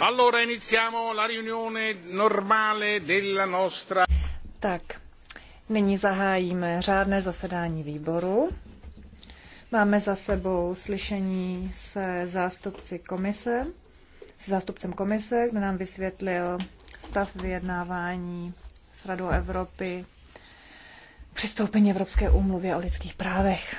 Allora iniziamo la riunione normale della nostra... Tak, nyní zahájíme řádné zasedání výboru. Máme za sebou slyšení se zástupci komise, s zástupcem komise, kdo nám vysvětlil stav vyjednávání s Radou Evropy přistoupení Evropské úmluvě o lidských právech.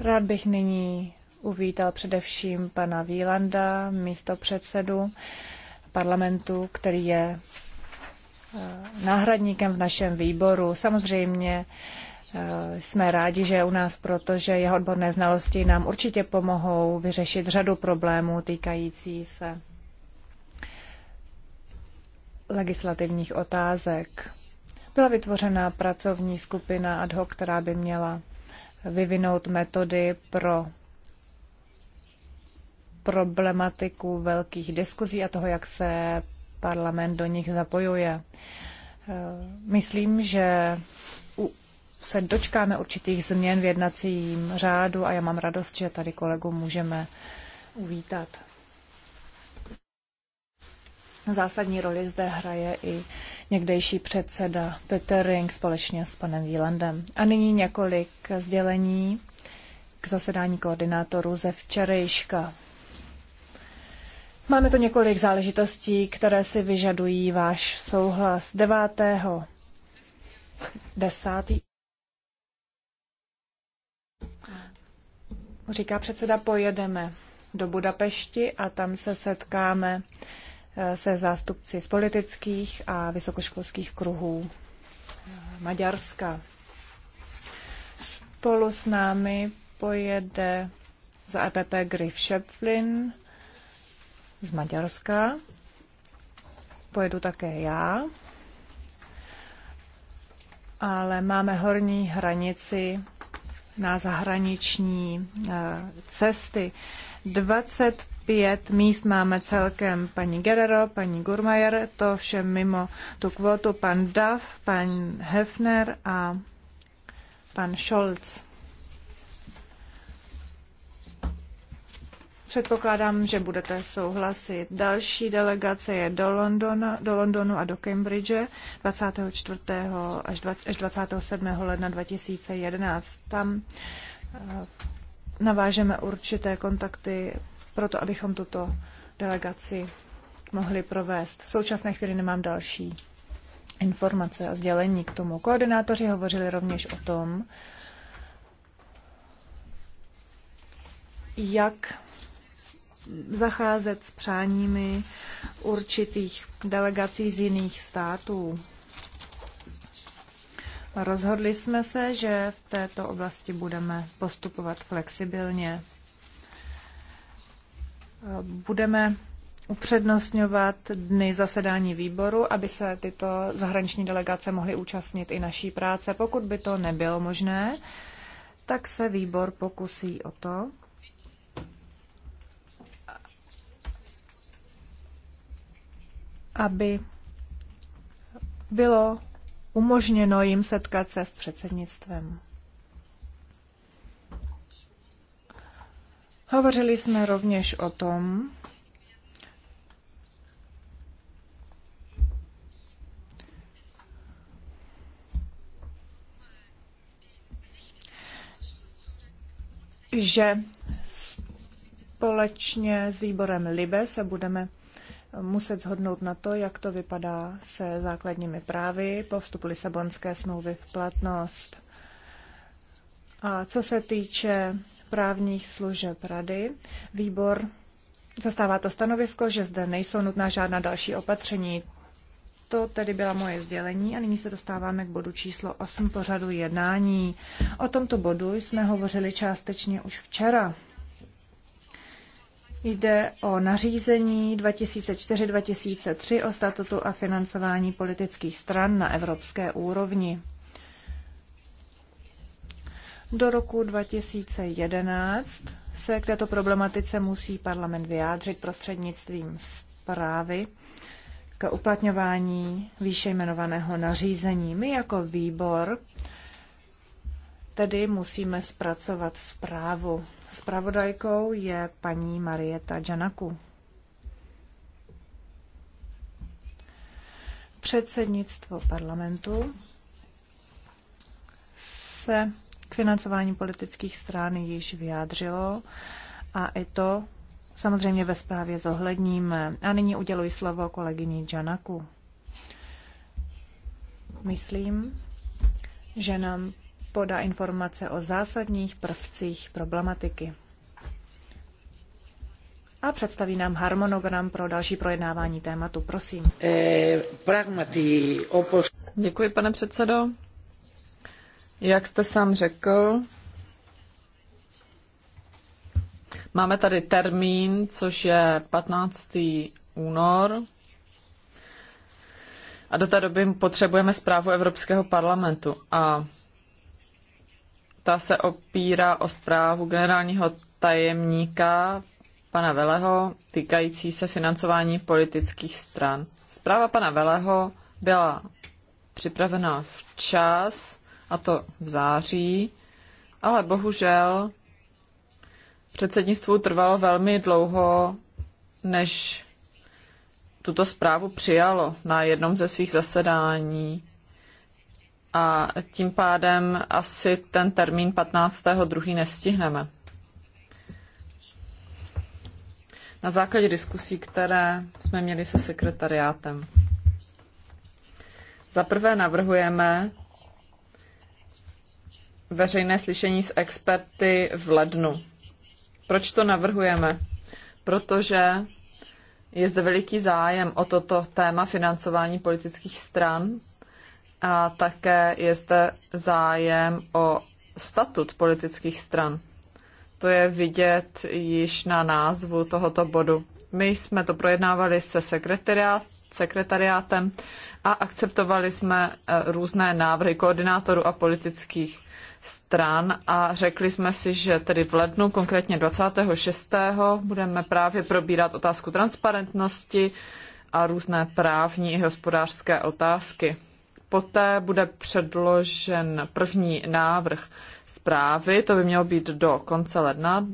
Rád bych nyní uvítal především pana Vílanda, místo předsedu parlamentu, který je eh, náhradníkem v našem výboru. Samozřejmě eh, jsme rádi, že je u nás, protože jeho odborné znalosti nám určitě pomohou vyřešit řadu problémů týkající se legislativních otázek. Byla vytvořena pracovní skupina ad hoc, která by měla vyvinout metody pro problematiku velkých diskuzí a toho, jak se parlament do nich zapojuje. E, myslím, že se dočkáme určitých změn v jednacím řádu a já mám radost, že tady kolegu můžeme uvítat. Zásadní roli zde hraje i někdejší předseda Peter Ring společně s panem Wielandem. A nyní několik sdělení k zasedání koordinátorů ze včerejška. Máme tu několik záležitostí, které si vyžadují váš souhlas. 9. 10. Říká předseda, pojedeme do Budapešti a tam se setkáme eh, se zástupci z politických a vysokoškolských kruhů eh, Maďarska. Spolu s námi pojede za EPP Griff Schöpflin, z Maďarska. Pojedu také já. Ale máme horní hranici na zahraniční eh, cesty. 25 míst máme celkem paní Gerero, paní Gurmajer, to vše mimo tu kvotu, pan Duff, pan Hefner a pan Scholz. Předpokládám, že budete souhlasit. Další delegace je do, Londona, do Londonu a do Cambridge 24. Až, 20, až 27. ledna 2011. Tam eh, navážeme určité kontakty pro to, abychom tuto delegaci mohli provést. V současné chvíli nemám další informace a sdělení k tomu. Koordinátoři hovořili rovněž o tom, jak zacházet s přáními určitých delegací z jiných států. Rozhodli jsme se, že v této oblasti budeme postupovat flexibilně. Budeme upřednostňovat dny zasedání výboru, aby se tyto zahraniční delegace mohly účastnit i naší práce. Pokud by to nebylo možné, tak se výbor pokusí o to, aby bylo umožněno jim setkat se s předsednictvem. Hovořili jsme rovněž o tom, že společně s výborem Libe se budeme muset zhodnout na to, jak to vypadá se základními právy po vstupu Lisabonské smlouvy v platnost. A co se týče právních služeb rady, výbor zastává to stanovisko, že zde nejsou nutná žádná další opatření. To tedy byla moje sdělení a nyní se dostáváme k bodu číslo 8 pořadu jednání. O tomto bodu jsme hovořili částečně už včera. Jde o nařízení 2004-2003 o statutu a financování politických stran na evropské úrovni. Do roku 2011 se k této problematice musí parlament vyjádřit prostřednictvím zprávy k uplatňování výše jmenovaného nařízení. My jako výbor tedy musíme zpracovat zprávu. Spravodajkou je paní Marieta Janaku. Předsednictvo parlamentu se k financování politických strán již vyjádřilo a i to samozřejmě ve zprávě zohledníme. A nyní uděluji slovo kolegyni Janaku. Myslím, že nám podá informace o zásadních prvcích problematiky a představí nám harmonogram pro další projednávání tématu. Prosím. Děkuji, pane předsedo. Jak jste sám řekl, máme tady termín, což je 15. únor. A do té doby potřebujeme zprávu Evropského parlamentu. A ta se opírá o zprávu generálního tajemníka pana Veleho týkající se financování politických stran. Zpráva pana Veleho byla připravena včas, a to v září, ale bohužel předsednictvu trvalo velmi dlouho, než tuto zprávu přijalo na jednom ze svých zasedání a tím pádem asi ten termín 15.2. nestihneme. Na základě diskusí, které jsme měli se sekretariátem. Za prvé navrhujeme veřejné slyšení s experty v lednu. Proč to navrhujeme? Protože je zde veliký zájem o toto téma financování politických stran a také je zde zájem o statut politických stran. To je vidět již na názvu tohoto bodu. My jsme to projednávali se sekretariát, sekretariátem a akceptovali jsme e, různé návrhy koordinátorů a politických stran a řekli jsme si, že tedy v lednu, konkrétně 26. budeme právě probírat otázku transparentnosti a různé právní i hospodářské otázky. Poté bude předložen první návrh zprávy, to by mělo být do konce ledna,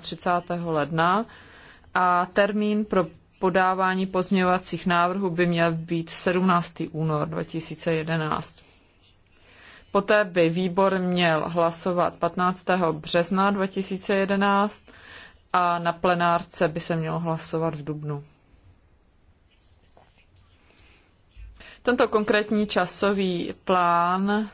31. ledna, a termín pro podávání pozměňovacích návrhů by měl být 17. únor 2011. Poté by výbor měl hlasovat 15. března 2011 a na plenárce by se mělo hlasovat v dubnu. Tento konkrétní časový plán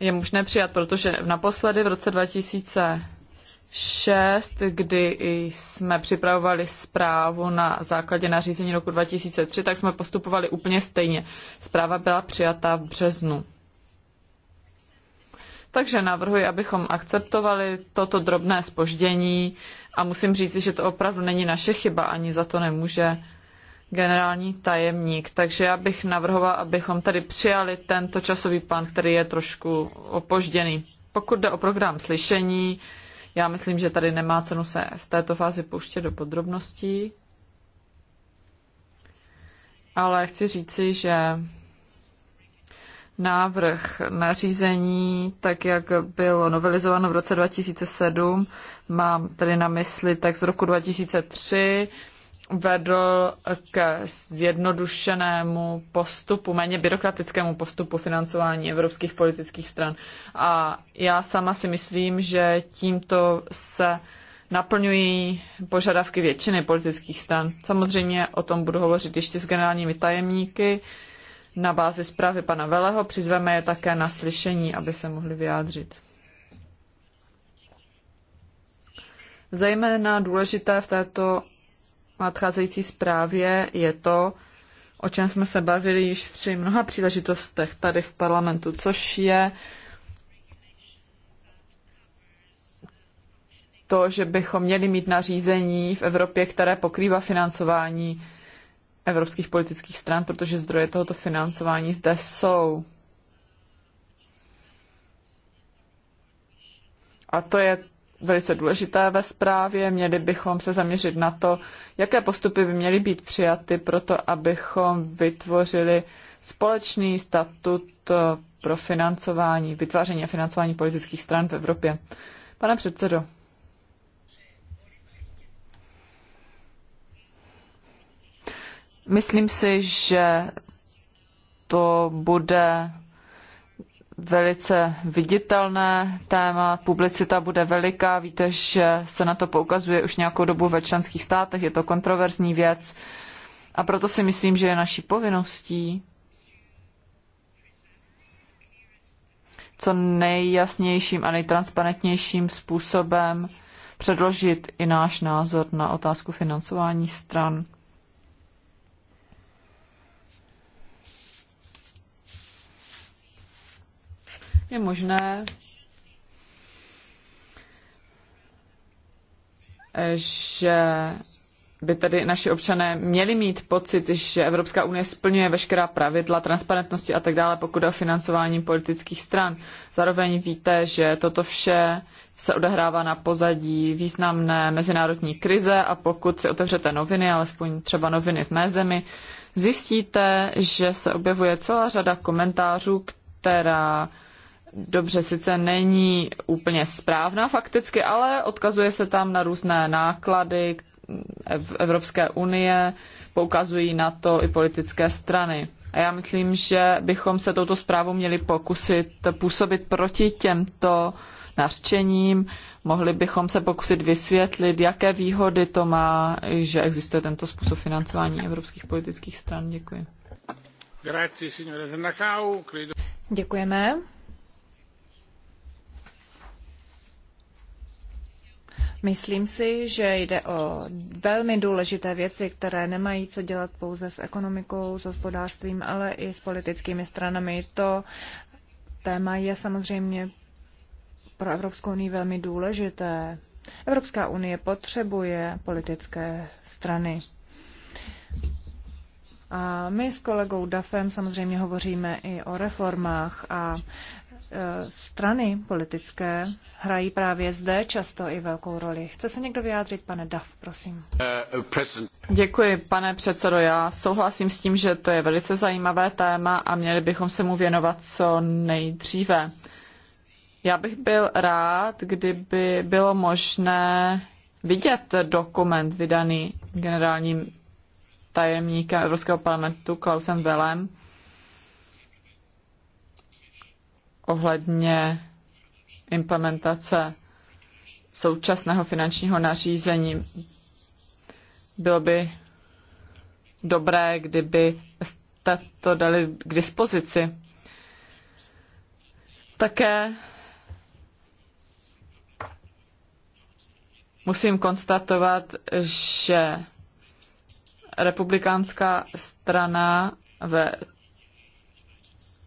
je možné přijat, protože naposledy v roce 2006, kdy jsme připravovali zprávu na základě nařízení roku 2003, tak jsme postupovali úplně stejně. Zpráva byla přijata v březnu. Takže navrhuji, abychom akceptovali toto drobné spoždění a musím říct, že to opravdu není naše chyba, ani za to nemůže generální tajemník. Takže já bych navrhovala, abychom tady přijali tento časový plán, který je trošku opožděný. Pokud jde o program slyšení, já myslím, že tady nemá cenu se v této fázi pouštět do podrobností. Ale chci říci, že návrh nařízení, tak jak bylo novelizováno v roce 2007, mám tedy na mysli tak z roku 2003, vedl k zjednodušenému postupu, méně byrokratickému postupu financování evropských politických stran. A já sama si myslím, že tímto se naplňují požadavky většiny politických stran. Samozřejmě o tom budu hovořit ještě s generálními tajemníky. Na bázi zprávy pana Veleho přizveme je také na slyšení, aby se mohli vyjádřit. Zejména důležité v této nadcházející zprávě je to, o čem jsme se bavili již při mnoha příležitostech tady v parlamentu, což je to, že bychom měli mít nařízení v Evropě, které pokrývá financování evropských politických stran, protože zdroje tohoto financování zde jsou. A to je velice důležité ve zprávě. Měli bychom se zaměřit na to, jaké postupy by měly být přijaty pro to, abychom vytvořili společný statut eh, pro financování, vytváření a financování politických stran v Evropě. Pane předsedo, myslím si, že to bude velice viditelné téma, publicita bude veliká, víte, že se na to poukazuje už nějakou dobu ve členských státech, je to kontroverzní věc a proto si myslím, že je naší povinností co nejjasnějším a nejtransparentnějším způsobem předložit i náš názor na otázku financování stran. je možné, že by tedy naši občané měli mít pocit, že Evropská unie splňuje veškerá pravidla transparentnosti a tak dále, pokud o financování politických stran. Zároveň víte, že toto vše se odehrává na pozadí významné mezinárodní krize a pokud si otevřete noviny, alespoň třeba noviny v mé zemi, zjistíte, že se objevuje celá řada komentářů, která dobře sice není úplně správná fakticky, ale odkazuje se tam na různé náklady Evropské unie, poukazují na to i politické strany. A já myslím, že bychom se touto zprávou měli pokusit působit proti těmto nařčením. Mohli bychom se pokusit vysvětlit, jaké výhody to má, že existuje tento způsob financování evropských politických stran. Děkuji. Děkujeme. Myslím si, že jde o velmi důležité věci, které nemají co dělat pouze s ekonomikou, s hospodářstvím, ale i s politickými stranami. To téma je samozřejmě pro Evropskou unii velmi důležité. Evropská unie potřebuje politické strany. A my s kolegou Dafem samozřejmě hovoříme i o reformách a Eh, strany politické hrají právě zde často i velkou roli. Chce se někdo vyjádřit, pane Duff, prosím. Eh, Děkuji, pane předsedo. Já souhlasím s tím, že to je velice zajímavé téma a měli bychom se mu věnovat co nejdříve. Já bych byl rád, kdyby bylo možné vidět dokument vydaný generálním tajemníkem Evropského parlamentu Klausem Velem, ohledně implementace současného finančního nařízení. Bylo by dobré, kdyby jste to dali k dispozici. Také musím konstatovat, že republikánská strana ve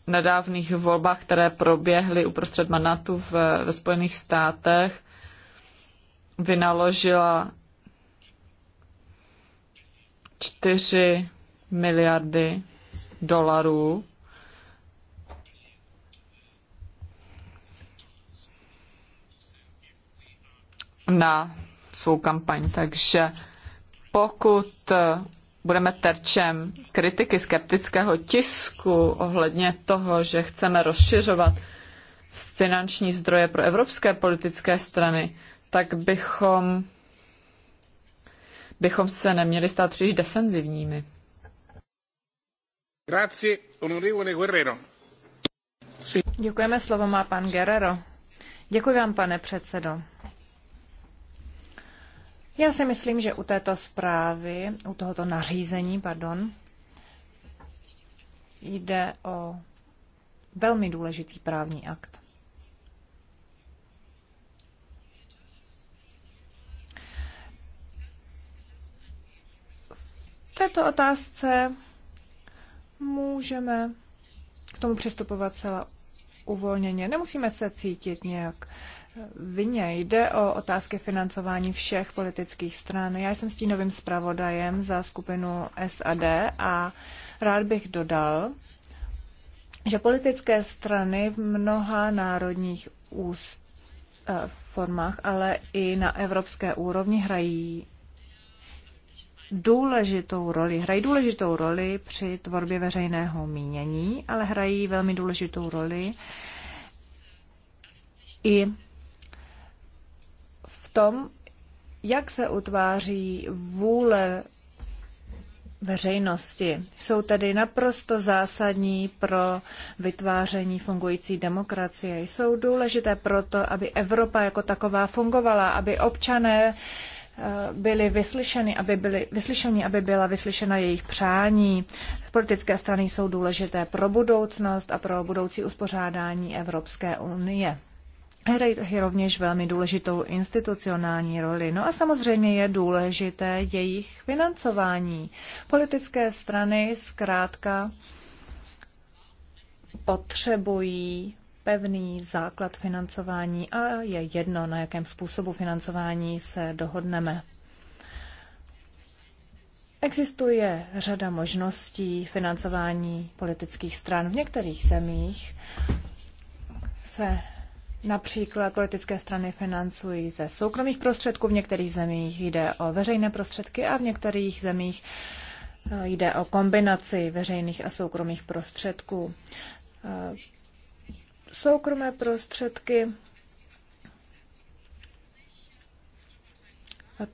nedávných volbách, které proběhly uprostřed mandátu v, ve Spojených státech, vynaložila 4 miliardy dolarů na svou kampaň. Takže pokud budeme terčem kritiky skeptického tisku ohledně toho, že chceme rozšiřovat finanční zdroje pro evropské politické strany, tak bychom, bychom se neměli stát příliš defenzivními. Grazie, onorevole Guerrero. Děkujeme, slovo má pan Guerrero. Děkuji vám, pane předsedo. Já si myslím, že u této zprávy, u tohoto nařízení, pardon, jde o velmi důležitý právní akt. V této otázce můžeme k tomu přistupovat celá uvolněně. Nemusíme se cítit nějak vině. Jde o otázky financování všech politických stran. Já jsem stínovým zpravodajem za skupinu SAD a rád bych dodal, že politické strany v mnoha národních úst, eh, formách, ale i na evropské úrovni hrají důležitou roli. Hrají důležitou roli při tvorbě veřejného mínění, ale hrají velmi důležitou roli i tom, jak se utváří vůle veřejnosti. Jsou tedy naprosto zásadní pro vytváření fungující demokracie. Jsou důležité proto, aby Evropa jako taková fungovala, aby občané eh, byli vyslyšeny, aby byli vyslyšeni, aby byla vyslyšena jejich přání. Politické strany jsou důležité pro budoucnost a pro budoucí uspořádání Evropské unie hrají rovněž velmi důležitou institucionální roli. No a samozřejmě je důležité jejich financování. Politické strany zkrátka potřebují pevný základ financování a je jedno, na jakém způsobu financování se dohodneme. Existuje řada možností financování politických stran. V některých zemích se Například politické strany financují ze soukromých prostředků, v některých zemích jde o veřejné prostředky a v některých zemích eh, jde o kombinaci veřejných a soukromých prostředků. Eh, soukromé prostředky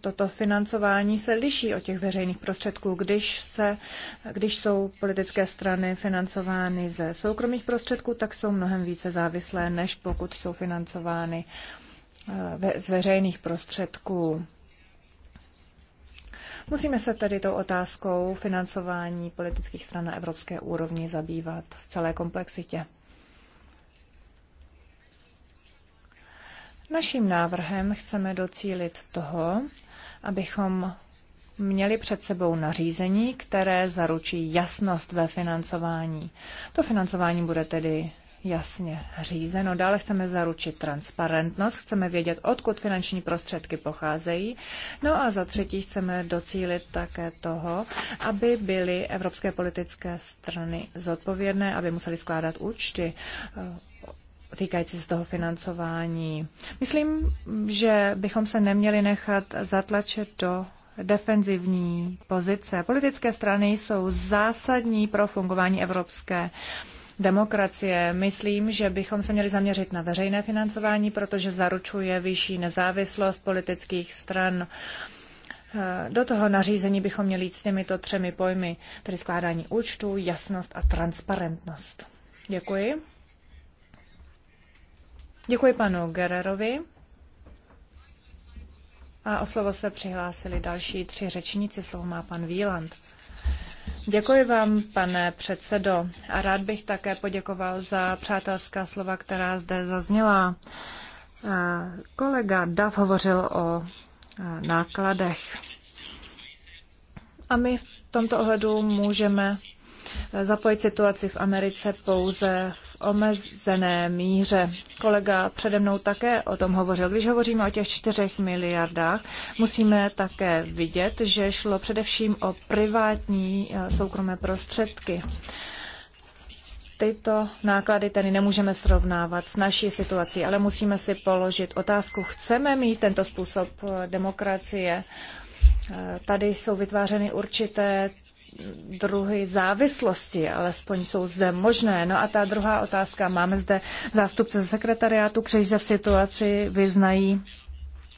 toto financování se liší od těch veřejných prostředků, když, se, když jsou politické strany financovány ze soukromých prostředků, tak jsou mnohem více závislé, než pokud jsou financovány eh, z veřejných prostředků. Musíme se tedy tou otázkou financování politických stran na evropské úrovni zabývat v celé komplexitě. Naším návrhem chceme docílit toho, abychom měli před sebou nařízení, které zaručí jasnost ve financování. To financování bude tedy jasně řízeno. Dále chceme zaručit transparentnost, chceme vědět, odkud finanční prostředky pocházejí. No a za třetí chceme docílit také toho, aby byly evropské politické strany zodpovědné, aby museli skládat účty týkající se toho financování. Myslím, že bychom se neměli nechat zatlačit do defenzivní pozice. Politické strany jsou zásadní pro fungování evropské demokracie. Myslím, že bychom se měli zaměřit na veřejné financování, protože zaručuje vyšší nezávislost politických stran. Do toho nařízení bychom měli jít s těmito třemi pojmy, tedy skládání účtů, jasnost a transparentnost. Děkuji. Děkuji panu Gererovi. A o slovo se přihlásili další tři řečníci, slovo má pan Víland. Děkuji vám, pane předsedo, a rád bych také poděkoval za přátelská slova, která zde zazněla. Kolega Dav hovořil o nákladech. A my v tomto ohledu můžeme zapojit situaci v Americe pouze omezené míře. Kolega přede mnou také o tom hovořil. Když hovoříme o těch čtyřech miliardách, musíme také vidět, že šlo především o privátní eh, soukromé prostředky. Tyto náklady tedy nemůžeme srovnávat s naší situací, ale musíme si položit otázku, chceme mít tento způsob eh, demokracie, eh, Tady jsou vytvářeny určité druhy závislosti, alespoň jsou zde možné. No a ta druhá otázka, máme zde zástupce ze sekretariátu, kteří se v situaci vyznají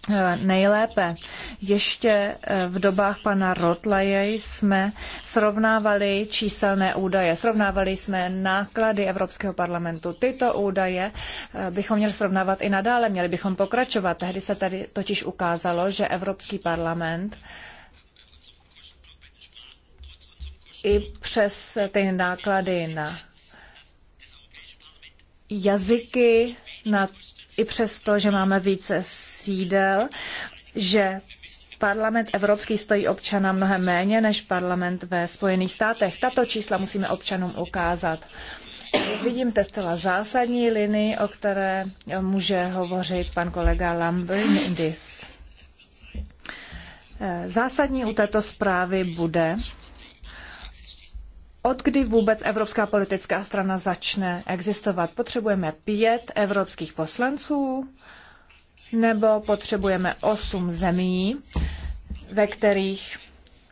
eh, nejlépe. Ještě eh, v dobách pana Rotlaje jsme srovnávali číselné údaje, srovnávali jsme náklady Evropského parlamentu. Tyto údaje eh, bychom měli srovnávat i nadále, měli bychom pokračovat. Tehdy se tady totiž ukázalo, že Evropský parlament i přes ty náklady na jazyky, na, i přes to, že máme více sídel, že parlament evropský stojí občana mnohem méně než parlament ve Spojených státech. Tato čísla musíme občanům ukázat. Vidím zde zcela zásadní linii, o které může hovořit pan kolega Lambrindis. Eh, zásadní u této zprávy bude, od kdy vůbec evropská politická strana začne existovat? Potřebujeme pět evropských poslanců nebo potřebujeme osm zemí, ve kterých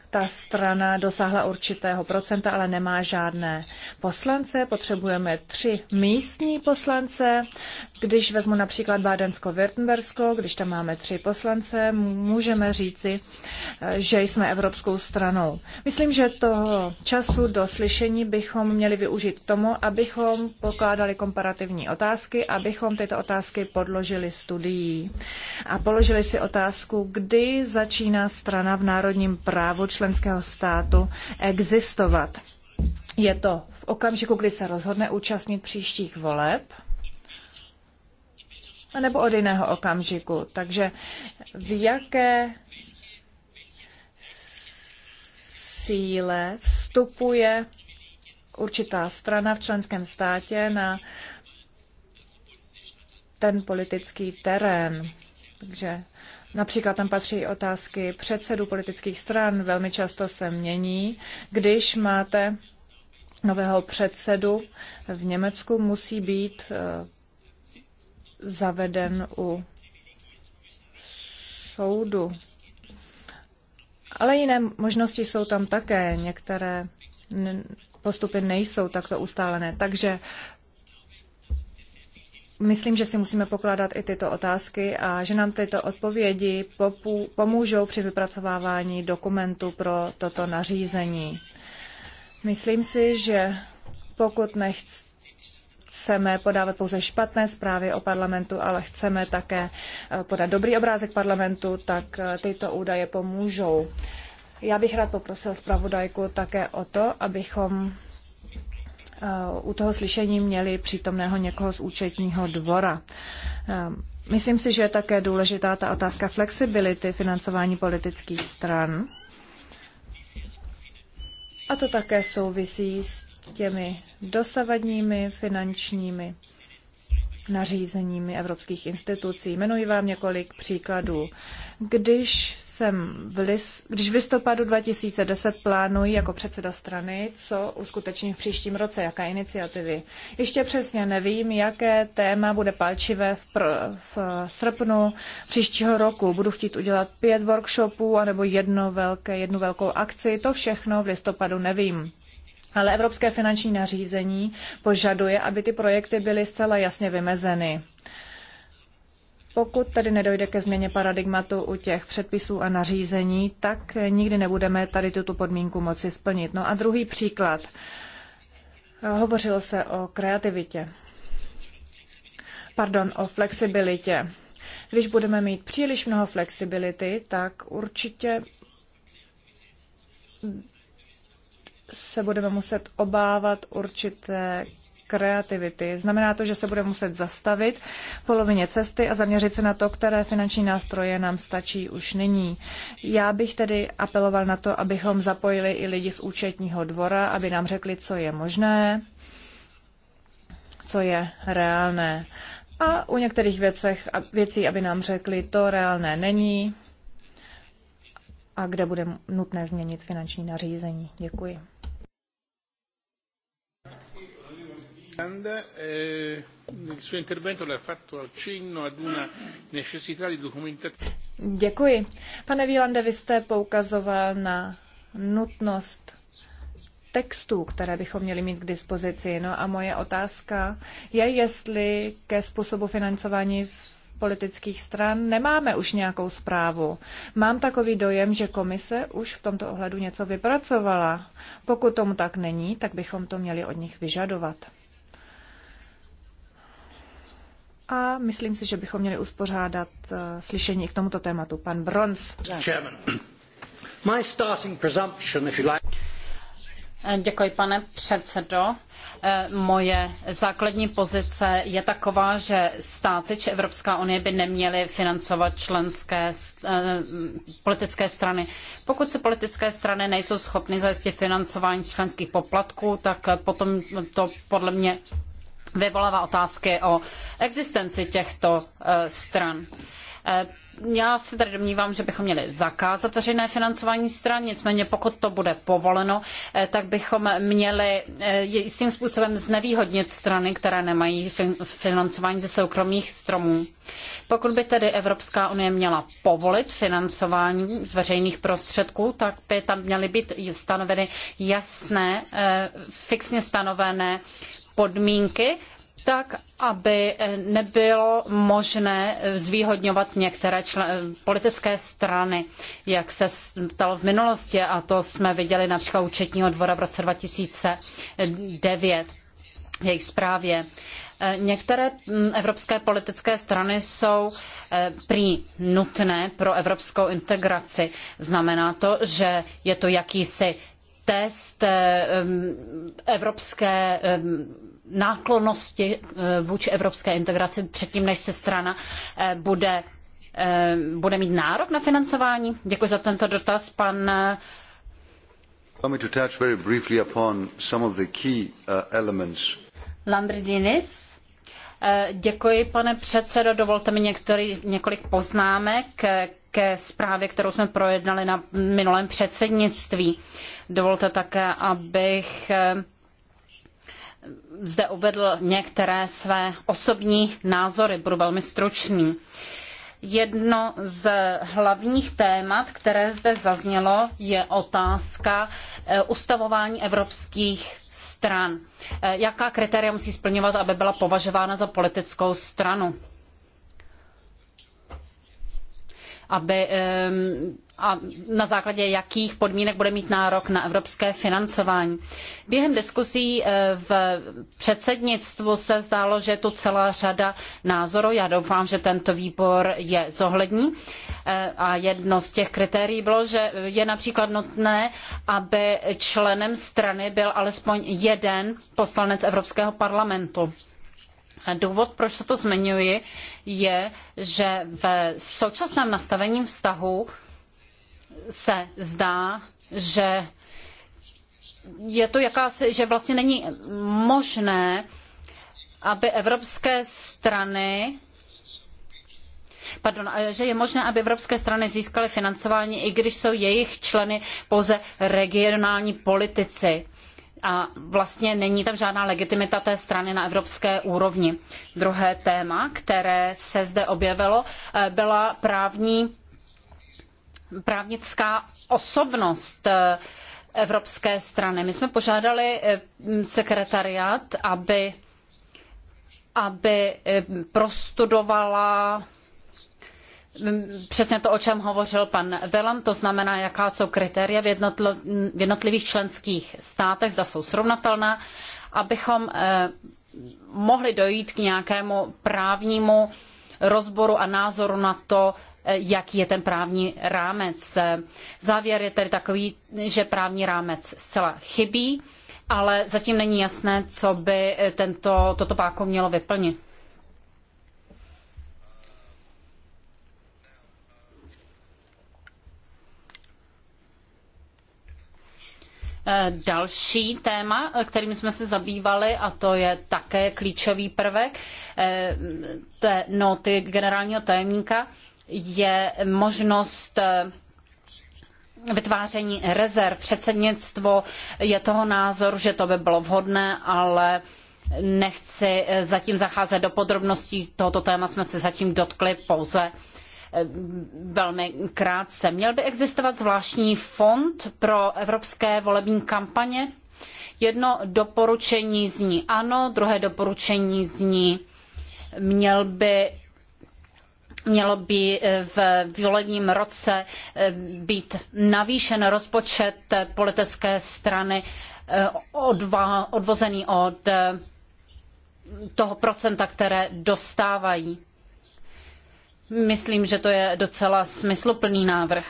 ta strana dosáhla určitého procenta, ale nemá žádné poslance. Potřebujeme tři místní poslance, když vezmu například Bádensko-Württembersko, když tam máme tři poslance, můžeme říci, eh, že jsme evropskou stranou. Myslím, že toho času do slyšení bychom měli využít tomu, abychom pokládali komparativní otázky, abychom tyto otázky podložili studií a položili si otázku, kdy začíná strana v národním právu členského státu existovat. Je to v okamžiku, kdy se rozhodne účastnit příštích voleb, anebo od jiného okamžiku. Takže v jaké síle vstupuje určitá strana v členském státě na ten politický terén. Takže Například tam patří otázky předsedů politických stran, velmi často se mění. Když máte nového předsedu v Německu, musí být eh, zaveden u soudu. Ale jiné možnosti jsou tam také. Některé postupy nejsou takto ustálené. Takže myslím, že si musíme pokládat i tyto otázky a že nám tyto odpovědi pomůžou při vypracovávání dokumentu pro toto nařízení. Myslím si, že pokud nechc, chceme podávat pouze špatné zprávy o parlamentu, ale chceme také eh, podat dobrý obrázek parlamentu, tak eh, tyto údaje pomůžou. Já bych rád poprosil zpravodajku také o to, abychom eh, u toho slyšení měli přítomného někoho z účetního dvora. Myslím si, že je také důležitá ta otázka flexibility financování politických stran. A to také souvisí s těmi dosavadními finančními nařízeními evropských institucí. Jmenuji vám několik příkladů. Když jsem v list, když v listopadu 2010 plánuji jako předseda strany, co uskuteční v příštím roce, jaká iniciativy. Ještě přesně nevím, jaké téma bude palčivé v, pr, v srpnu příštího roku. Budu chtít udělat pět workshopů anebo jedno velké, jednu velkou akci. To všechno v listopadu nevím. Ale Evropské finanční nařízení požaduje, aby ty projekty byly zcela jasně vymezeny. Pokud tedy nedojde ke změně paradigmatu u těch předpisů a nařízení, tak nikdy nebudeme tady tuto podmínku moci splnit. No a druhý příklad. Hovořilo se o kreativitě. Pardon, o flexibilitě. Když budeme mít příliš mnoho flexibility, tak určitě se budeme muset obávat určité kreativity. Znamená to, že se budeme muset zastavit v polovině cesty a zaměřit se na to, které finanční nástroje nám stačí už nyní. Já bych tedy apeloval na to, abychom zapojili i lidi z účetního dvora, aby nám řekli, co je možné, co je reálné. A u některých věcech, věcí, aby nám řekli, to reálné není a kde bude nutné změnit finanční nařízení. Děkuji. Děkuji. Pane Vílande, vy jste poukazoval na nutnost textů, které bychom měli mít k dispozici. No a moje otázka je, jestli ke způsobu financování politických stran nemáme už nějakou zprávu. Mám takový dojem, že komise už v tomto ohledu něco vypracovala. Pokud tomu tak není, tak bychom to měli od nich vyžadovat a myslím si, že bychom měli uspořádat eh, slyšení k tomuto tématu. Pan Bronz. Eh, děkuji, pane předsedo. Eh, moje základní pozice je taková, že státy či Evropská unie by neměly financovat členské politické strany. Pokud si politické strany nejsou schopny zajistit financování z členských poplatků, tak potom to podle mě vyvolává otázky o existenci těchto e, stran. E, já se tady domnívám, že bychom měli zakázat veřejné financování stran, nicméně pokud to bude povoleno, e, tak bychom měli jistým způsobem znevýhodnit strany, které nemají financování ze soukromých stromů. Pokud by tedy Evropská unie měla povolit financování z veřejných prostředků, tak by tam měly být stanoveny jasné, fixně stanovené podmínky, tak, aby nebylo možné zvýhodňovat některé člen, politické strany, jak se stalo v minulosti, a to jsme viděli například účetního dvora v roce 2009 jejich zprávě. Eh, některé hm, evropské politické strany jsou eh, prý nutné pro evropskou integraci. Znamená to, že je to jakýsi test eh, evropské náklonnosti eh, vůči evropské integraci předtím, než se strana eh, bude, bude mít nárok na financování? Děkuji za tento dotaz, pan Allow Eh, děkuji, pane předsedo. Dovolte mi některý, několik poznámek ke zprávě, kterou jsme projednali na minulém předsednictví. Dovolte také, abych eh, zde uvedl některé své osobní názory. Budu velmi stručný. Jedno z hlavních témat, které zde zaznělo, je otázka eh, ustavování evropských stran. Eh, jaká kritéria musí splňovat, aby byla považována za politickou stranu? Aby um, a na základě jakých podmínek bude mít nárok na evropské financování. Během diskusí eh, v předsednictvu se zdálo, že je tu celá řada názorů. Já doufám, že tento výbor je zohlední. Eh, a jedno z těch kritérií bylo, že je například nutné, aby členem strany byl alespoň jeden poslanec Evropského parlamentu. Důvod, proč to zmiňuji, je, že v současném nastavení vztahu se zdá, že je to jakási, že vlastně není možné, aby evropské strany Pardon, že je možné, aby evropské strany získaly financování, i když jsou jejich členy pouze regionální politici. A vlastně není tam žádná legitimita té strany na evropské úrovni. Druhé téma, které se zde objevilo, eh, byla právní právnická osobnost eh, Evropské strany. My jsme požádali eh, sekretariát, aby, aby eh, prostudovala přesně to, o čem hovořil pan Velan, to znamená, jaká jsou kritéria v, v jednotlivých členských státech, zda jsou srovnatelná, abychom mohli dojít k nějakému právnímu rozboru a názoru na to, Eh, jaký je ten právní rámec. Závěr je tedy takový, že právní rámec zcela chybí, ale zatím není jasné, co by eh, tento, toto páko mělo vyplnit. Eh, další téma, kterým jsme se zabývali, a to je také klíčový prvek té noty generálního tajemníka, je možnost eh, vytváření rezerv. Předsednictvo je toho názoru, že to by bylo vhodné, ale nechci eh, zatím zacházet do podrobností. Tohoto téma jsme se zatím dotkli pouze eh, velmi krátce. Měl by existovat zvláštní fond pro evropské volební kampaně? Jedno doporučení zní ano, druhé doporučení zní měl by mělo by eh, v volebním roce eh, být navýšen rozpočet eh, politické strany odvozený od toho procenta, které dostávají. Myslím, že to je docela smysluplný návrh.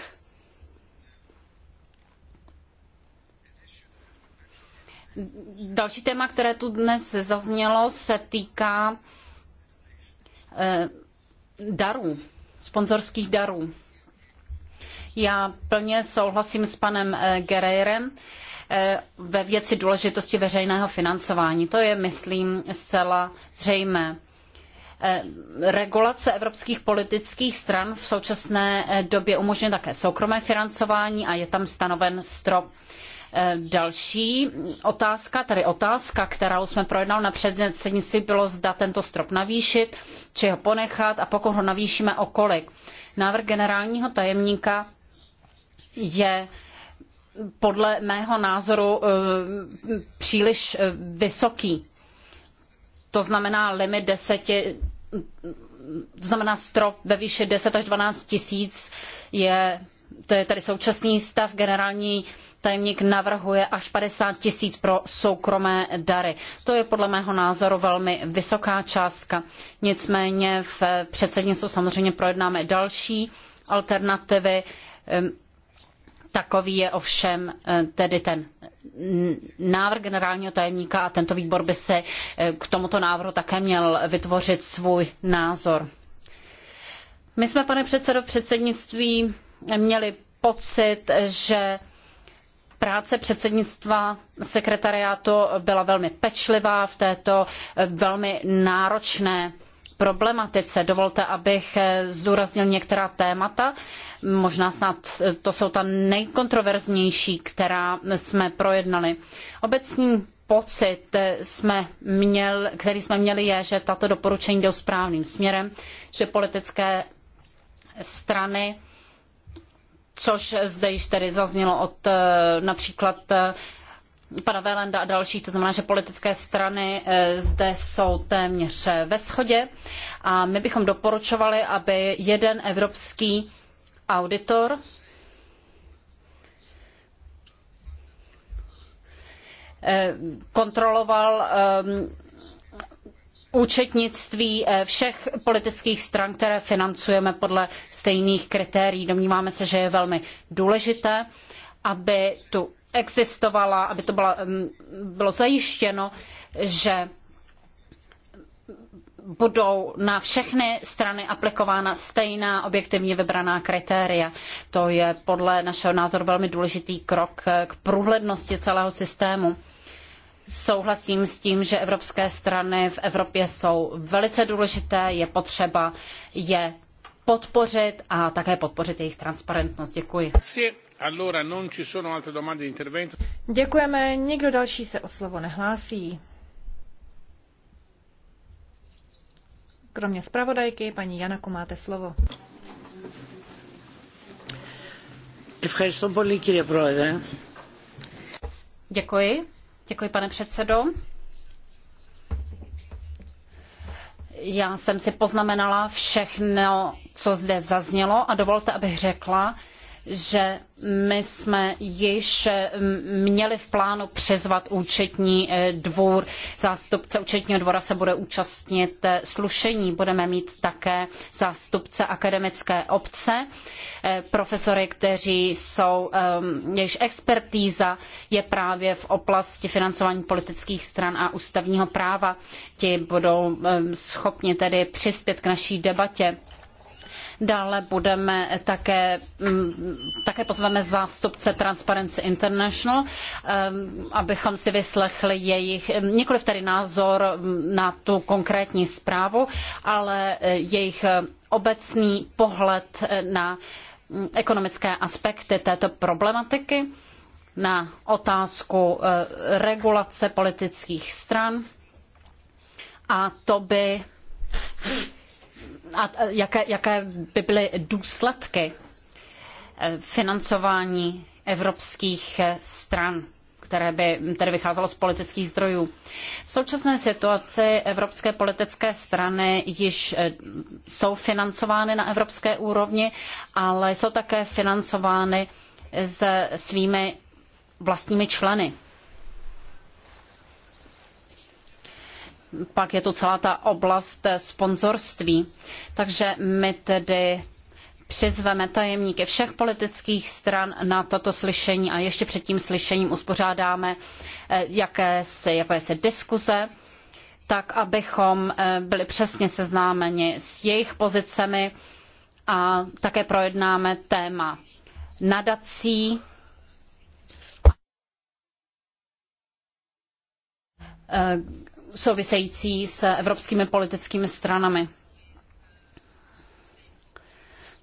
Další téma, které tu dnes zaznělo, se týká darů, sponzorských darů. Já plně souhlasím s panem eh, Gerejrem eh, ve věci důležitosti veřejného financování. To je, myslím, zcela zřejmé. Eh, regulace evropských politických stran v současné době umožňuje také soukromé financování a je tam stanoven strop. Eh, další otázka, tedy otázka, kterou jsme projednali na předsednictví, bylo zda tento strop navýšit, či ho ponechat a pokud ho navýšíme o kolik. Návrh generálního tajemníka je podle mého názoru eh, příliš eh, vysoký. To znamená limit deseti, to znamená strop ve výši 10 až 12 tisíc je to je tedy současný stav, generální tajemník navrhuje až 50 tisíc pro soukromé dary. To je podle mého názoru velmi vysoká částka. Nicméně v předsednictvu samozřejmě projednáme další alternativy. Ehm, takový je ovšem eh, tedy ten návrh generálního tajemníka a tento výbor by se eh, k tomuto návrhu také měl vytvořit svůj názor. My jsme, pane předsedo, v předsednictví měli pocit, že práce předsednictva sekretariátu byla velmi pečlivá v této eh, velmi náročné problematice. Dovolte, abych eh, zdůraznil některá témata. Možná snad eh, to jsou ta nejkontroverznější, která jsme projednali. Obecný pocit, jsme měl, který jsme měli, je, že tato doporučení jdou správným směrem, že politické strany což zde již tedy zaznělo od eh, například eh, pana Vélenda a dalších, to znamená, že politické strany eh, zde jsou téměř ve shodě a my bychom doporučovali, aby jeden evropský auditor kontroloval ehm, účetnictví eh, všech politických stran, které financujeme podle stejných kritérií. Domníváme se, že je velmi důležité, aby tu existovala, aby to mm, bylo zajištěno, že budou na všechny strany aplikována stejná objektivně vybraná kritéria. To je podle našeho názoru velmi důležitý krok eh, k průhlednosti celého systému. Souhlasím s tím, že evropské strany v Evropě jsou velice důležité, je potřeba je podpořit a také podpořit jejich transparentnost. Děkuji. Děkujeme, nikdo další se o slovo nehlásí. Kromě zpravodajky, paní Janaku máte slovo. Děkuji. Děkuji, pane předsedo. Já jsem si poznamenala všechno, co zde zaznělo a dovolte, abych řekla, že my jsme již měli v plánu přizvat účetní e, dvůr. Zástupce účetního dvora se bude účastnit e, slušení. Budeme mít také zástupce akademické obce, e, profesory, kteří jsou, jejichž expertíza je právě v oblasti financování politických stran a ústavního práva. Ti budou schopni tedy přispět k naší debatě. Dále budeme také, mm, také pozveme zástupce Transparency International, ehm, abychom si vyslechli jejich, nikoliv tedy názor na tu konkrétní zprávu, ale eh, jejich eh, obecný pohled eh, na mm, ekonomické aspekty této problematiky, na otázku regulace politických stran a to by a jaké, jaké by byly důsledky eh, financování evropských eh, stran, které by tedy vycházelo z politických zdrojů. V současné situaci evropské politické strany již eh, jsou financovány na evropské úrovni, ale jsou také financovány s svými vlastními členy. pak je tu celá ta oblast sponzorství. Takže my tedy přizveme tajemníky všech politických stran na toto slyšení a ještě před tím slyšením uspořádáme eh, jakési, jakési diskuze, tak abychom eh, byli přesně seznámeni s jejich pozicemi a také projednáme téma nadací, eh, související s evropskými politickými stranami.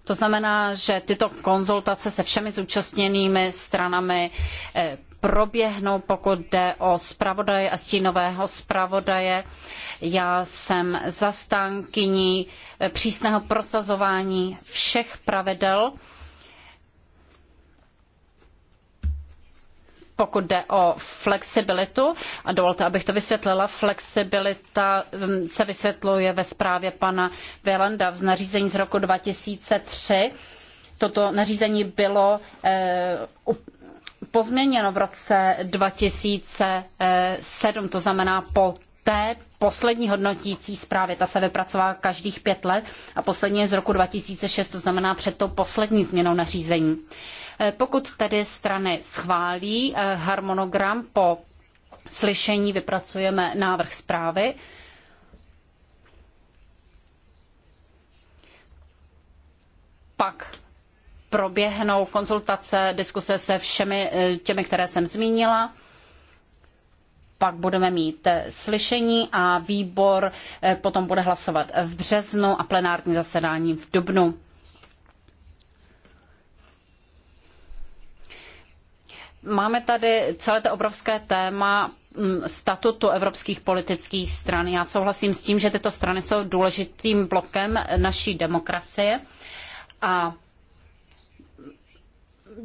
To znamená, že tyto konzultace se všemi zúčastněnými stranami eh, proběhnou, pokud jde o zpravodaje a stínového zpravodaje. Já jsem zastánkyní eh, přísného prosazování všech pravidel pokud jde o flexibilitu, a dovolte, abych to vysvětlila, flexibilita mm, se vysvětluje ve zprávě pana Velanda z nařízení z roku 2003. Toto nařízení bylo eh, pozměněno v roce 2007, eh, to znamená po té poslední hodnotící zprávy, ta se vypracová každých pět let a poslední je z roku 2006, to znamená před tou poslední změnou nařízení. Eh, pokud tedy strany schválí eh, harmonogram po slyšení, vypracujeme návrh zprávy. Pak proběhnou konzultace, diskuse se všemi eh, těmi, které jsem zmínila pak budeme mít eh, slyšení a výbor eh, potom bude hlasovat v březnu a plenární zasedání v dubnu. Máme tady celé to obrovské téma mm, statutu evropských politických stran. Já souhlasím s tím, že tyto strany jsou důležitým blokem naší demokracie a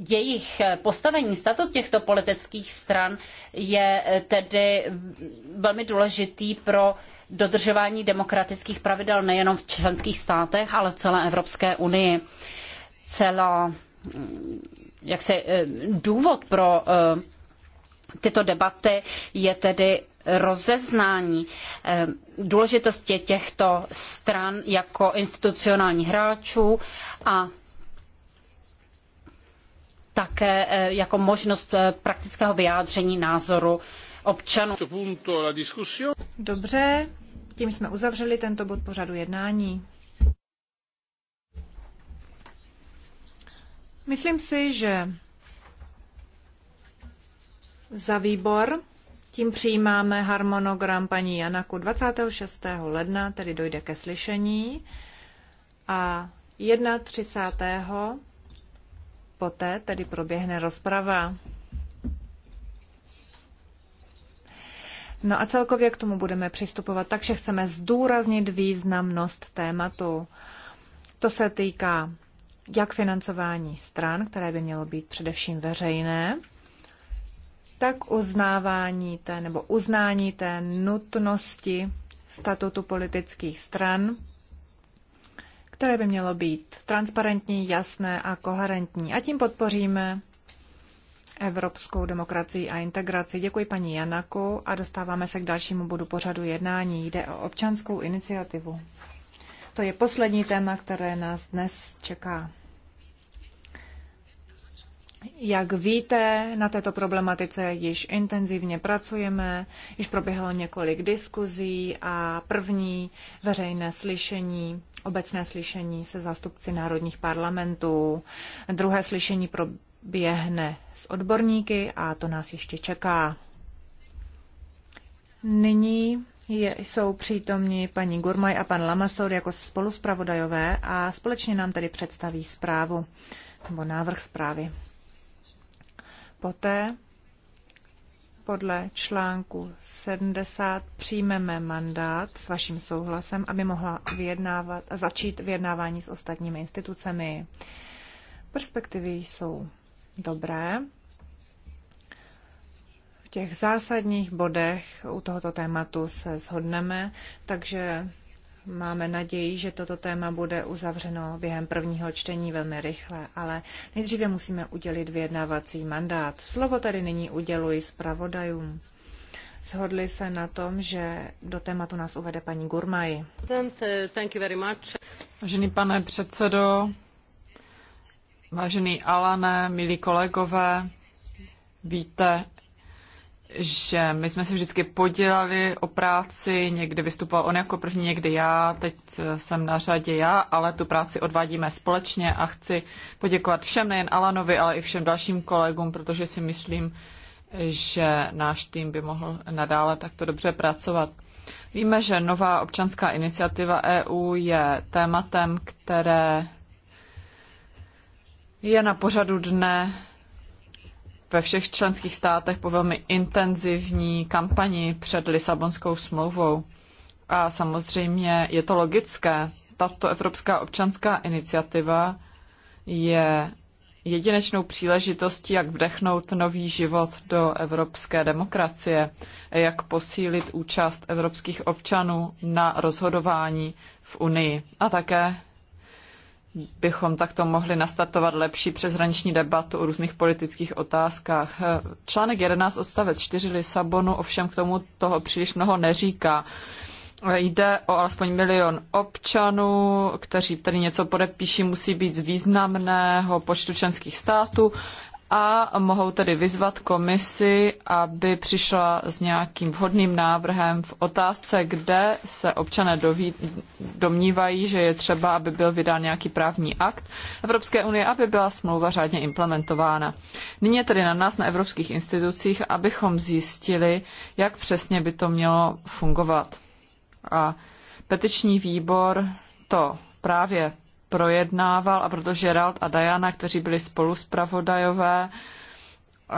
jejich eh, postavení, statut těchto politických stran je eh, tedy velmi důležitý pro dodržování demokratických pravidel nejenom v členských státech, ale v celé Evropské unii. Celá, mm, jak se, eh, důvod pro tyto debaty je tedy rozeznání důležitosti těchto stran jako institucionálních hráčů a také eh, jako možnost eh, praktického vyjádření názoru občanů. Dobře, tím jsme uzavřeli tento bod pořadu jednání. Myslím si, že za výbor tím přijímáme harmonogram paní Janaku 26. ledna, tedy dojde ke slyšení a 31. Poté tedy proběhne rozprava. No a celkově k tomu budeme přistupovat, takže chceme zdůraznit významnost tématu. To se týká jak financování stran, které by mělo být především veřejné, tak uznávání té nebo uznání té nutnosti statutu politických stran které by mělo být transparentní, jasné a koherentní. A tím podpoříme evropskou demokracii a integraci. Děkuji paní Janaku a dostáváme se k dalšímu bodu pořadu jednání. Jde o občanskou iniciativu. To je poslední téma, které nás dnes čeká. Jak víte, na této problematice již intenzivně pracujeme, již proběhlo několik diskuzí a první veřejné slyšení, obecné slyšení se zástupci národních parlamentů. Druhé slyšení proběhne s odborníky a to nás ještě čeká. Nyní je, jsou přítomni paní Gurmaj a pan Lamasor jako spoluspravodajové a společně nám tedy představí zprávu nebo návrh zprávy. Poté podle článku 70 přijmeme mandát s vaším souhlasem, aby mohla vyjednávat a začít vyjednávání s ostatními institucemi. Perspektivy jsou dobré. V těch zásadních bodech u tohoto tématu se shodneme, takže Máme naději, že toto téma bude uzavřeno během prvního čtení velmi rychle, ale nejdříve musíme udělit vyjednávací mandát. Slovo tady nyní uděluji zpravodajům. Shodli se na tom, že do tématu nás uvede paní Gurmaj. Vážený pane předsedo, vážený Alane, milí kolegové, víte, že my jsme si vždycky podělali o práci, někdy vystupoval on jako první, někdy já, teď eh, jsem na řadě já, ale tu práci odvádíme společně a chci poděkovat všem, nejen Alanovi, ale i všem dalším kolegům, protože si myslím, že náš tým by mohl nadále takto dobře pracovat. Víme, že nová občanská iniciativa EU je tématem, které je na pořadu dne ve všech členských státech po velmi intenzivní kampani před Lisabonskou smlouvou. A samozřejmě je to logické. Tato Evropská občanská iniciativa je jedinečnou příležitostí, jak vdechnout nový život do evropské demokracie, jak posílit účast evropských občanů na rozhodování v Unii a také bychom takto mohli nastartovat lepší přeshraniční debatu o různých politických otázkách. Článek 11 odstavec 4 Lisabonu ovšem k tomu toho příliš mnoho neříká. Jde o alespoň milion občanů, kteří tedy něco podepíší, musí být z významného počtu členských států a mohou tedy vyzvat komisi, aby přišla s nějakým vhodným návrhem v otázce, kde se občané doví, domnívají, že je třeba, aby byl vydán nějaký právní akt Evropské unie, aby byla smlouva řádně implementována. Nyní je tedy na nás, na evropských institucích, abychom zjistili, jak přesně by to mělo fungovat. A petiční výbor to právě projednával a proto Gerald a Diana, kteří byli spolu zpravodajové, eh,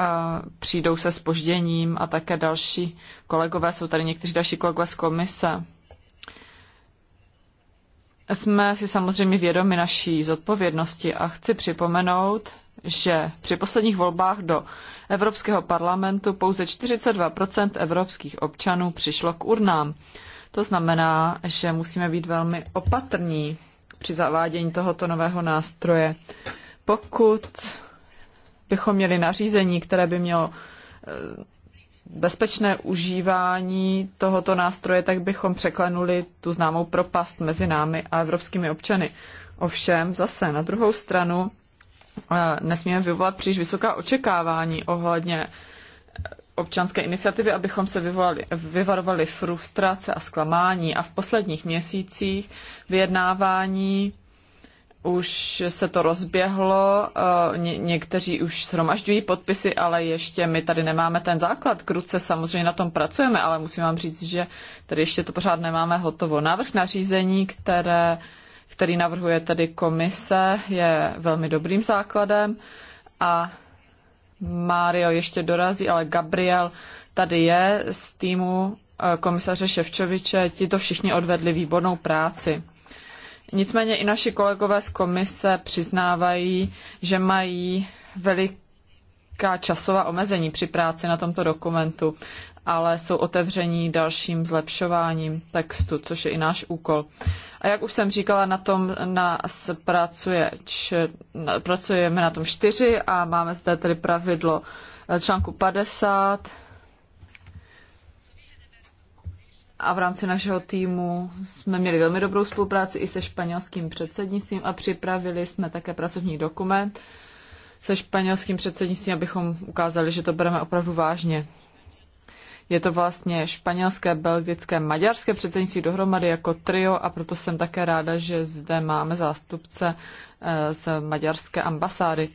přijdou se spožděním a také další kolegové, jsou tady někteří další kolegové z komise. Jsme si samozřejmě vědomi naší zodpovědnosti a chci připomenout, že při posledních volbách do Evropského parlamentu pouze 42 evropských občanů přišlo k urnám. To znamená, že musíme být velmi opatrní při zavádění tohoto nového nástroje. Pokud bychom měli nařízení, které by mělo eh, bezpečné užívání tohoto nástroje, tak bychom překlenuli tu známou propast mezi námi a evropskými občany. Ovšem zase na druhou stranu eh, nesmíme vyvolat příliš vysoká očekávání ohledně občanské iniciativy, abychom se vyvolali, vyvarovali frustrace a zklamání. A v posledních měsících vyjednávání už se to rozběhlo, eh, Ně- někteří už shromažďují podpisy, ale ještě my tady nemáme ten základ. Kruce samozřejmě na tom pracujeme, ale musím vám říct, že tady ještě to pořád nemáme hotovo. Návrh nařízení, které, který navrhuje tedy komise, je velmi dobrým základem a Mario ještě dorazí, ale Gabriel tady je z týmu eh, komisaře Ševčoviče. Ti to všichni odvedli výbornou práci. Nicméně i naši kolegové z komise přiznávají, že mají veliká časová omezení při práci na tomto dokumentu ale jsou otevření dalším zlepšováním textu, což je i náš úkol. A jak už jsem říkala, na tom nás pracuje, č, na, pracujeme na tom čtyři a máme zde tedy pravidlo eh, článku 50. A v rámci našeho týmu jsme měli velmi dobrou spolupráci i se španělským předsednictvím a připravili jsme také pracovní dokument se španělským předsednictvím, abychom ukázali, že to bereme opravdu vážně. Je to vlastně španělské, belgické, maďarské předsednictví dohromady jako trio a proto jsem také ráda, že zde máme zástupce eh, z maďarské ambasády.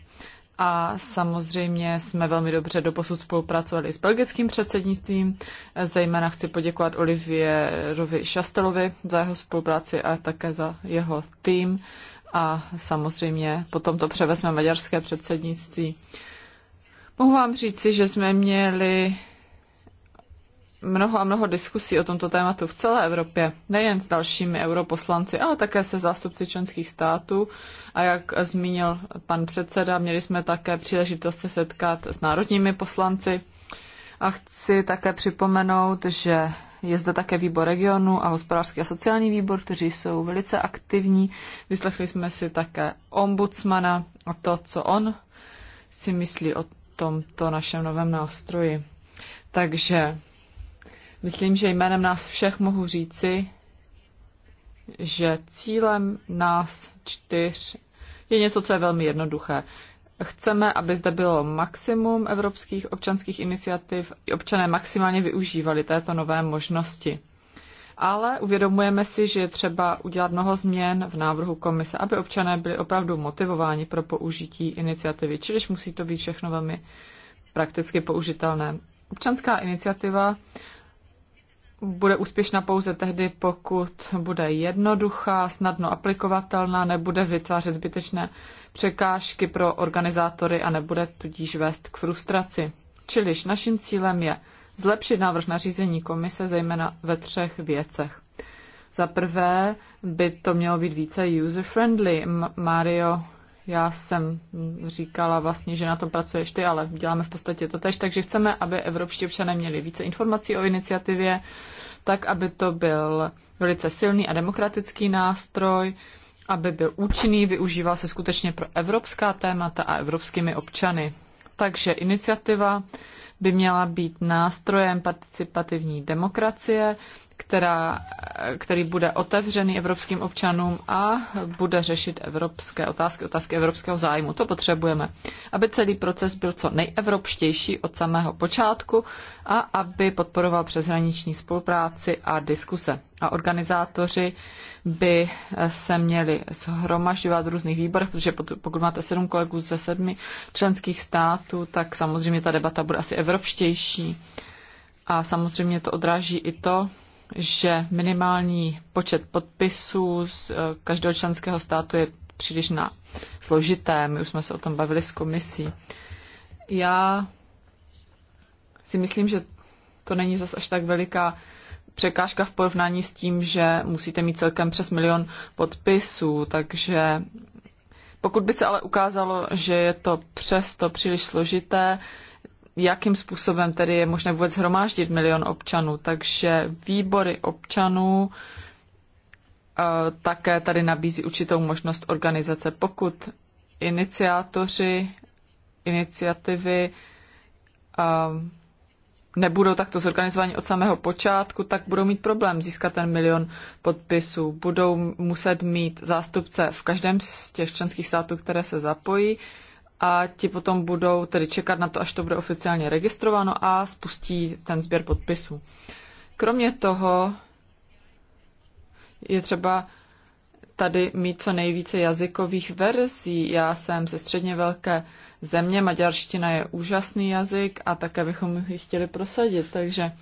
A samozřejmě jsme velmi dobře doposud spolupracovali s belgickým předsednictvím. Eh, zejména chci poděkovat Olivierovi Šastelovi za jeho spolupráci a také za jeho tým. A samozřejmě potom to převezme maďarské předsednictví. Mohu vám říci, že jsme měli mnoho a mnoho diskusí o tomto tématu v celé Evropě, nejen s dalšími europoslanci, ale také se zástupci členských států. A jak zmínil pan předseda, měli jsme také příležitost se setkat s národními poslanci. A chci také připomenout, že je zde také výbor regionu a hospodářský a sociální výbor, kteří jsou velice aktivní. Vyslechli jsme si také ombudsmana a to, co on si myslí o tomto našem novém nástroji. Takže Myslím, že jménem nás všech mohu říci, že cílem nás čtyř je něco, co je velmi jednoduché. Chceme, aby zde bylo maximum evropských občanských iniciativ, občané maximálně využívali této nové možnosti. Ale uvědomujeme si, že je třeba udělat mnoho změn v návrhu komise, aby občané byli opravdu motivováni pro použití iniciativy, čiliž musí to být všechno velmi prakticky použitelné. Občanská iniciativa bude úspěšná pouze tehdy, pokud bude jednoduchá, snadno aplikovatelná, nebude vytvářet zbytečné překážky pro organizátory a nebude tudíž vést k frustraci. Čiliž naším cílem je zlepšit návrh nařízení komise zejména ve třech věcech. Za prvé by to mělo být více user-friendly. Mario já jsem říkala vlastně, že na tom pracuješ ty, ale děláme v podstatě to tež, takže chceme, aby evropští občané měli více informací o iniciativě, tak, aby to byl velice silný a demokratický nástroj, aby byl účinný, využíval se skutečně pro evropská témata a evropskými občany. Takže iniciativa by měla být nástrojem participativní demokracie, která, který bude otevřený evropským občanům a bude řešit evropské otázky, otázky evropského zájmu. To potřebujeme, aby celý proces byl co nejevropštější od samého počátku a aby podporoval přeshraniční spolupráci a diskuse. A organizátoři by se měli shromažďovat v různých výborech, protože pokud máte sedm kolegů ze sedmi členských států, tak samozřejmě ta debata bude asi evropštější. A samozřejmě to odráží i to, že minimální počet podpisů z eh, každého členského státu je příliš na složité. My už jsme se o tom bavili s komisí. Já si myslím, že to není zas až tak veliká překážka v porovnání s tím, že musíte mít celkem přes milion podpisů, takže pokud by se ale ukázalo, že je to přesto příliš složité, jakým způsobem tedy je možné vůbec hromáždit milion občanů. Takže výbory občanů eh, také tady nabízí určitou možnost organizace. Pokud iniciátoři iniciativy eh, nebudou takto zorganizovaní od samého počátku, tak budou mít problém získat ten milion podpisů. Budou muset mít zástupce v každém z těch členských států, které se zapojí a ti potom budou tedy čekat na to, až to bude oficiálně registrováno a spustí ten sběr podpisů. Kromě toho je třeba tady mít co nejvíce jazykových verzí. Já jsem ze středně velké země, maďarština je úžasný jazyk a také bychom ji chtěli prosadit. Takže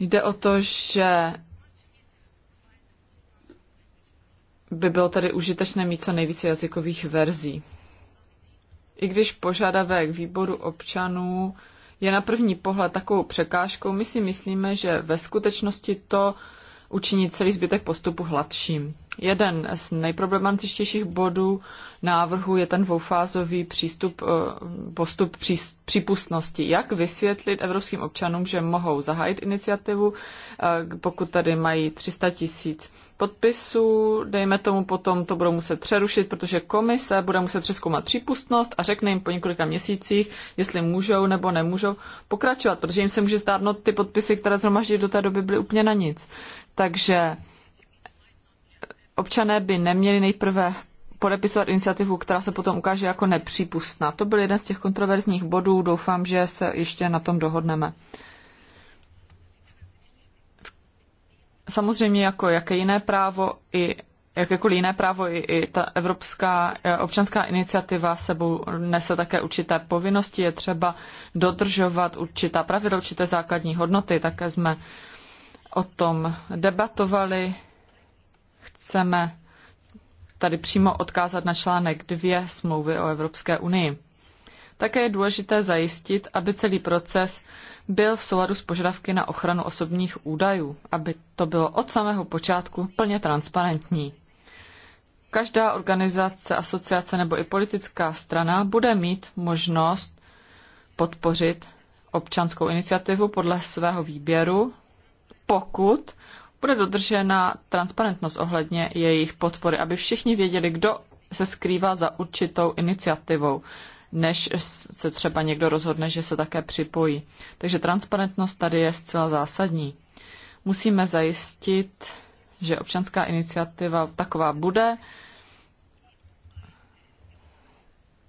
jde o to, že by bylo tady užitečné mít co nejvíce jazykových verzí i když požadavek výboru občanů je na první pohled takovou překážkou, my si myslíme, že ve skutečnosti to učinit celý zbytek postupu hladším. Jeden z nejproblematičtějších bodů návrhu je ten dvoufázový přístup, eh, postup přípustnosti. Jak vysvětlit evropským občanům, že mohou zahájit iniciativu, eh, pokud tady mají 300 tisíc podpisů, dejme tomu potom to budou muset přerušit, protože komise bude muset přeskoumat přípustnost a řekne jim po několika měsících, jestli můžou nebo nemůžou pokračovat, protože jim se může zdát, no ty podpisy, které zhromaždí do té doby, byly úplně na nic. Takže občané by neměli nejprve podepisovat iniciativu, která se potom ukáže jako nepřípustná. To byl jeden z těch kontroverzních bodů, doufám, že se ještě na tom dohodneme. Samozřejmě jako jaké jiné právo i jakékoliv jiné právo, i, i ta evropská eh, občanská iniciativa sebou nese také určité povinnosti, je třeba dodržovat určitá pravidla, určité základní hodnoty, také jsme o tom debatovali. Chceme tady přímo odkázat na článek 2 smlouvy o Evropské unii. Také je důležité zajistit, aby celý proces byl v souladu s požadavky na ochranu osobních údajů, aby to bylo od samého počátku plně transparentní. Každá organizace, asociace nebo i politická strana bude mít možnost podpořit občanskou iniciativu podle svého výběru pokud bude dodržena transparentnost ohledně jejich podpory, aby všichni věděli, kdo se skrývá za určitou iniciativou, než se třeba někdo rozhodne, že se také připojí. Takže transparentnost tady je zcela zásadní. Musíme zajistit, že občanská iniciativa taková bude,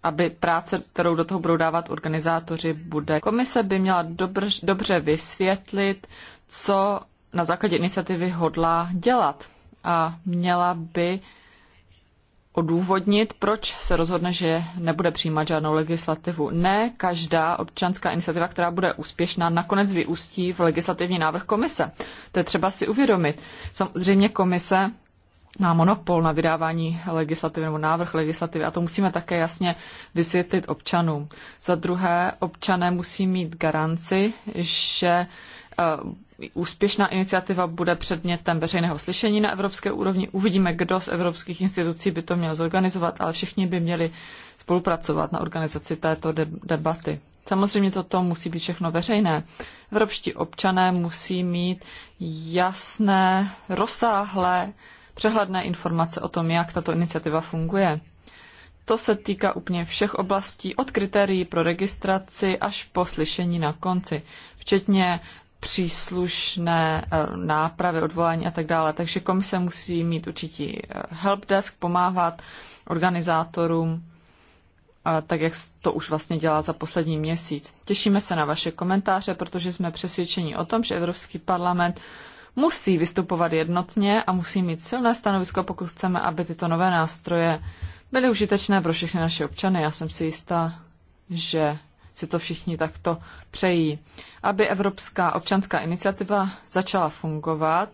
aby práce, kterou do toho budou dávat organizátoři, bude. Komise by měla dobře vysvětlit, co na základě iniciativy hodlá dělat a měla by odůvodnit, proč se rozhodne, že nebude přijímat žádnou legislativu. Ne každá občanská iniciativa, která bude úspěšná, nakonec vyústí v legislativní návrh komise. To je třeba si uvědomit. Samozřejmě komise má monopol na vydávání legislativy nebo návrh legislativy a to musíme také jasně vysvětlit občanům. Za druhé, občané musí mít garanci, že eh, úspěšná iniciativa bude předmětem veřejného slyšení na evropské úrovni. Uvidíme, kdo z evropských institucí by to měl zorganizovat, ale všichni by měli spolupracovat na organizaci této debaty. Samozřejmě toto musí být všechno veřejné. Evropští občané musí mít jasné, rozsáhlé přehledné informace o tom, jak tato iniciativa funguje. To se týká úplně všech oblastí, od kritérií pro registraci až po slyšení na konci, včetně příslušné eh, nápravy, odvolání a tak dále. Takže komise musí mít určitý eh, helpdesk, pomáhat organizátorům, eh, tak jak to už vlastně dělá za poslední měsíc. Těšíme se na vaše komentáře, protože jsme přesvědčeni o tom, že Evropský parlament musí vystupovat jednotně a musí mít silné stanovisko, pokud chceme, aby tyto nové nástroje byly užitečné pro všechny naše občany. Já jsem si jistá, že si to všichni takto přejí. Aby Evropská občanská iniciativa začala fungovat,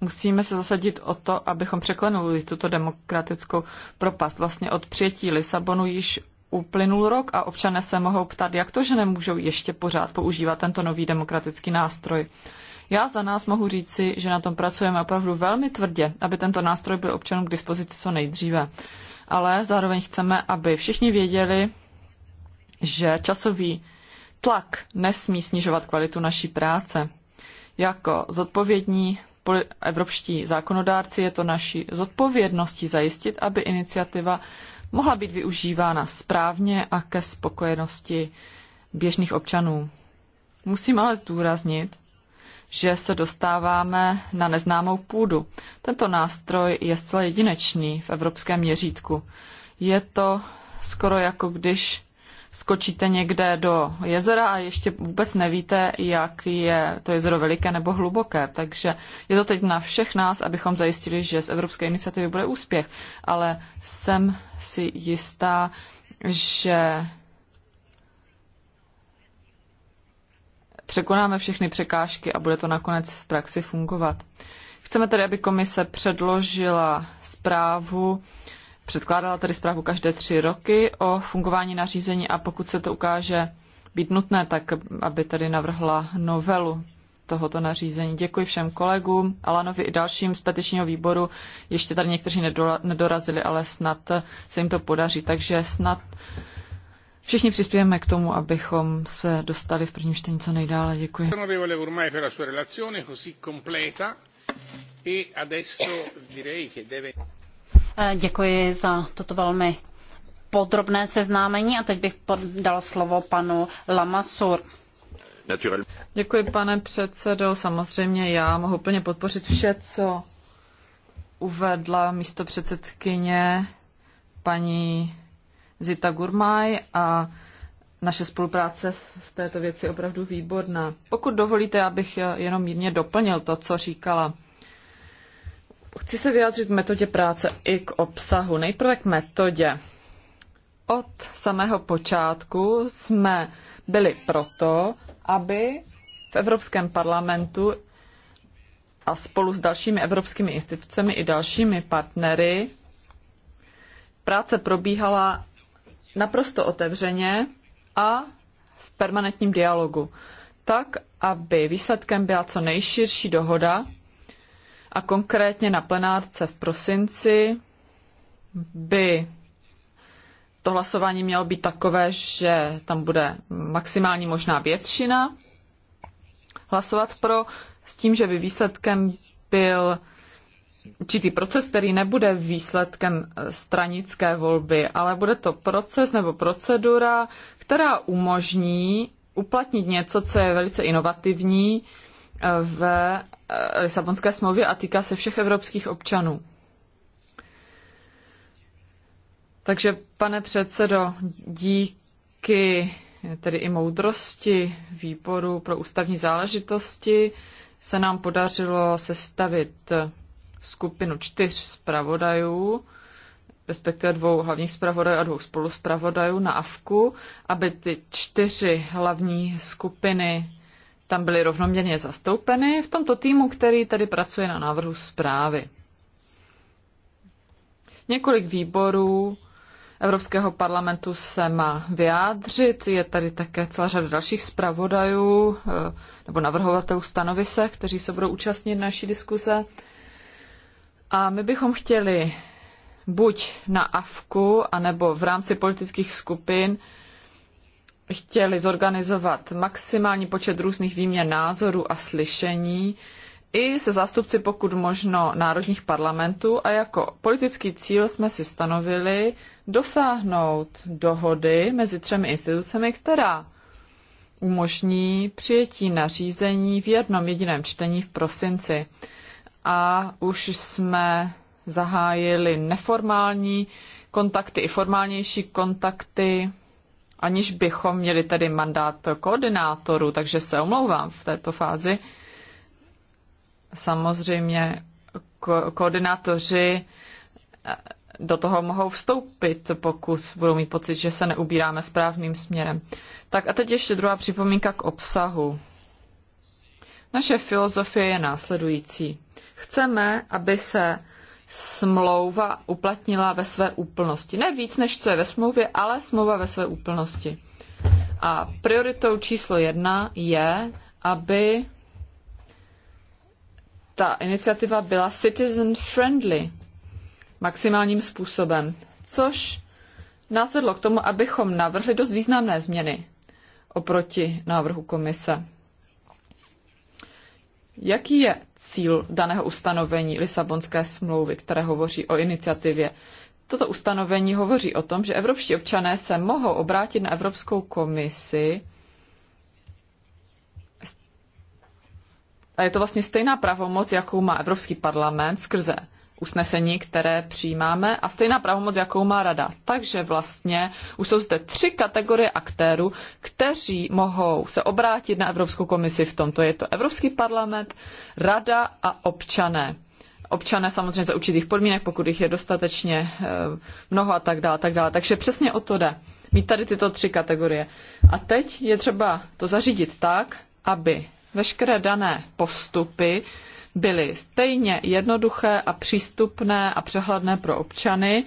musíme se zasadit o to, abychom překlenuli tuto demokratickou propast. Vlastně od přijetí Lisabonu již uplynul rok a občané se mohou ptát, jak to, že nemůžou ještě pořád používat tento nový demokratický nástroj. Já za nás mohu říci, že na tom pracujeme opravdu velmi tvrdě, aby tento nástroj byl občanům k dispozici co nejdříve. Ale zároveň chceme, aby všichni věděli, že časový tlak nesmí snižovat kvalitu naší práce. Jako zodpovědní evropští zákonodárci je to naší zodpovědností zajistit, aby iniciativa mohla být využívána správně a ke spokojenosti běžných občanů. Musím ale zdůraznit, že se dostáváme na neznámou půdu. Tento nástroj je zcela jedinečný v evropském měřítku. Je to skoro jako když skočíte někde do jezera a ještě vůbec nevíte, jak je to jezero veliké nebo hluboké. Takže je to teď na všech nás, abychom zajistili, že z Evropské iniciativy bude úspěch. Ale jsem si jistá, že překonáme všechny překážky a bude to nakonec v praxi fungovat. Chceme tedy, aby komise předložila zprávu předkládala tedy zprávu každé tři roky o fungování nařízení a pokud se to ukáže být nutné, tak aby tedy navrhla novelu tohoto nařízení. Děkuji všem kolegům, Alanovi i dalším z petičního výboru. Ještě tady někteří nedorazili, ale snad se jim to podaří. Takže snad všichni přispějeme k tomu, abychom se dostali v prvním čtení co nejdále. Děkuji. Eh, děkuji za toto velmi podrobné seznámení a teď bych dal slovo panu Lamasur. Děkuji, pane předsedo. Samozřejmě já mohu plně podpořit vše, co uvedla místo předsedkyně paní Zita Gurmaj a naše spolupráce v této věci je opravdu výborná. Pokud dovolíte, abych jenom mírně doplnil to, co říkala. Chci se vyjádřit k metodě práce i k obsahu. Nejprve k metodě. Od samého počátku jsme byli proto, aby v Evropském parlamentu a spolu s dalšími evropskými institucemi i dalšími partnery práce probíhala naprosto otevřeně a v permanentním dialogu, tak, aby výsledkem byla co nejširší dohoda a konkrétně na plenárce v prosinci by to hlasování mělo být takové, že tam bude maximální možná většina hlasovat pro, s tím, že by výsledkem byl určitý proces, který nebude výsledkem eh, stranické volby, ale bude to proces nebo procedura, která umožní uplatnit něco, co je velice inovativní, v eh, Lisabonské smlouvě a týká se všech evropských občanů. Takže, pane předsedo, díky tedy i moudrosti výboru pro ústavní záležitosti se nám podařilo sestavit skupinu čtyř zpravodajů, respektive dvou hlavních zpravodajů a dvou spoluzpravodajů na AFKU, aby ty čtyři hlavní skupiny tam byly rovnoměrně zastoupeny v tomto týmu, který tady pracuje na návrhu zprávy. Několik výborů Evropského parlamentu se má vyjádřit. Je tady také celá řada dalších zpravodajů eh, nebo navrhovatelů stanovisek, kteří se budou účastnit naší diskuse. A my bychom chtěli buď na AFKu, anebo v rámci politických skupin chtěli zorganizovat maximální počet různých výměn názorů a slyšení i se zástupci pokud možno národních parlamentů a jako politický cíl jsme si stanovili dosáhnout dohody mezi třemi institucemi, která umožní přijetí nařízení v jednom jediném čtení v prosinci. A už jsme zahájili neformální kontakty i formálnější kontakty aniž bychom měli tedy mandát koordinátoru, takže se omlouvám v této fázi. Samozřejmě ko- koordinátoři eh, do toho mohou vstoupit, pokud budou mít pocit, že se neubíráme správným směrem. Tak a teď ještě druhá připomínka k obsahu. Naše filozofie je následující. Chceme, aby se smlouva uplatnila ve své úplnosti. Ne víc, než co je ve smlouvě, ale smlouva ve své úplnosti. A prioritou číslo jedna je, aby ta iniciativa byla citizen friendly maximálním způsobem, což nás vedlo k tomu, abychom navrhli dost významné změny oproti návrhu komise. Jaký je cíl daného ustanovení Lisabonské smlouvy, které hovoří o iniciativě? Toto ustanovení hovoří o tom, že evropští občané se mohou obrátit na Evropskou komisi a je to vlastně stejná pravomoc, jakou má Evropský parlament skrze usnesení, které přijímáme a stejná pravomoc, jakou má rada. Takže vlastně už jsou zde tři kategorie aktérů, kteří mohou se obrátit na Evropskou komisi v tomto. Je to Evropský parlament, rada a občané. Občané samozřejmě za určitých podmínek, pokud jich je dostatečně eh, mnoho a tak dále, tak dále. Takže přesně o to jde. Mít tady tyto tři kategorie. A teď je třeba to zařídit tak, aby veškeré dané postupy byly stejně jednoduché a přístupné a přehledné pro občany,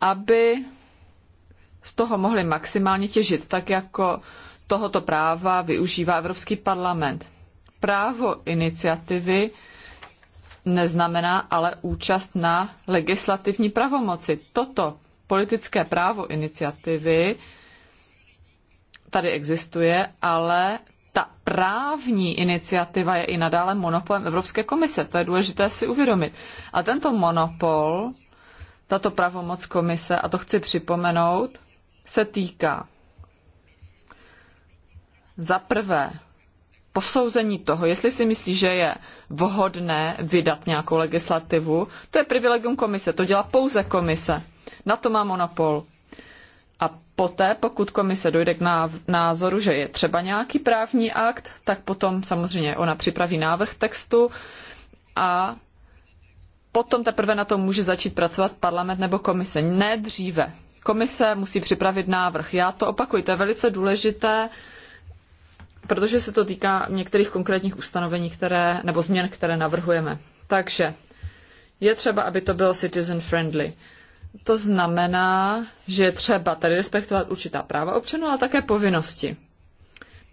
aby z toho mohli maximálně těžit, tak jako tohoto práva využívá Evropský parlament. Právo iniciativy neznamená ale účast na legislativní pravomoci. Toto politické právo iniciativy tady existuje, ale ta právní iniciativa je i nadále monopolem Evropské komise. To je důležité si uvědomit. A tento monopol, tato pravomoc komise, a to chci připomenout, se týká za prvé posouzení toho, jestli si myslí, že je vhodné vydat nějakou legislativu, to je privilegium komise, to dělá pouze komise. Na to má monopol. A poté, pokud komise dojde k názoru, že je třeba nějaký právní akt, tak potom samozřejmě ona připraví návrh textu a potom teprve na tom může začít pracovat parlament nebo komise. Ne dříve. Komise musí připravit návrh. Já to opakuji, to je velice důležité, protože se to týká některých konkrétních ustanovení, které, nebo změn, které navrhujeme. Takže je třeba, aby to bylo citizen friendly to znamená, že je třeba tady respektovat určitá práva občanů, ale také povinnosti.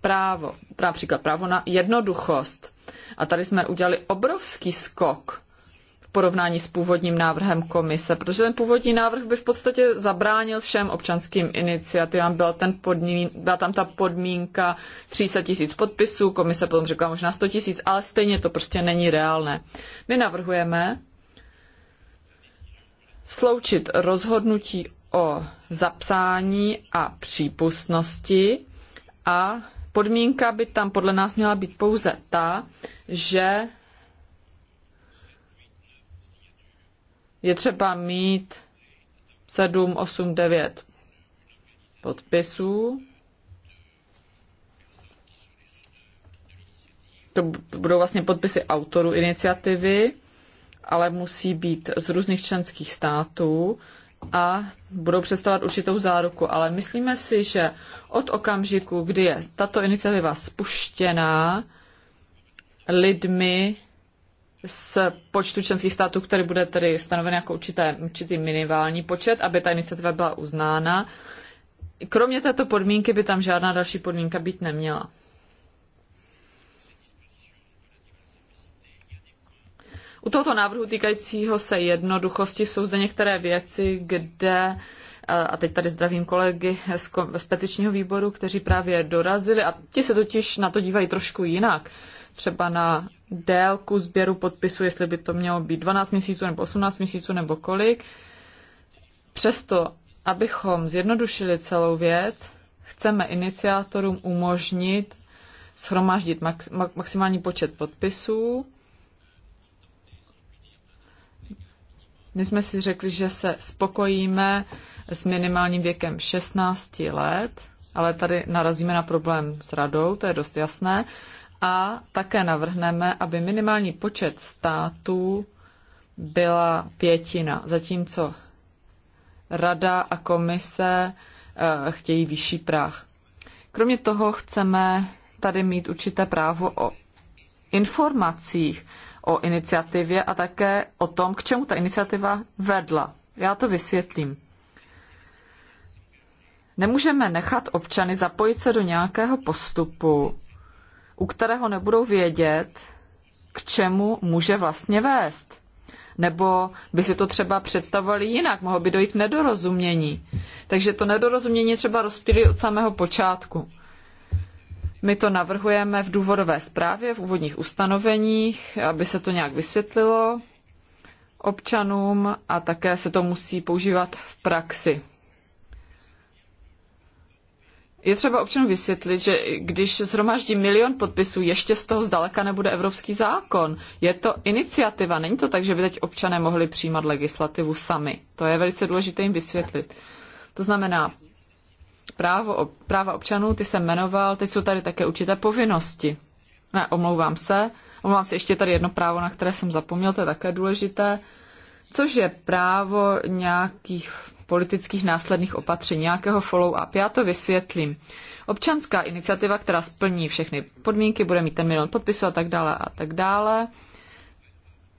Právo, například právo na jednoduchost. A tady jsme udělali obrovský skok v porovnání s původním návrhem komise, protože ten původní návrh by v podstatě zabránil všem občanským iniciativám. Byla, ten podmín, byla tam ta podmínka 300 tisíc podpisů, komise potom řekla možná 100 tisíc, ale stejně to prostě není reálné. My navrhujeme, sloučit rozhodnutí o zapsání a přípustnosti a podmínka by tam podle nás měla být pouze ta, že je třeba mít 7, 8, 9 podpisů. To budou vlastně podpisy autorů iniciativy ale musí být z různých členských států a budou představovat určitou záruku. Ale myslíme si, že od okamžiku, kdy je tato iniciativa spuštěná lidmi z počtu členských států, který bude tedy stanoven jako určité, určitý minimální počet, aby ta iniciativa byla uznána, kromě této podmínky by tam žádná další podmínka být neměla. U tohoto návrhu týkajícího se jednoduchosti jsou zde některé věci, kde a teď tady zdravím kolegy z, petičního výboru, kteří právě dorazili a ti se totiž na to dívají trošku jinak. Třeba na délku sběru podpisu, jestli by to mělo být 12 měsíců nebo 18 měsíců nebo kolik. Přesto, abychom zjednodušili celou věc, chceme iniciátorům umožnit schromáždit max, maximální počet podpisů My jsme si řekli, že se spokojíme s minimálním věkem 16 let, ale tady narazíme na problém s radou, to je dost jasné, a také navrhneme, aby minimální počet států byla pětina, zatímco rada a komise eh, chtějí vyšší práh. Kromě toho chceme tady mít určité právo o informacích, o iniciativě a také o tom, k čemu ta iniciativa vedla. Já to vysvětlím. Nemůžeme nechat občany zapojit se do nějakého postupu, u kterého nebudou vědět, k čemu může vlastně vést. Nebo by si to třeba představovali jinak, mohlo by dojít k nedorozumění. Takže to nedorozumění třeba rozptýlit od samého počátku. My to navrhujeme v důvodové zprávě, v úvodních ustanoveních, aby se to nějak vysvětlilo občanům a také se to musí používat v praxi. Je třeba občanům vysvětlit, že když zhromaždí milion podpisů, ještě z toho zdaleka nebude evropský zákon. Je to iniciativa, není to tak, že by teď občané mohli přijímat legislativu sami. To je velice důležité jim vysvětlit. To znamená, právo, práva občanů, ty jsem jmenoval, teď jsou tady také určité povinnosti. Ne, omlouvám se. Omlouvám se, ještě tady jedno právo, na které jsem zapomněl, to je také důležité, což je právo nějakých politických následných opatření, nějakého follow-up. Já to vysvětlím. Občanská iniciativa, která splní všechny podmínky, bude mít ten milion podpisů a tak dále a tak dále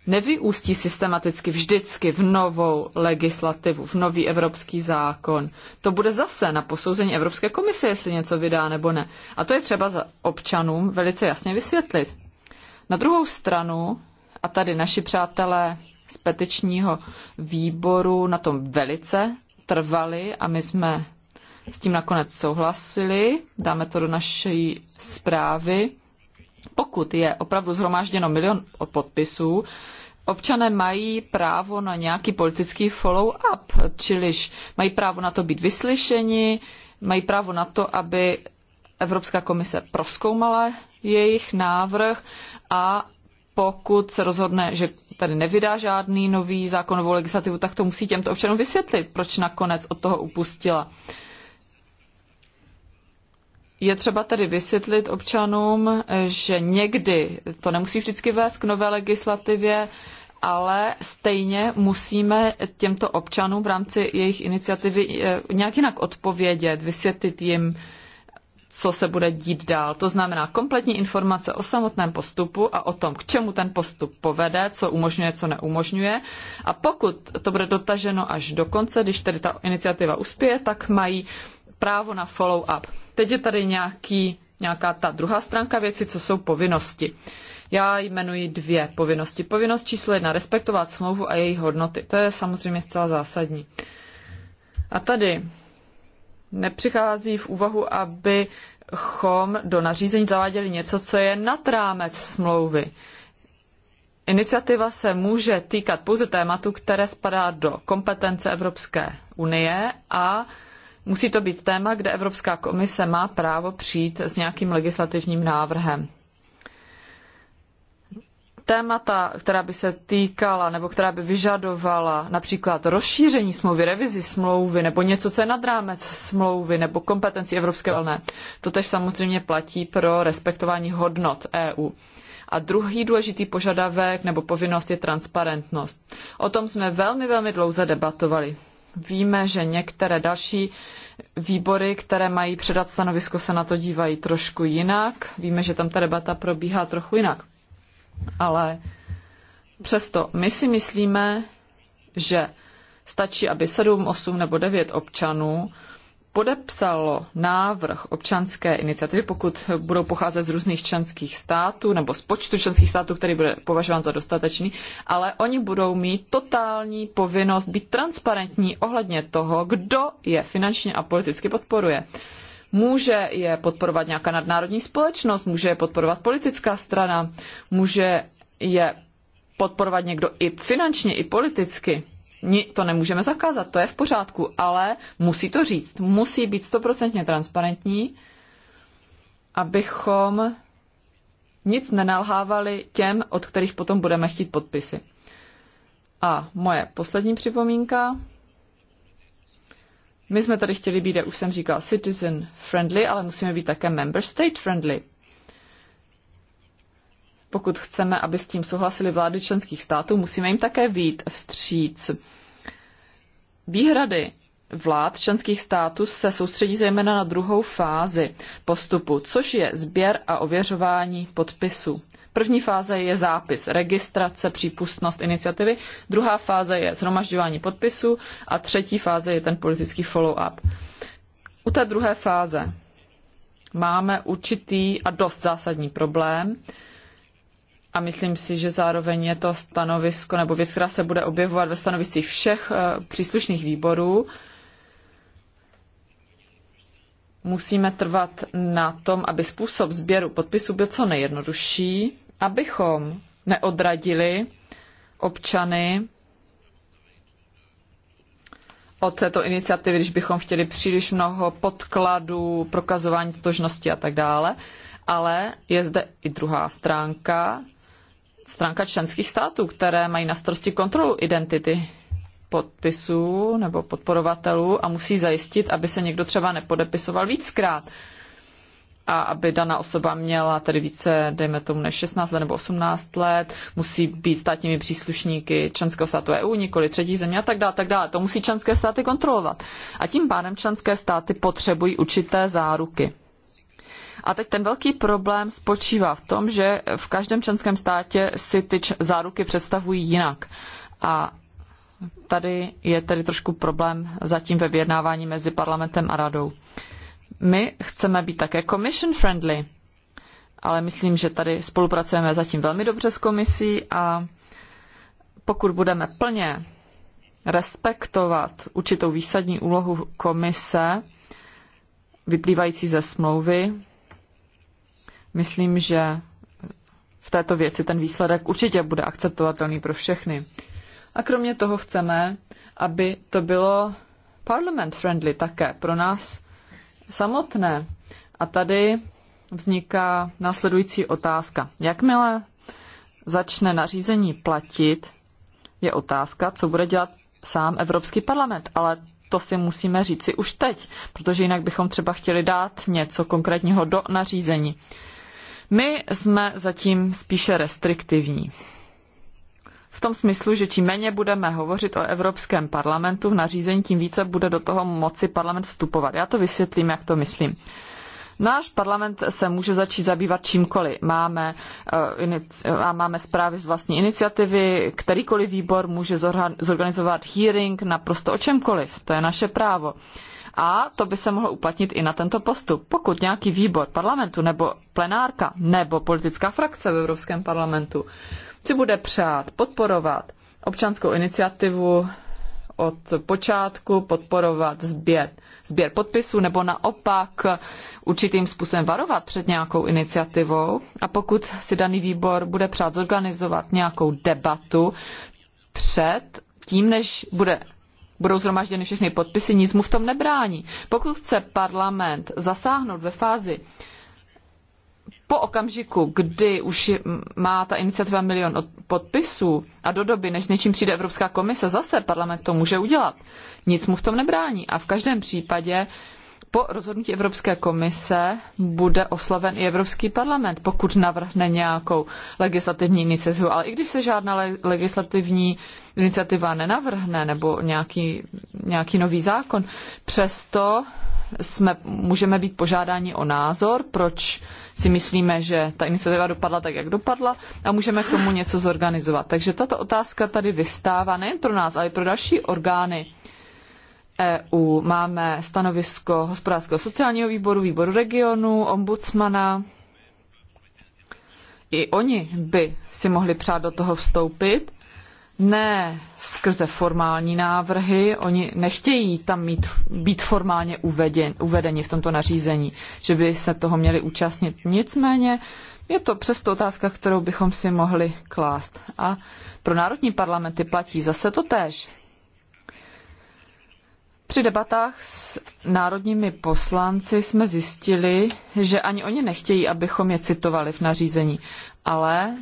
nevyústí systematicky vždycky v novou legislativu, v nový evropský zákon. To bude zase na posouzení Evropské komise, jestli něco vydá nebo ne. A to je třeba za občanům velice jasně vysvětlit. Na druhou stranu, a tady naši přátelé z petičního výboru na tom velice trvali a my jsme s tím nakonec souhlasili, dáme to do naší zprávy, pokud je opravdu zhromážděno milion podpisů, občané mají právo na nějaký politický follow-up, čiliž mají právo na to být vyslyšeni, mají právo na to, aby Evropská komise proskoumala jejich návrh a pokud se rozhodne, že tady nevydá žádný nový zákonovou legislativu, tak to musí těmto občanům vysvětlit, proč nakonec od toho upustila. Uh, je třeba tedy vysvětlit občanům, že někdy to nemusí vždycky vést k nové legislativě, ale stejně musíme těmto občanům v rámci jejich iniciativy eh, nějak jinak odpovědět, vysvětlit jim, co se bude dít dál. To znamená kompletní informace o samotném postupu a o tom, k čemu ten postup povede, co umožňuje, co neumožňuje. A pokud to bude dotaženo až do konce, když tedy ta iniciativa uspěje, tak mají právo na follow-up. Teď je tady nějaký, nějaká ta druhá stránka věci, co jsou povinnosti. Já jmenuji dvě povinnosti. Povinnost číslo jedna, respektovat smlouvu a její hodnoty. To je samozřejmě zcela zásadní. A tady nepřichází v úvahu, abychom do nařízení zaváděli něco, co je nad rámec smlouvy. Iniciativa se může týkat pouze tématu, které spadá do kompetence Evropské unie a Musí to být téma, kde Evropská komise má právo přijít s nějakým legislativním návrhem témata, která by se týkala nebo která by vyžadovala například rozšíření smlouvy, revizi smlouvy nebo něco, co je nad rámec smlouvy nebo kompetenci Evropské unie. To tež samozřejmě platí pro respektování hodnot EU. A druhý důležitý požadavek nebo povinnost je transparentnost. O tom jsme velmi, velmi dlouze debatovali. Víme, že některé další výbory, které mají předat stanovisko, se na to dívají trošku jinak. Víme, že tam ta debata probíhá trochu jinak. Ale přesto my si myslíme, že stačí, aby 7, 8 nebo 9 občanů podepsalo návrh občanské iniciativy, pokud budou pocházet z různých členských států nebo z počtu členských států, který bude považován za dostatečný, ale oni budou mít totální povinnost být transparentní ohledně toho, kdo je finančně a politicky podporuje. Může je podporovat nějaká nadnárodní společnost, může je podporovat politická strana, může je podporovat někdo i finančně, i politicky to nemůžeme zakázat, to je v pořádku, ale musí to říct, musí být stoprocentně transparentní, abychom nic nenalhávali těm, od kterých potom budeme chtít podpisy. A moje poslední připomínka. My jsme tady chtěli být, jak už jsem říkala, citizen friendly, ale musíme být také member state friendly. Pokud chceme, aby s tím souhlasili vlády členských států, musíme jim také výjít vstříc. Výhrady vlád členských států se soustředí zejména na druhou fázi postupu, což je sběr a ověřování podpisů. První fáze je zápis, registrace, přípustnost iniciativy, druhá fáze je zhromažďování podpisů a třetí fáze je ten politický follow-up. U té druhé fáze máme určitý a dost zásadní problém, a myslím si, že zároveň je to stanovisko nebo věc, která se bude objevovat ve stanoviscích všech eh, příslušných výborů, musíme trvat na tom, aby způsob sběru podpisů byl co nejjednodušší, abychom neodradili občany od této iniciativy, když bychom chtěli příliš mnoho podkladů, prokazování totožnosti a tak dále. Ale je zde i druhá stránka, stránka členských států, které mají na starosti kontrolu identity podpisů nebo podporovatelů a musí zajistit, aby se někdo třeba nepodepisoval víckrát a aby daná osoba měla tedy více, dejme tomu, než 16 let nebo 18 let, musí být státními příslušníky členského státu EU, nikoli třetí země a tak dále, tak dále. To musí členské státy kontrolovat. A tím pádem členské státy potřebují určité záruky. A teď ten velký problém spočívá v tom, že v každém členském státě si ty záruky představují jinak. A tady je tedy trošku problém zatím ve vyjednávání mezi parlamentem a radou. My chceme být také commission friendly, ale myslím, že tady spolupracujeme zatím velmi dobře s komisí a pokud budeme plně respektovat určitou výsadní úlohu komise, vyplývající ze smlouvy, Myslím, že v této věci ten výsledek určitě bude akceptovatelný pro všechny. A kromě toho chceme, aby to bylo parliament friendly také pro nás samotné. A tady vzniká následující otázka. Jakmile začne nařízení platit, je otázka, co bude dělat sám Evropský parlament, ale to si musíme říci už teď, protože jinak bychom třeba chtěli dát něco konkrétního do nařízení. My jsme zatím spíše restriktivní. V tom smyslu, že čím méně budeme hovořit o Evropském parlamentu v nařízení, tím více bude do toho moci parlament vstupovat. Já to vysvětlím, jak to myslím. Náš parlament se může začít zabývat čímkoliv. Máme, eh, a máme zprávy z vlastní iniciativy, kterýkoliv výbor může zorganizovat hearing naprosto o čemkoliv. To je naše právo. A to by se mohlo uplatnit i na tento postup. Pokud nějaký výbor parlamentu nebo plenárka nebo politická frakce v Evropském parlamentu si bude přát podporovat občanskou iniciativu od počátku, podporovat sběr, sběr podpisů nebo naopak určitým způsobem varovat před nějakou iniciativou. A pokud si daný výbor bude přát zorganizovat nějakou debatu před tím, než bude budou zhromažděny všechny podpisy, nic mu v tom nebrání. Pokud chce parlament zasáhnout ve fázi po okamžiku, kdy už má ta iniciativa milion podpisů a do doby, než něčím přijde Evropská komise, zase parlament to může udělat. Nic mu v tom nebrání. A v každém případě po rozhodnutí Evropské komise bude oslaven i Evropský parlament, pokud navrhne nějakou legislativní iniciativu. Ale i když se žádná legislativní iniciativa nenavrhne nebo nějaký, nějaký nový zákon, přesto jsme, můžeme být požádáni o názor, proč si myslíme, že ta iniciativa dopadla tak, jak dopadla a můžeme k tomu něco zorganizovat. Takže tato otázka tady vystává nejen pro nás, ale i pro další orgány EU. Máme stanovisko hospodářského sociálního výboru, výboru regionu, ombudsmana. I oni by si mohli přát do toho vstoupit, ne skrze formální návrhy, oni nechtějí tam mít, být formálně uvedeni, uvedeni v tomto nařízení, že by se toho měli účastnit. Nicméně je to přesto otázka, kterou bychom si mohli klást. A pro národní parlamenty platí zase to též. Při debatách s národními poslanci jsme zjistili, že ani oni nechtějí, abychom je citovali v nařízení, ale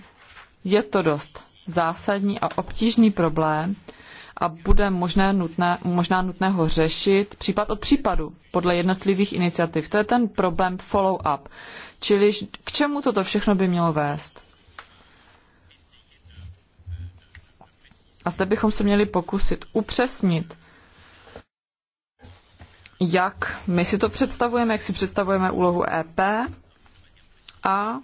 je to dost zásadní a obtížný problém a bude možné nutné, možná nutné ho řešit případ od případu podle jednotlivých iniciativ. To je ten problém follow-up, čili k čemu toto všechno by mělo vést. A zde bychom se měli pokusit upřesnit jak my si to představujeme, jak si představujeme úlohu EP a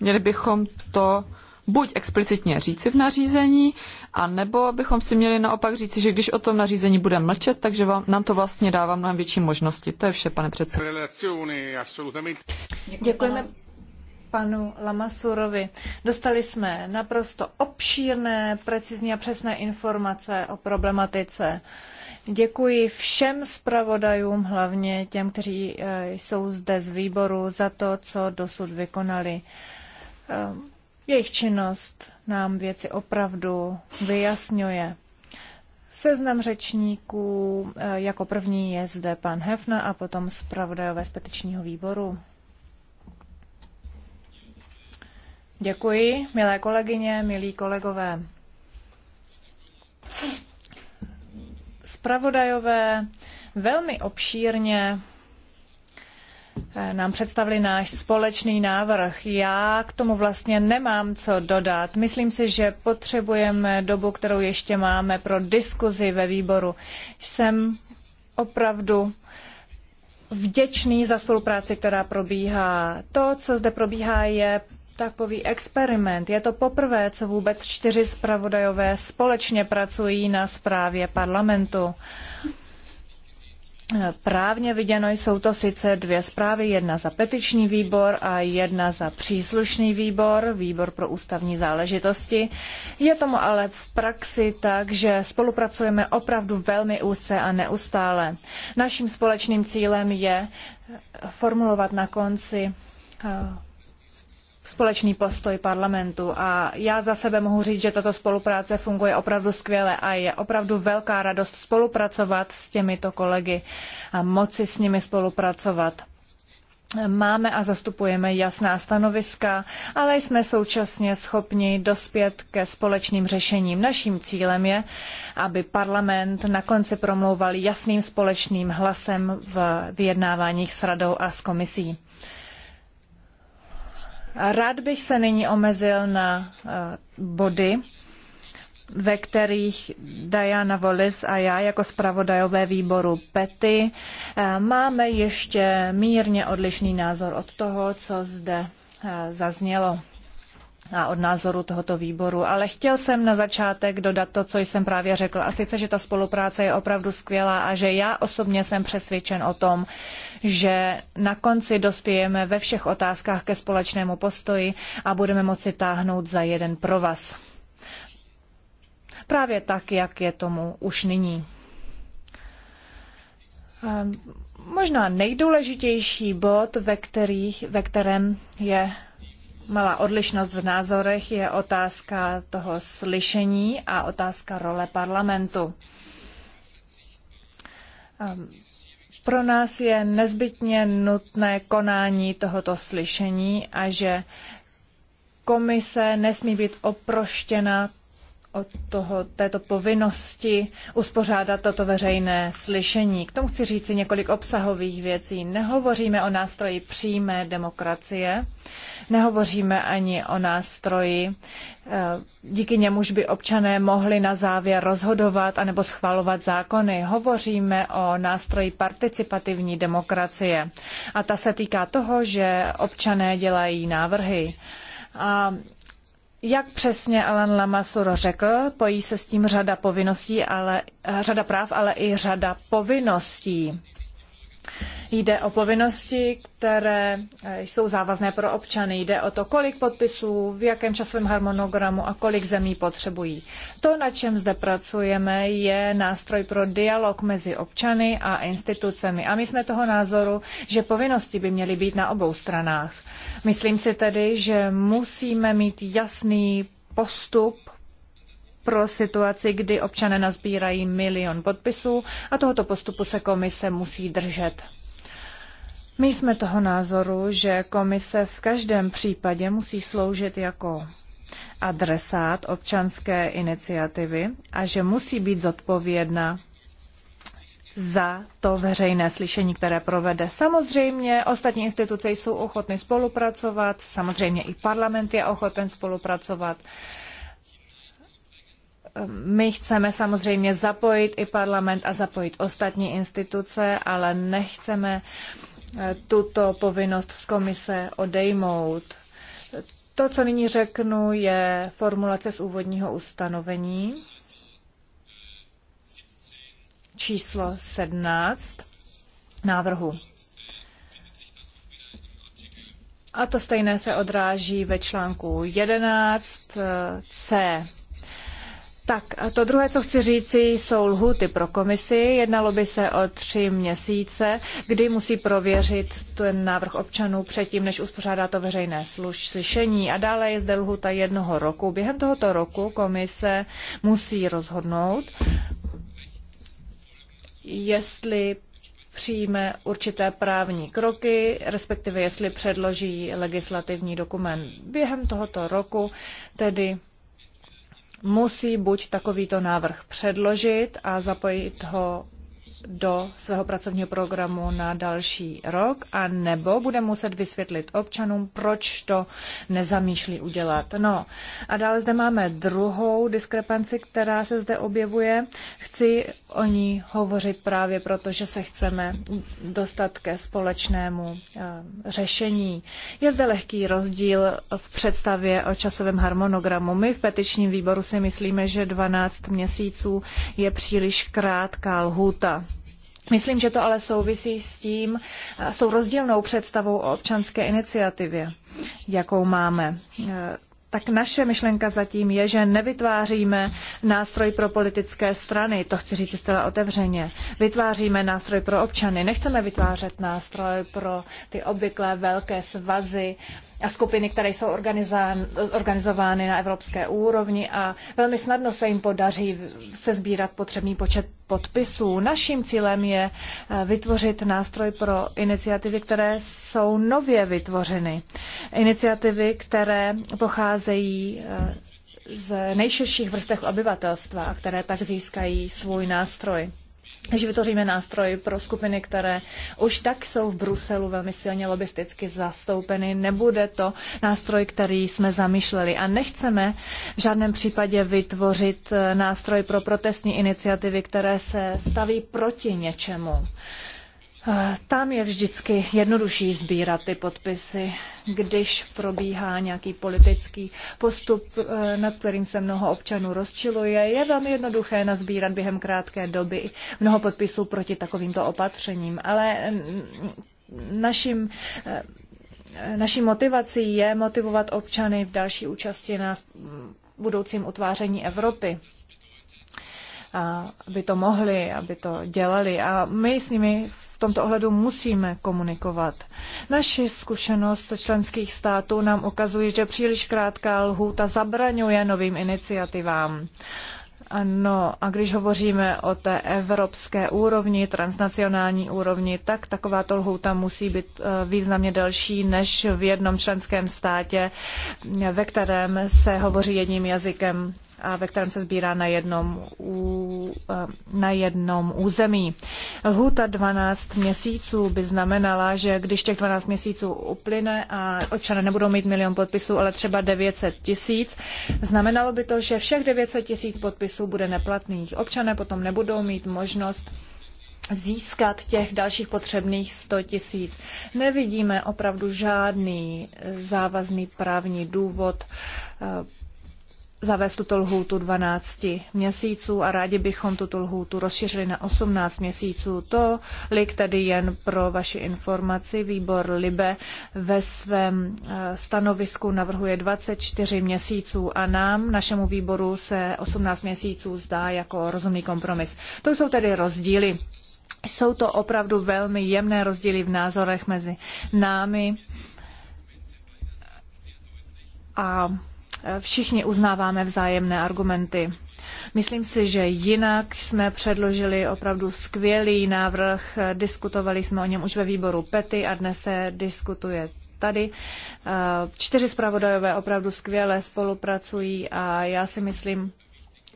měli bychom to buď explicitně říci v nařízení, a nebo bychom si měli naopak říci, že když o tom nařízení budeme mlčet, takže vám, nám to vlastně dává mnohem větší možnosti. To je vše, pane předsedo. Děkujeme panu Lamasurovi. Dostali jsme naprosto obšírné, precizní a přesné informace o problematice Děkuji všem zpravodajům, hlavně těm, kteří eh, jsou zde z výboru, za to, co dosud vykonali. Eh, jejich činnost nám věci opravdu vyjasňuje. Seznam řečníků eh, jako první je zde pan Hefna a potom zpravodajové z petičního výboru. Děkuji, milé kolegyně, milí kolegové zpravodajové velmi obšírně eh, nám představili náš společný návrh. Já k tomu vlastně nemám co dodat. Myslím si, že potřebujeme dobu, kterou ještě máme pro diskuzi ve výboru. Jsem opravdu vděčný za spolupráci, která probíhá. To, co zde probíhá, je takový experiment. Je to poprvé, co vůbec čtyři zpravodajové společně pracují na zprávě parlamentu. Právně viděno jsou to sice dvě zprávy, jedna za petiční výbor a jedna za příslušný výbor, výbor pro ústavní záležitosti. Je tomu ale v praxi tak, že spolupracujeme opravdu velmi úzce a neustále. Naším společným cílem je formulovat na konci eh, společný postoj parlamentu. A já za sebe mohu říct, že tato spolupráce funguje opravdu skvěle a je opravdu velká radost spolupracovat s těmito kolegy a moci s nimi spolupracovat máme a zastupujeme jasná stanoviska, ale jsme současně schopni dospět ke společným řešením. Naším cílem je, aby parlament na konci promlouval jasným společným hlasem v vyjednáváních s radou a s komisí. Rád bych se nyní omezil na eh, body, ve kterých Diana Wallis a já jako zpravodajové výboru PETY eh, máme ještě mírně odlišný názor od toho, co zde eh, zaznělo a od názoru tohoto výboru, ale chtěl jsem na začátek dodat to, co jsem právě řekl. A sice, že ta spolupráce je opravdu skvělá a že já osobně jsem přesvědčen o tom, že na konci dospějeme ve všech otázkách ke společnému postoji a budeme moci táhnout za jeden provaz. Právě tak, jak je tomu už nyní. Ehm, možná nejdůležitější bod, ve, kterých, ve kterém je malá odlišnost v názorech je otázka toho slyšení a otázka role parlamentu. Ehm, pro nás je nezbytně nutné konání tohoto slyšení a že komise nesmí být oproštěna od toho, této povinnosti uspořádat toto veřejné slyšení. K tomu chci říci několik obsahových věcí. Nehovoříme o nástroji přímé demokracie, nehovoříme ani o nástroji, eh, díky němuž by občané mohli na závěr rozhodovat anebo schvalovat zákony. Hovoříme o nástroji participativní demokracie a ta se týká toho, že občané dělají návrhy. A jak přesně Alan Lamassoure řekl, pojí se s tím řada povinností, ale řada práv, ale i řada povinností. Jde o povinnosti, které eh, jsou závazné pro občany. Jde o to, kolik podpisů, v jakém časovém harmonogramu a kolik zemí potřebují. To, na čem zde pracujeme, je nástroj pro dialog mezi občany a institucemi. A my jsme toho názoru, že povinnosti by měly být na obou stranách. Myslím si tedy, že musíme mít jasný postup pro situaci, kdy občané nazbírají milion podpisů a tohoto postupu se komise musí držet. My jsme toho názoru, že komise v každém případě musí sloužit jako adresát občanské iniciativy a že musí být zodpovědná za to veřejné slyšení, které provede. Samozřejmě ostatní instituce jsou ochotny spolupracovat, samozřejmě i parlament je ochoten spolupracovat. My chceme samozřejmě zapojit i parlament a zapojit ostatní instituce, ale nechceme Eh, tuto povinnost z komise odejmout. To, co nyní řeknu, je formulace z úvodního ustanovení číslo 17 návrhu. A to stejné se odráží ve článku 11c. Tak, a to druhé, co chci říci, jsou lhuty pro komisi. Jednalo by se o tři měsíce, kdy musí prověřit ten návrh občanů předtím, než uspořádá to veřejné slyšení. A dále je zde lhuta jednoho roku. Během tohoto roku komise musí rozhodnout, jestli přijme určité právní kroky, respektive jestli předloží legislativní dokument. Během tohoto roku tedy musí buď takovýto návrh předložit a zapojit ho do svého pracovního programu na další rok, a nebo bude muset vysvětlit občanům, proč to nezamýšlí udělat. No a dále zde máme druhou diskrepanci, která se zde objevuje. Chci o ní hovořit právě proto, že se chceme dostat ke společnému eh, řešení. Je zde lehký rozdíl v představě o časovém harmonogramu. My v petičním výboru si myslíme, že 12 měsíců je příliš krátká lhůta. Myslím, že to ale souvisí s tím, eh, s tou rozdílnou představou o občanské iniciativě, jakou máme. Eh, tak naše myšlenka zatím je, že nevytváříme nástroj pro politické strany, to chci říct zcela otevřeně. Vytváříme nástroj pro občany, nechceme vytvářet nástroj pro ty obvyklé velké svazy a skupiny, které jsou organizovány na evropské úrovni a velmi snadno se jim podaří se sbírat potřebný počet podpisů. Naším cílem je eh, vytvořit nástroj pro iniciativy, které jsou nově vytvořeny. Iniciativy, které pocházejí eh, z nejširších vrstech obyvatelstva a které tak získají svůj nástroj že vytvoříme nástroj pro skupiny, které už tak jsou v Bruselu velmi silně lobisticky zastoupeny. Nebude to nástroj, který jsme zamýšleli a nechceme v žádném případě vytvořit eh, nástroj pro protestní iniciativy, které se staví proti něčemu. Eh, tam je vždycky jednodušší sbírat ty podpisy, když probíhá nějaký politický postup, eh, nad kterým se mnoho občanů rozčiluje. Je velmi jednoduché nazbírat během krátké doby mnoho podpisů proti takovýmto opatřením, ale mm, naším eh, Naší motivací je motivovat občany v další účasti na budoucím utváření Evropy aby to mohli, aby to dělali. A my s nimi v tomto ohledu musíme komunikovat. Naši zkušenost členských států nám ukazuje, že příliš krátká lhůta zabraňuje novým iniciativám. No a když hovoříme o té evropské úrovni, transnacionální úrovni, tak takováto lhůta musí být eh, významně delší než v jednom členském státě, ve kterém se hovoří jedním jazykem ve kterém se sbírá na jednom, ú, eh, na jednom území. Lhuta 12 měsíců by znamenala, že když těch 12 měsíců uplyne a občané nebudou mít milion podpisů, ale třeba 900 tisíc, znamenalo by to, že všech 900 tisíc podpisů bude neplatných. Občané potom nebudou mít možnost získat těch dalších potřebných 100 tisíc. Nevidíme opravdu žádný závazný právní důvod eh, zavést tuto lhůtu 12 měsíců a rádi bychom tuto lhůtu rozšířili na 18 měsíců. To lik tedy jen pro vaši informaci. Výbor Libe ve svém eh, stanovisku navrhuje 24 měsíců a nám, našemu výboru, se 18 měsíců zdá jako rozumný kompromis. To jsou tedy rozdíly. Jsou to opravdu velmi jemné rozdíly v názorech mezi námi. A všichni uznáváme vzájemné argumenty. Myslím si, že jinak jsme předložili opravdu skvělý návrh, diskutovali jsme o něm už ve výboru PETY a dnes se diskutuje tady. Čtyři zpravodajové opravdu skvěle spolupracují a já si myslím,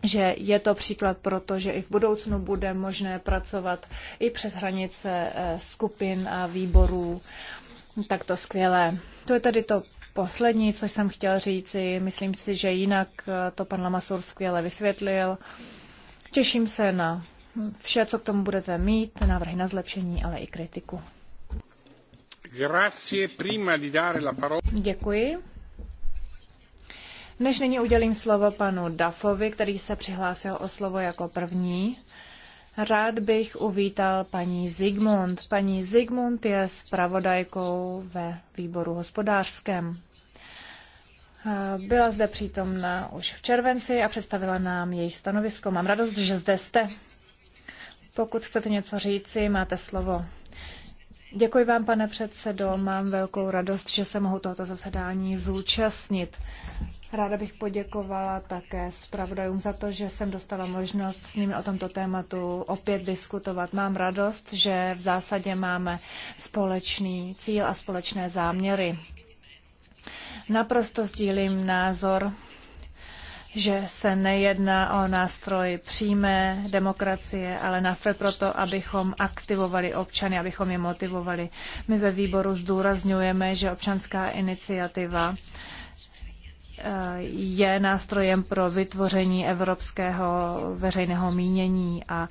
že je to příklad proto, že i v budoucnu bude možné pracovat i přes hranice eh, skupin a výborů takto skvělé. To je tady to poslední, co jsem chtěl říci. Myslím si, že jinak eh, to pan Lamasur skvěle vysvětlil. Těším se na vše, co k tomu budete mít, návrhy na zlepšení, ale i kritiku. Děkuji. Než nyní udělím slovo panu Dafovi, který se přihlásil o slovo jako první, rád bych uvítal paní Zigmund. Paní Zigmund je zpravodajkou ve výboru hospodářském. Eh, byla zde přítomna už v červenci a představila nám její stanovisko. Mám radost, že zde jste. Pokud chcete něco říci, máte slovo. Děkuji vám, pane předsedo. Mám velkou radost, že se mohu tohoto zasedání zúčastnit. Ráda bych poděkovala také zpravodajům za to, že jsem dostala možnost s nimi o tomto tématu opět diskutovat. Mám radost, že v zásadě máme společný cíl a společné záměry. Naprosto sdílím názor, že se nejedná o nástroj přímé demokracie, ale nástroj proto, abychom aktivovali občany, abychom je motivovali. My ve výboru zdůrazňujeme, že občanská iniciativa eh, je nástrojem pro vytvoření evropského veřejného mínění a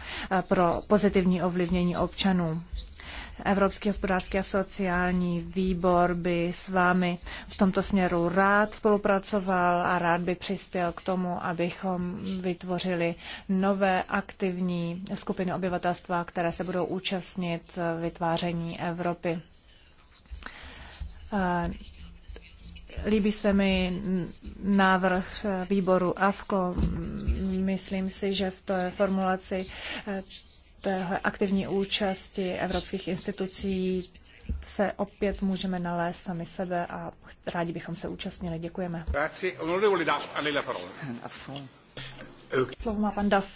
pro pozitivní ovlivnění občanů. Evropský hospodářský a sociální výbor by s vámi v tomto směru rád spolupracoval a rád by přispěl k tomu, abychom vytvořili nové aktivní skupiny obyvatelstva, které se budou účastnit vytváření Evropy. Líbí se mi návrh výboru AFKO. Myslím si, že v té formulaci téhle aktivní účasti evropských institucí se opět můžeme nalézt sami sebe a rádi bychom se účastnili. Děkujeme. Slovo má pan Duff.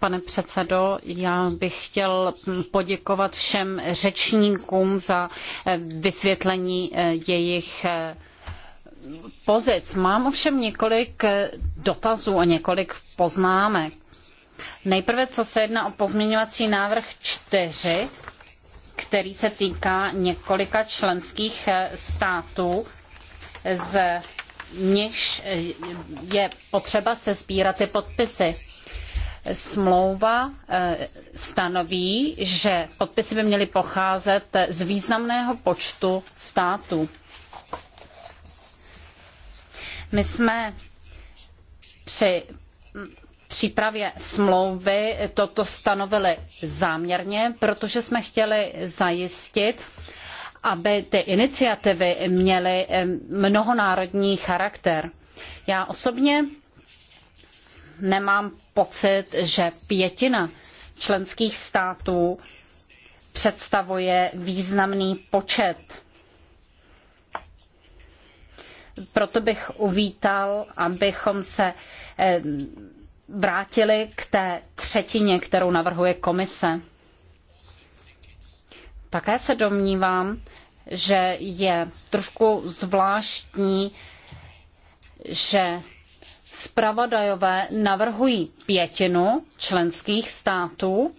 Pane předsedo, já bych chtěl poděkovat všem řečníkům za eh, vysvětlení eh, jejich eh, pozic. Mám ovšem několik dotazů a několik poznámek. Nejprve, co se jedná o pozměňovací návrh 4, který se týká několika členských eh, států, z nichž eh, je potřeba se sbírat ty podpisy. Smlouva eh, stanoví, že podpisy by měly pocházet z významného počtu států. My jsme při přípravě smlouvy toto stanovili záměrně, protože jsme chtěli zajistit, aby ty iniciativy měly eh, mnohonárodní charakter. Já osobně nemám pocit, že pětina členských států představuje významný počet. Proto bych uvítal, abychom se eh, vrátili k té třetině, kterou navrhuje komise. Také se domnívám, že je trošku zvláštní, že zpravodajové navrhují pětinu členských států,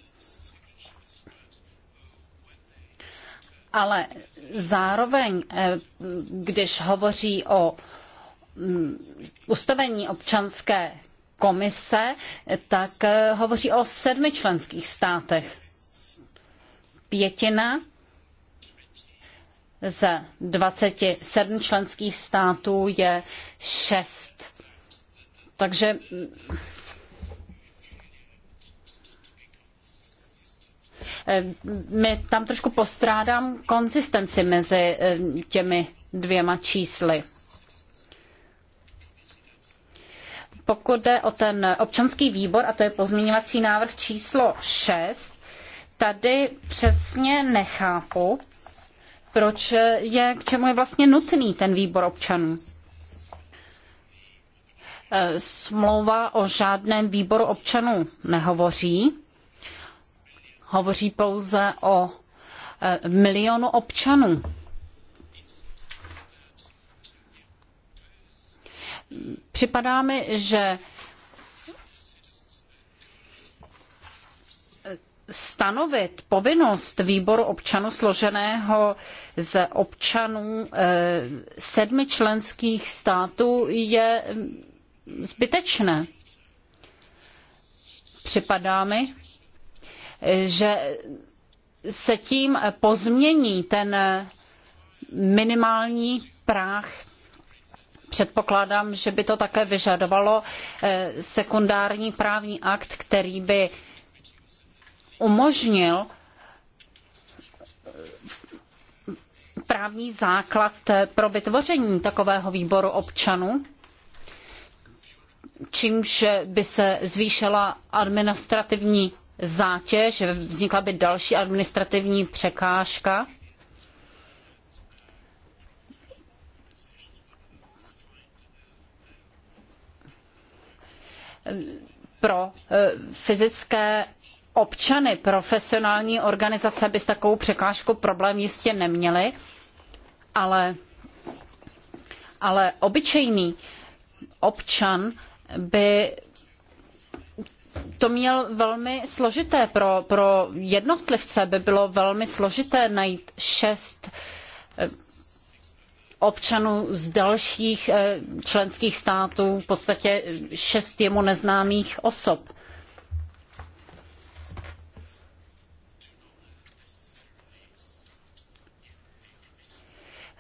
ale zároveň, eh, když hovoří o mm, ustavení občanské komise, tak eh, hovoří o sedmi členských státech. Pětina z 27 členských států je šest. Takže eh, my tam trošku postrádám konzistenci mezi eh, těmi dvěma čísly. Pokud jde o ten občanský výbor, a to je pozměňovací návrh číslo 6, tady přesně nechápu, proč je, k čemu je vlastně nutný ten výbor občanů. E, smlouva o žádném výboru občanů nehovoří. Hovoří pouze o e, milionu občanů. připadá mi, že stanovit povinnost výboru občanů složeného z občanů eh, sedmi členských států je zbytečné. Připadá mi, že se tím pozmění ten minimální práh předpokládám, že by to také vyžadovalo eh, sekundární právní akt, který by umožnil eh, právní základ eh, pro vytvoření takového výboru občanů, čímž by se zvýšila administrativní zátěž, vznikla by další administrativní překážka pro eh, fyzické občany, profesionální organizace by s takovou překážkou problém jistě neměly, ale, ale obyčejný občan by to měl velmi složité. Pro, pro jednotlivce by bylo velmi složité najít šest eh, občanů z dalších eh, členských států, v podstatě šest jemu neznámých osob.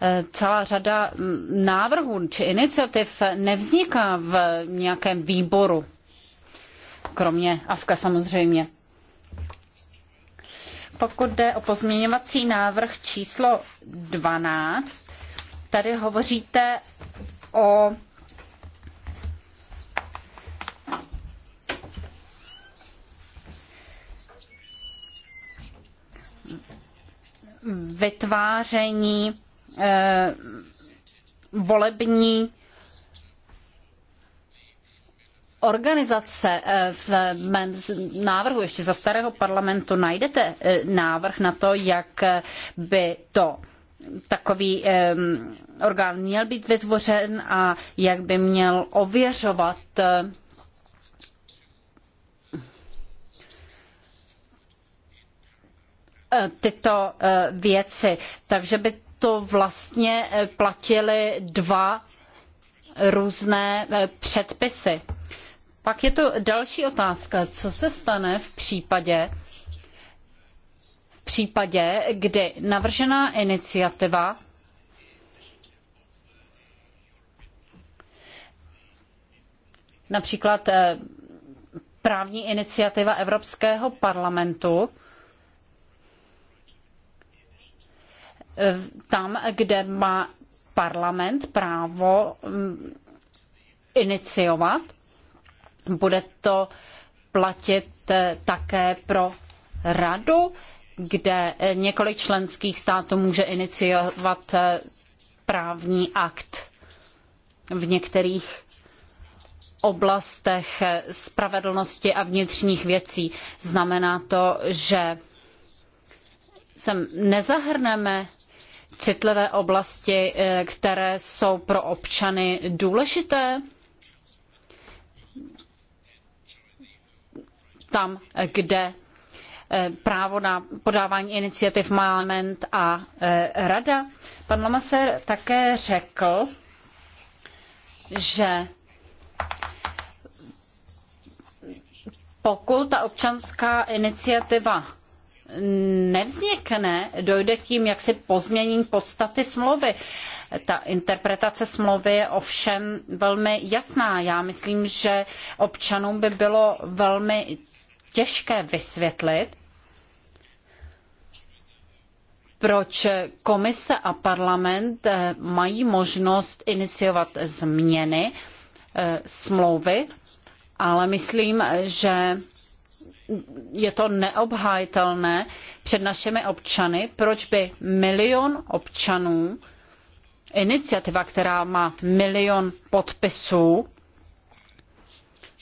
Eh, celá řada mm, návrhů či iniciativ nevzniká v nějakém výboru, kromě AFKA samozřejmě. Pokud jde o pozměňovací návrh číslo 12, Tady hovoříte o vytváření eh, volební organizace eh, v mém návrhu ještě za starého parlamentu najdete eh, návrh na to, jak eh, by to takový orgán měl být vytvořen a jak by měl ověřovat eh, tyto eh, věci. Takže by to vlastně eh, platily dva různé předpisy. Pak je tu další otázka, co se stane v případě, případě, kdy navržená iniciativa například eh, právní iniciativa Evropského parlamentu, eh, tam, kde má parlament právo mm, iniciovat, bude to platit eh, také pro radu kde eh, několik členských států může iniciovat eh, právní akt. V některých oblastech eh, spravedlnosti a vnitřních věcí. Znamená to, že sem nezahrneme citlivé oblasti, které jsou pro občany důležité. Tam, kde Eh, právo na podávání iniciativ parlament a eh, rada. Pan Lamaser také řekl, že pokud ta občanská iniciativa nevznikne, dojde tím si pozměnění podstaty smlouvy. Ta interpretace smlouvy je ovšem velmi jasná. Já myslím, že občanům by bylo velmi těžké vysvětlit, proč komise a parlament eh, mají možnost iniciovat změny eh, smlouvy, ale myslím, že je to neobhájitelné před našimi občany, proč by milion občanů, iniciativa, která má milion podpisů,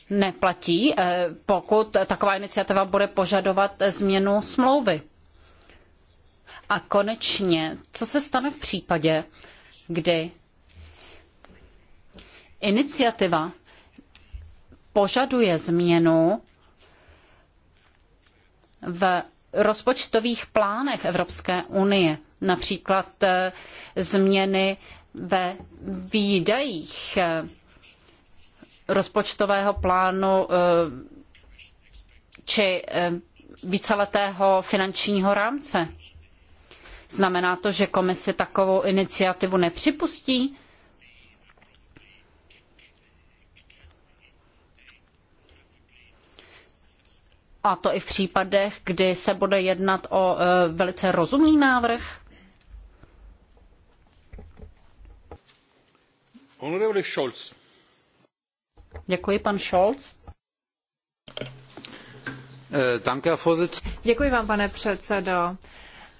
neplatí, eh, pokud taková iniciativa bude požadovat změnu smlouvy. A konečně, co se stane v případě, kdy iniciativa požaduje změnu v rozpočtových plánech Evropské unie, například eh, změny ve výdajích eh, rozpočtového plánu eh, či víceletého finančního rámce. Znamená to, že komise takovou iniciativu nepřipustí? A to i v případech, kdy se bude jednat o e, velice rozumný návrh? Honorable Scholz. Děkuji, pan Scholz. E, Děkuji vám, pane předsedo.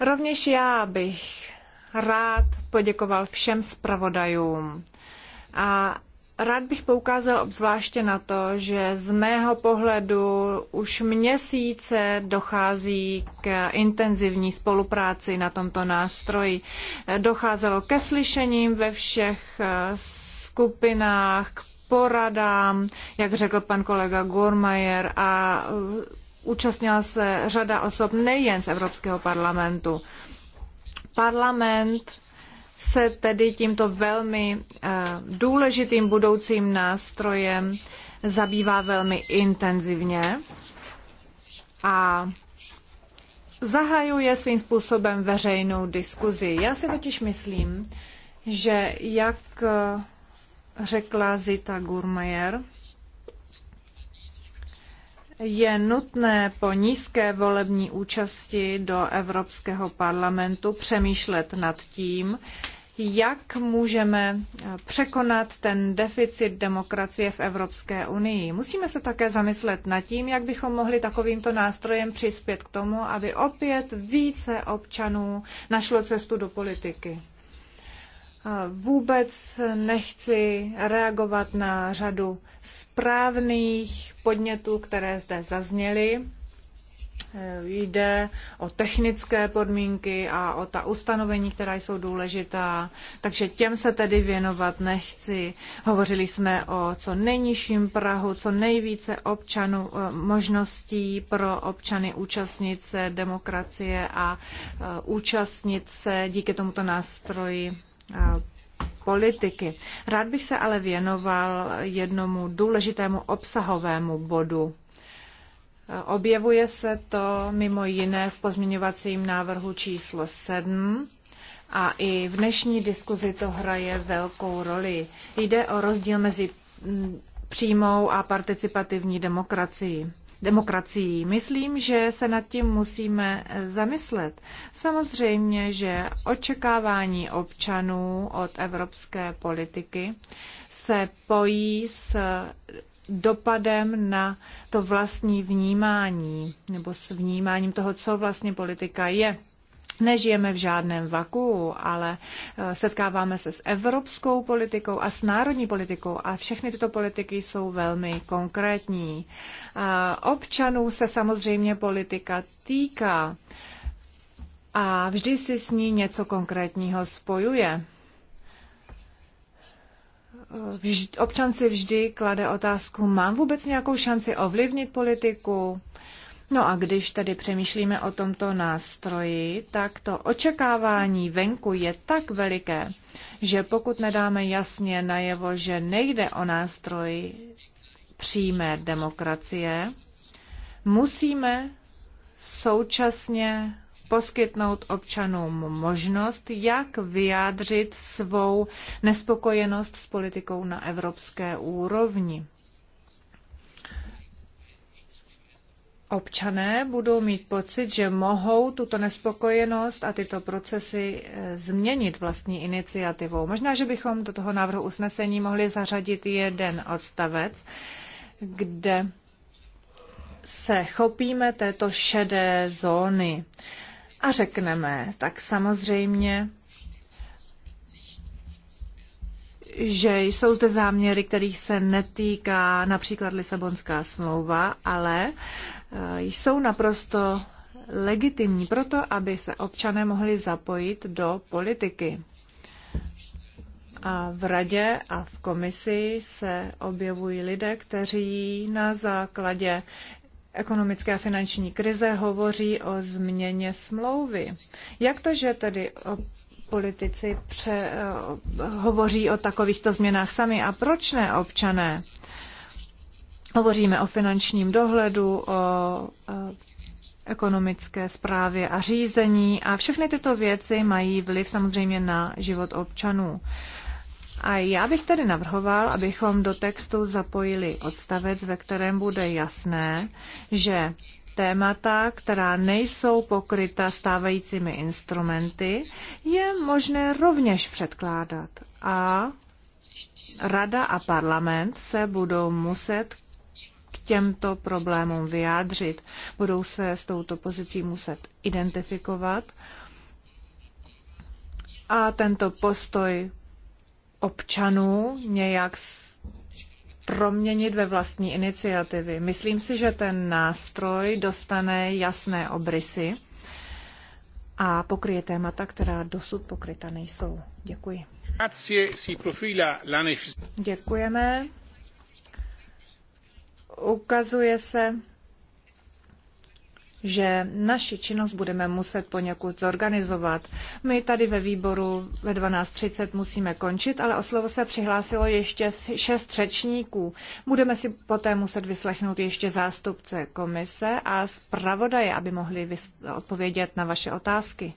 Rovněž já bych rád poděkoval všem zpravodajům a rád bych poukázal obzvláště na to, že z mého pohledu už měsíce dochází k intenzivní spolupráci na tomto nástroji. Docházelo ke slyšením ve všech eh, skupinách, k poradám, jak řekl pan kolega Gurmajer, a eh, účastnila se řada osob nejen z Evropského parlamentu. Parlament se tedy tímto velmi eh, důležitým budoucím nástrojem zabývá velmi intenzivně a zahajuje svým způsobem veřejnou diskuzi. Já si totiž myslím, že jak eh, řekla Zita Gurmajer, je nutné po nízké volební účasti do Evropského parlamentu přemýšlet nad tím, jak můžeme eh, překonat ten deficit demokracie v Evropské unii. Musíme se také zamyslet nad tím, jak bychom mohli takovýmto nástrojem přispět k tomu, aby opět více občanů našlo cestu do politiky. Vůbec nechci reagovat na řadu správných podnětů, které zde zazněly. E, jde o technické podmínky a o ta ustanovení, která jsou důležitá, takže těm se tedy věnovat nechci. Hovořili jsme o co nejnižším Prahu, co nejvíce občanů, e, možností pro občany účastnit se demokracie a e, účastnit se díky tomuto nástroji politiky. Rád bych se ale věnoval jednomu důležitému obsahovému bodu. Objevuje se to mimo jiné v pozměňovacím návrhu číslo 7 a i v dnešní diskuzi to hraje velkou roli. Jde o rozdíl mezi přímou a participativní demokracií demokracií. Myslím, že se nad tím musíme zamyslet. Samozřejmě, že očekávání občanů od evropské politiky se pojí s dopadem na to vlastní vnímání nebo s vnímáním toho, co vlastně politika je. Nežijeme v žádném vaku, ale eh, setkáváme se s evropskou politikou a s národní politikou a všechny tyto politiky jsou velmi konkrétní. Eh, občanů se samozřejmě politika týká a vždy si s ní něco konkrétního spojuje. Eh, občan si vždy klade otázku, mám vůbec nějakou šanci ovlivnit politiku? No a když tedy přemýšlíme o tomto nástroji, tak to očekávání venku je tak veliké, že pokud nedáme jasně najevo, že nejde o nástroj přímé demokracie, musíme současně poskytnout občanům možnost, jak vyjádřit svou nespokojenost s politikou na evropské úrovni. občané budou mít pocit, že mohou tuto nespokojenost a tyto procesy e, změnit vlastní iniciativou. Možná, že bychom do toho návrhu usnesení mohli zařadit jeden odstavec, kde se chopíme této šedé zóny a řekneme, tak samozřejmě že jsou zde záměry, kterých se netýká například Lisabonská smlouva, ale Eh, jsou naprosto legitimní proto, aby se občané mohli zapojit do politiky. A v radě a v komisi se objevují lidé, kteří na základě ekonomické a finanční krize hovoří o změně smlouvy. Jak to, že tedy politici pře, eh, hovoří o takovýchto změnách sami a proč ne občané? Hovoříme o finančním dohledu, o e, ekonomické zprávě a řízení a všechny tyto věci mají vliv samozřejmě na život občanů. A já bych tedy navrhoval, abychom do textu zapojili odstavec, ve kterém bude jasné, že témata, která nejsou pokryta stávajícími instrumenty, je možné rovněž předkládat. A Rada a parlament se budou muset k těmto problémům vyjádřit. Budou se s touto pozicí muset identifikovat a tento postoj občanů nějak proměnit ve vlastní iniciativy. Myslím si, že ten nástroj dostane jasné obrysy a pokryje témata, která dosud pokryta nejsou. Děkuji. Děkujeme ukazuje se, že naši činnost budeme muset poněkud zorganizovat. My tady ve výboru ve 12.30 musíme končit, ale o slovo se přihlásilo ještě šest řečníků. Budeme si poté muset vyslechnout ještě zástupce komise a zpravodaje, aby mohli odpovědět na vaše otázky.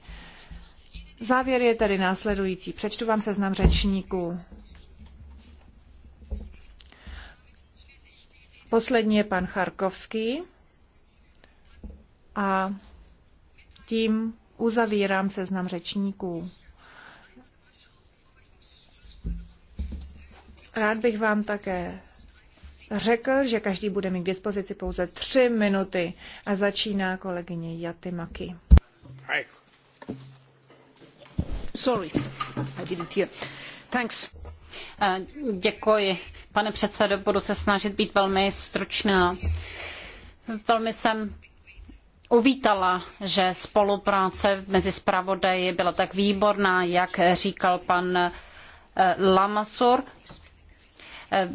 Závěr je tedy následující. Přečtu vám seznam řečníků. Poslední je pan Charkovský. A tím uzavírám seznam řečníků. Rád bych vám také řekl, že každý bude mít k dispozici pouze tři minuty a začíná kolegyně Jaty Maki. Sorry, I didn't hear. Thanks. Děkuji, pane předsedo, budu se snažit být velmi stručná. Velmi jsem uvítala, že spolupráce mezi zpravodaji byla tak výborná, jak říkal pan eh, Lamassoure eh,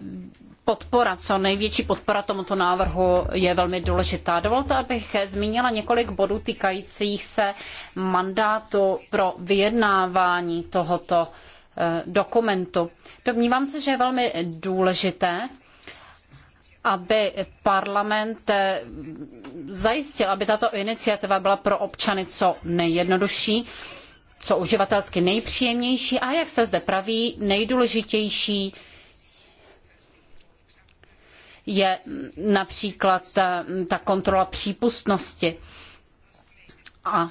podpora, co největší podpora tomuto návrhu je velmi důležitá. Dovolte, abych zmínila několik bodů týkajících se mandátu pro vyjednávání tohoto Eh, dokumentu. Domnívám se, že je velmi důležité, aby parlament eh, zajistil, aby tato iniciativa byla pro občany co nejjednodušší, co uživatelsky nejpříjemnější a jak se zde praví, nejdůležitější je například eh, ta kontrola přípustnosti a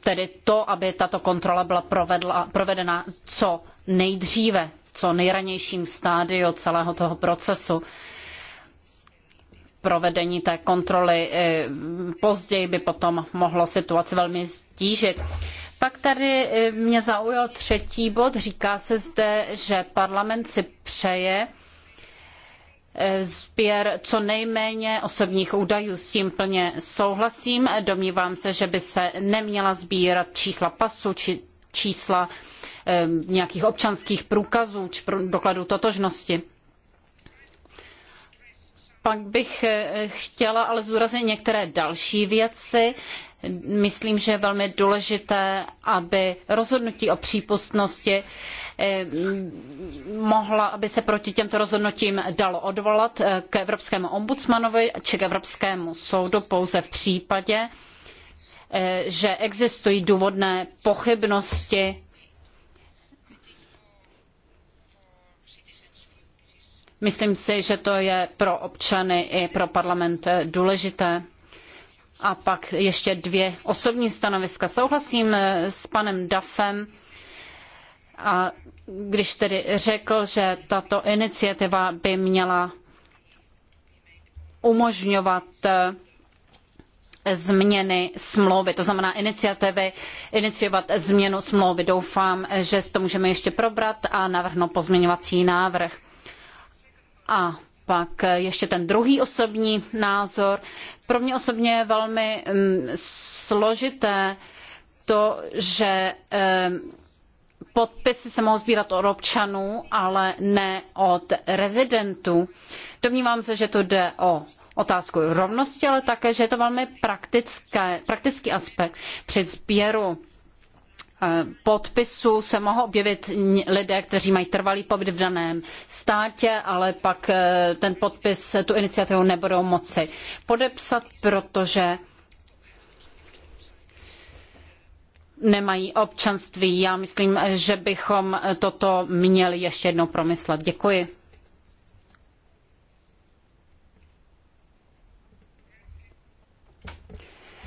tedy to, aby tato kontrola byla provedla, provedena co nejdříve, co nejranějším stádiu celého toho procesu. Provedení té kontroly eh, později by potom mohlo situaci velmi stížit. Pak tady eh, mě zaujal třetí bod. Říká se zde, že parlament si přeje, sběr co nejméně osobních údajů. S tím plně souhlasím. Domnívám se, že by se neměla sbírat čísla pasu či čísla nějakých občanských průkazů či dokladů totožnosti. Pak bych eh, chtěla ale zúraznit některé další věci, myslím, že je velmi důležité, aby rozhodnutí o přípustnosti eh, mohla, aby se proti těmto rozhodnutím dalo odvolat eh, k Evropskému ombudsmanovi či k Evropskému soudu pouze v případě, eh, že existují důvodné pochybnosti Myslím si, že to je pro občany i pro parlament důležité. A pak ještě dvě osobní stanoviska. Souhlasím eh, s panem Dafem, a když tedy řekl, že tato iniciativa by měla umožňovat eh, změny smlouvy, to znamená iniciativy, iniciovat změnu smlouvy. Doufám, že to můžeme ještě probrat a navrhnout pozměňovací návrh. A pak ještě ten druhý osobní názor. Pro mě osobně je velmi mm, složité to, že podpisy se mohou sbírat od občanů, ale ne od rezidentů. Domnívám se, že to jde o otázku rovnosti, ale také, že je to velmi praktický aspekt při sběru Eh, podpisu se mohou objevit lidé, kteří mají trvalý pobyt v daném státě, ale pak eh, ten podpis, eh, tu iniciativu nebudou moci podepsat, protože nemají občanství. Já myslím, že bychom toto měli ještě jednou promyslet. Děkuji.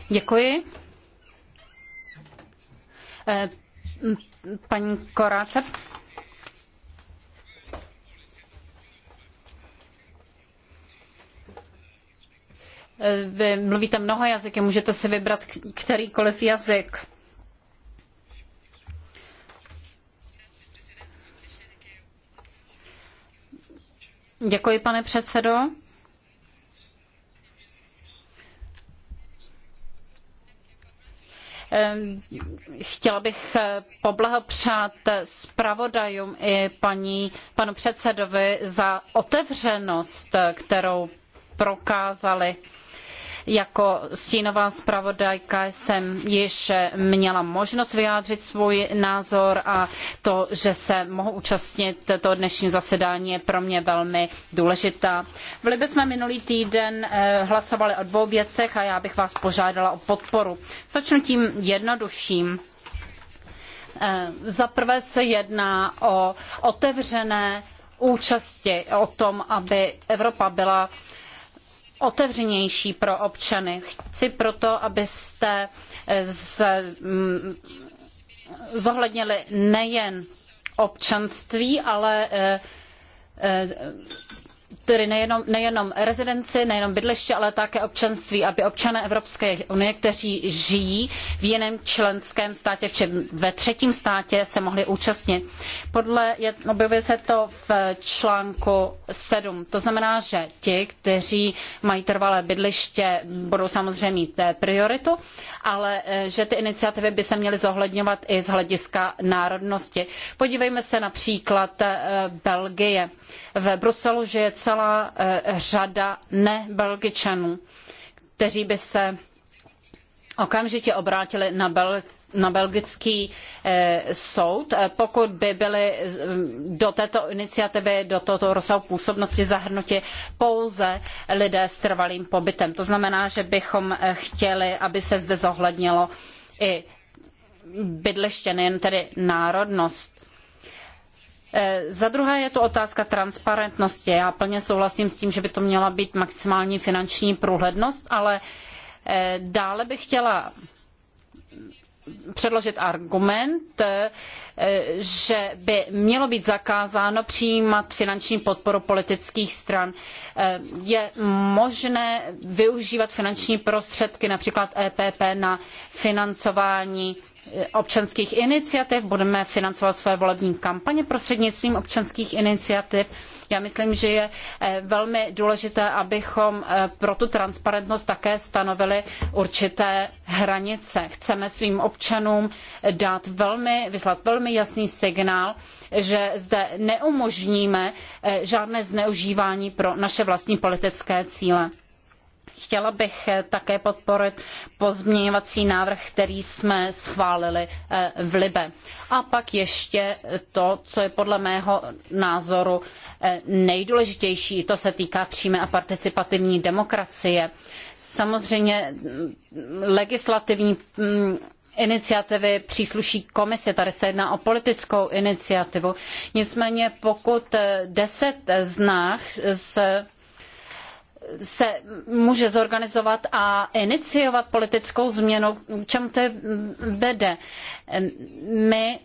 Děkuji. Eh, paní Koráce. Eh, vy mluvíte mnoho jazyky, můžete si vybrat kterýkoliv jazyk. Děkuji, pane předsedo. Chtěla bych eh, poblahopřát zpravodajům i paní, panu předsedovi za otevřenost, eh, kterou prokázali. Jako stínová zpravodajka jsem již měla možnost vyjádřit svůj názor a to, že se mohu účastnit toho dnešního zasedání je pro mě velmi důležitá. V Libe jsme minulý týden eh, hlasovali o dvou věcech a já bych vás požádala o podporu. Začnu tím jednodušším. Eh, Za prvé se jedná o otevřené účasti, o tom, aby Evropa byla otevřenější pro občany. Chci proto, abyste eh, z, mm, zohlednili nejen občanství, ale eh, eh, tedy nejenom, nejenom rezidenci, nejenom bydliště, ale také občanství, aby občané Evropské unie, kteří žijí v jiném členském státě, včem, ve třetím státě, se mohli účastnit. Podle, objevuje se to v článku 7. To znamená, že ti, kteří mají trvalé bydliště, budou samozřejmě mít eh, prioritu, ale eh, že ty iniciativy by se měly zohledňovat i z hlediska národnosti. Podívejme se například eh, Belgie v Bruselu žije celá eh, řada nebelgičanů, kteří by se okamžitě obrátili na, Bel, na belgický eh, soud, eh, pokud by byly mm, do této iniciativy, do tohoto rozsahu působnosti zahrnuti pouze lidé s trvalým pobytem. To znamená, že bychom chtěli, aby se zde zohlednilo i bydliště, nejen tedy národnost Eh, za druhé je to otázka transparentnosti. Já plně souhlasím s tím, že by to měla být maximální finanční průhlednost, ale eh, dále bych chtěla předložit argument, eh, že by mělo být zakázáno přijímat finanční podporu politických stran. Je možné využívat finanční prostředky, například EPP, na financování občanských iniciativ, budeme financovat své volební kampaně prostřednictvím občanských iniciativ. Já myslím, že je eh, velmi důležité, abychom eh, pro tu transparentnost také stanovili určité hranice. Chceme svým občanům eh, dát velmi, vyslat velmi jasný signál, že zde neumožníme žádné zneužívání pro naše vlastní politické cíle. Chtěla bych eh, také podporit pozměňovací návrh, který jsme schválili eh, v Libe. A pak ještě to, co je podle mého názoru eh, nejdůležitější, to se týká přímé a participativní demokracie. Samozřejmě mm, legislativní mm, iniciativy přísluší komisi, tady se jedná o politickou iniciativu. Nicméně pokud deset z nás, z se může zorganizovat a iniciovat politickou změnu, k čemu to vede. My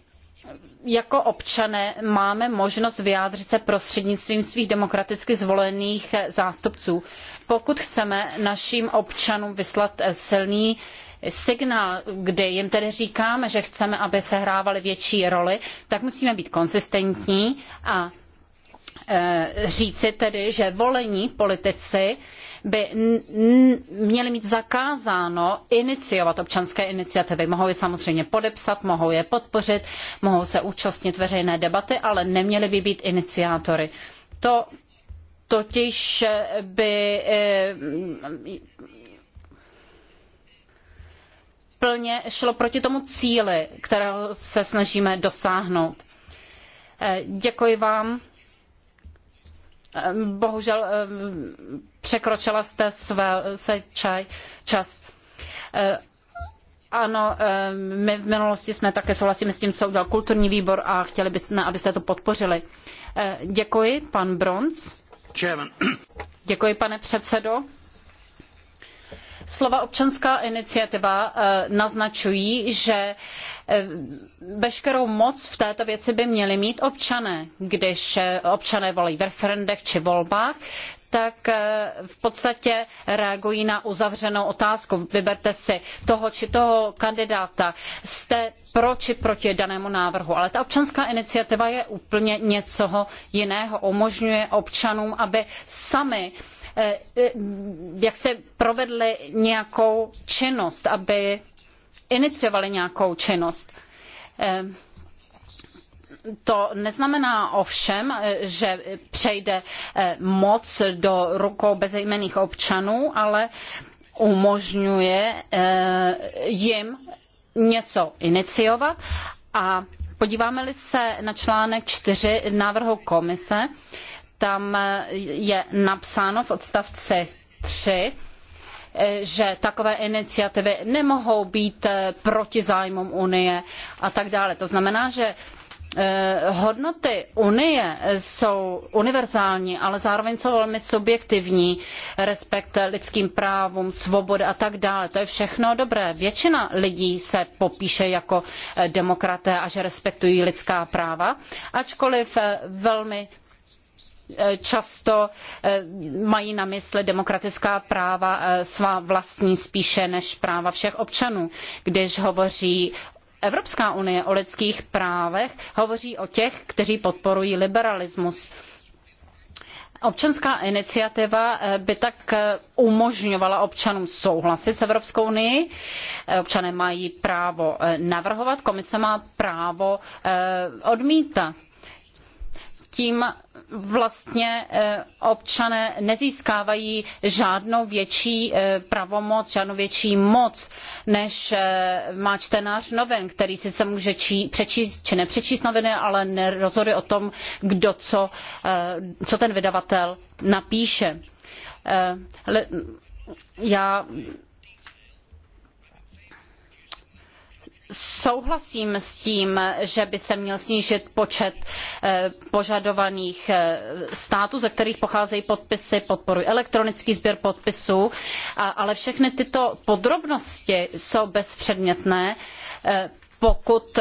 jako občané máme možnost vyjádřit se prostřednictvím svých demokraticky zvolených zástupců. Pokud chceme našim občanům vyslat silný signál, kdy jim tedy říkáme, že chceme, aby sehrávali větší roli, tak musíme být konsistentní a Eh, říci tedy, že volení politici by měli mít zakázáno iniciovat občanské iniciativy. Mohou je samozřejmě podepsat, mohou je podpořit, mohou se účastnit veřejné debaty, ale neměli by být iniciátory. To totiž eh, by eh, plně šlo proti tomu cíli, kterého se snažíme dosáhnout. Děkuji vám Ehm, bohužel ehm, překročila jste své, se čaj, čas. Eh, ano, ehm, my v minulosti jsme také souhlasili s tím, co udělal kulturní výbor a chtěli bychom, abyste to podpořili. Eh, děkuji, pan Bronz. Děkuji, pane předsedo. Slova občanská iniciativa eh, naznačují, že eh, veškerou moc v této věci by měli mít občané. Když eh, občané volí v referendech či volbách, tak v podstatě reagují na uzavřenou otázku. Vyberte si toho či toho kandidáta. Jste pro či proti danému návrhu. Ale ta občanská iniciativa je úplně něco jiného. Umožňuje občanům, aby sami uh, Eh, eh, jak se provedli nějakou činnost, aby iniciovali nějakou činnost. Eh, to neznamená ovšem, že přejde moc do rukou bezejmenných občanů, ale umožňuje jim něco iniciovat a podíváme-li se na článek 4 návrhu komise, tam je napsáno v odstavci 3, že takové iniciativy nemohou být eh, proti zájmům Unie a tak dále. To znamená, že eh, hodnoty Unie jsou univerzální, ale zároveň jsou velmi subjektivní. Respekt lidským právům, svobody a tak dále. To je všechno dobré. Většina lidí se popíše jako eh, demokraté a že respektují lidská práva, ačkoliv velmi Eh, často eh, mají na mysli demokratická práva eh, svá vlastní spíše než práva všech občanů. Když hovoří Evropská unie o lidských právech, hovoří o těch, kteří podporují liberalismus. Občanská iniciativa by tak umožňovala občanům souhlasit s Evropskou unii. Občané mají právo navrhovat, komise má právo odmítat tím vlastně eh, občané nezískávají žádnou větší eh, pravomoc, žádnou větší moc, než eh, má čtenář novin, který sice může čí, přečíst či nepřečíst noviny, ale nerozhoduje o tom, kdo co, co ten vydavatel napíše. Já souhlasím s tím, že by se měl snížit počet eh, požadovaných eh, států, ze kterých pocházejí podpisy, podporuji elektronický sběr podpisů, ale všechny tyto podrobnosti jsou bezpředmětné, eh, pokud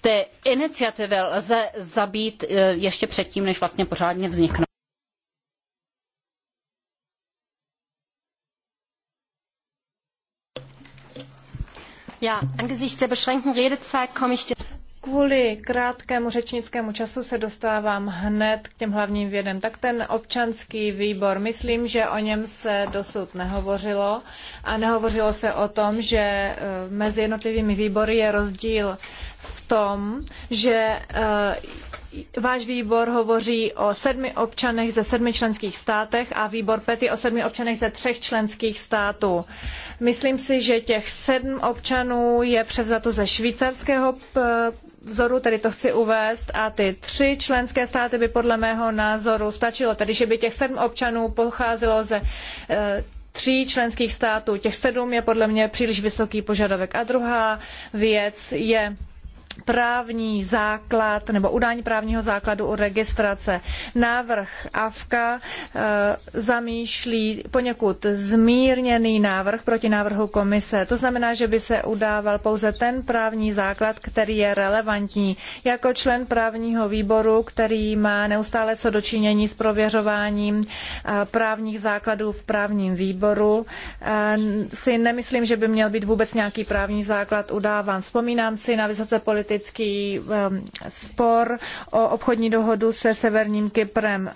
ty iniciativy lze zabít ještě předtím, než vlastně pořádně vzniknou. Kvůli krátkému řečnickému času se dostávám hned k těm hlavním vědem. Tak ten občanský výbor, myslím, že o něm se dosud nehovořilo a nehovořilo se o tom, že eh, mezi jednotlivými výbory je rozdíl v tom, že eh, váš výbor hovoří o sedmi občanech ze sedmi členských státech a výbor PETI o sedmi občanech ze třech členských států. Myslím si, že těch sedm občanů je převzato ze švýcarského eh, vzoru, tedy to chci uvést, a ty tři členské státy by podle mého názoru stačilo, tedy že by těch sedm občanů pocházelo ze eh, tří členských států. Těch sedm je podle mě příliš vysoký požadavek. A druhá věc je právní základ nebo udání právního základu u registrace. Návrh AFKA eh, zamýšlí poněkud zmírněný návrh proti návrhu komise. To znamená, že by se udával pouze ten právní základ, který je relevantní. Jako člen právního výboru, který má neustále co dočinění s prověřováním eh, právních základů v právním výboru, eh, si nemyslím, že by měl být vůbec nějaký právní základ udáván. Vzpomínám si na vysoce politické politický um, spor o obchodní dohodu se Severním Kyprem.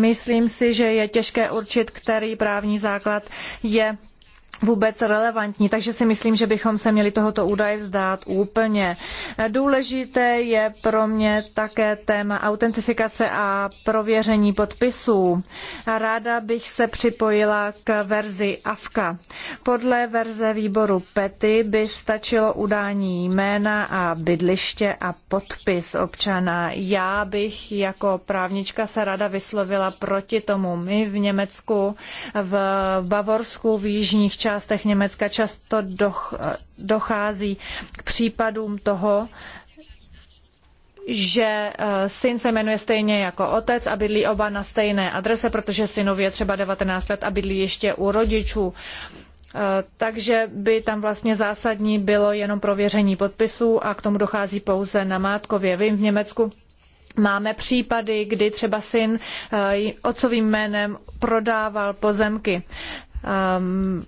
Myslím si, že je těžké určit, který právní základ je vůbec relevantní, takže si myslím, že bychom se měli tohoto údaje vzdát úplně. Důležité je pro mě také téma autentifikace a prověření podpisů. Ráda bych se připojila k verzi AFKA. Podle verze výboru PETY by stačilo udání jména a bydliště a podpis občana. Já bych jako právnička se ráda vyslovila proti tomu. My v Německu, v Bavorsku, v jižních částech Německa často doch, dochází k případům toho, že eh, syn se jmenuje stejně jako otec a bydlí oba na stejné adrese, protože synovi je třeba 19 let a bydlí ještě u rodičů. Eh, takže by tam vlastně zásadní bylo jenom prověření podpisů a k tomu dochází pouze na Mátkově. Vím v Německu, Máme případy, kdy třeba syn eh, otcovým jménem prodával pozemky. Ehm,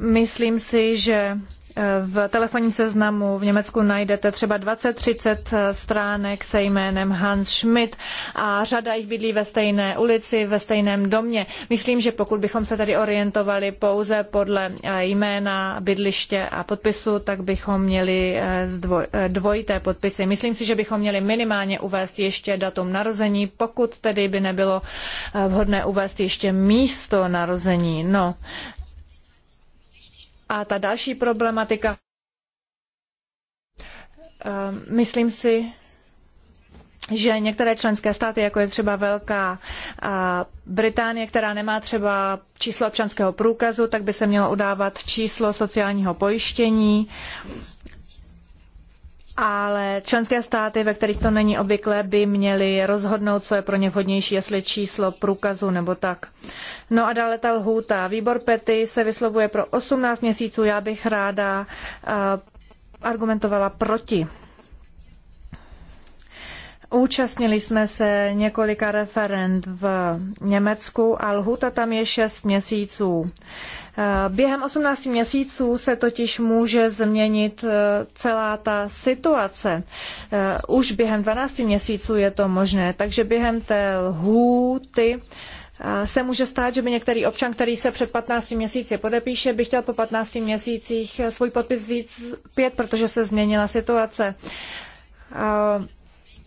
Myslím si, že eh, v telefonním seznamu v Německu najdete třeba 20-30 eh, stránek se jménem Hans Schmidt a řada jich bydlí ve stejné ulici, ve stejném domě. Myslím, že pokud bychom se tady orientovali pouze podle eh, jména, bydliště a podpisu, tak bychom měli dvojité podpisy. Myslím si, že bychom měli minimálně uvést ještě datum narození, pokud tedy by nebylo vhodné uvést ještě místo narození. No, a ta další problematika, ehm, myslím si, že některé členské státy, jako je třeba Velká Británie, která nemá třeba číslo občanského průkazu, tak by se mělo udávat číslo sociálního pojištění ale členské státy, ve kterých to není obvyklé, by měly rozhodnout, co je pro ně vhodnější, jestli číslo průkazu nebo tak. No a dále ta lhůta. Výbor Pety se vyslovuje pro 18 měsíců. Já bych ráda argumentovala proti. Účastnili jsme se několika referend v Německu a lhůta tam je 6 měsíců. Eh, během 18 měsíců se totiž může změnit eh, celá ta situace. Eh, už během 12 měsíců je to možné, takže během té lhůty se může stát, že by některý občan, který se před 15 měsíci podepíše, by chtěl po 15 měsících svůj podpis vzít zpět, protože se změnila situace.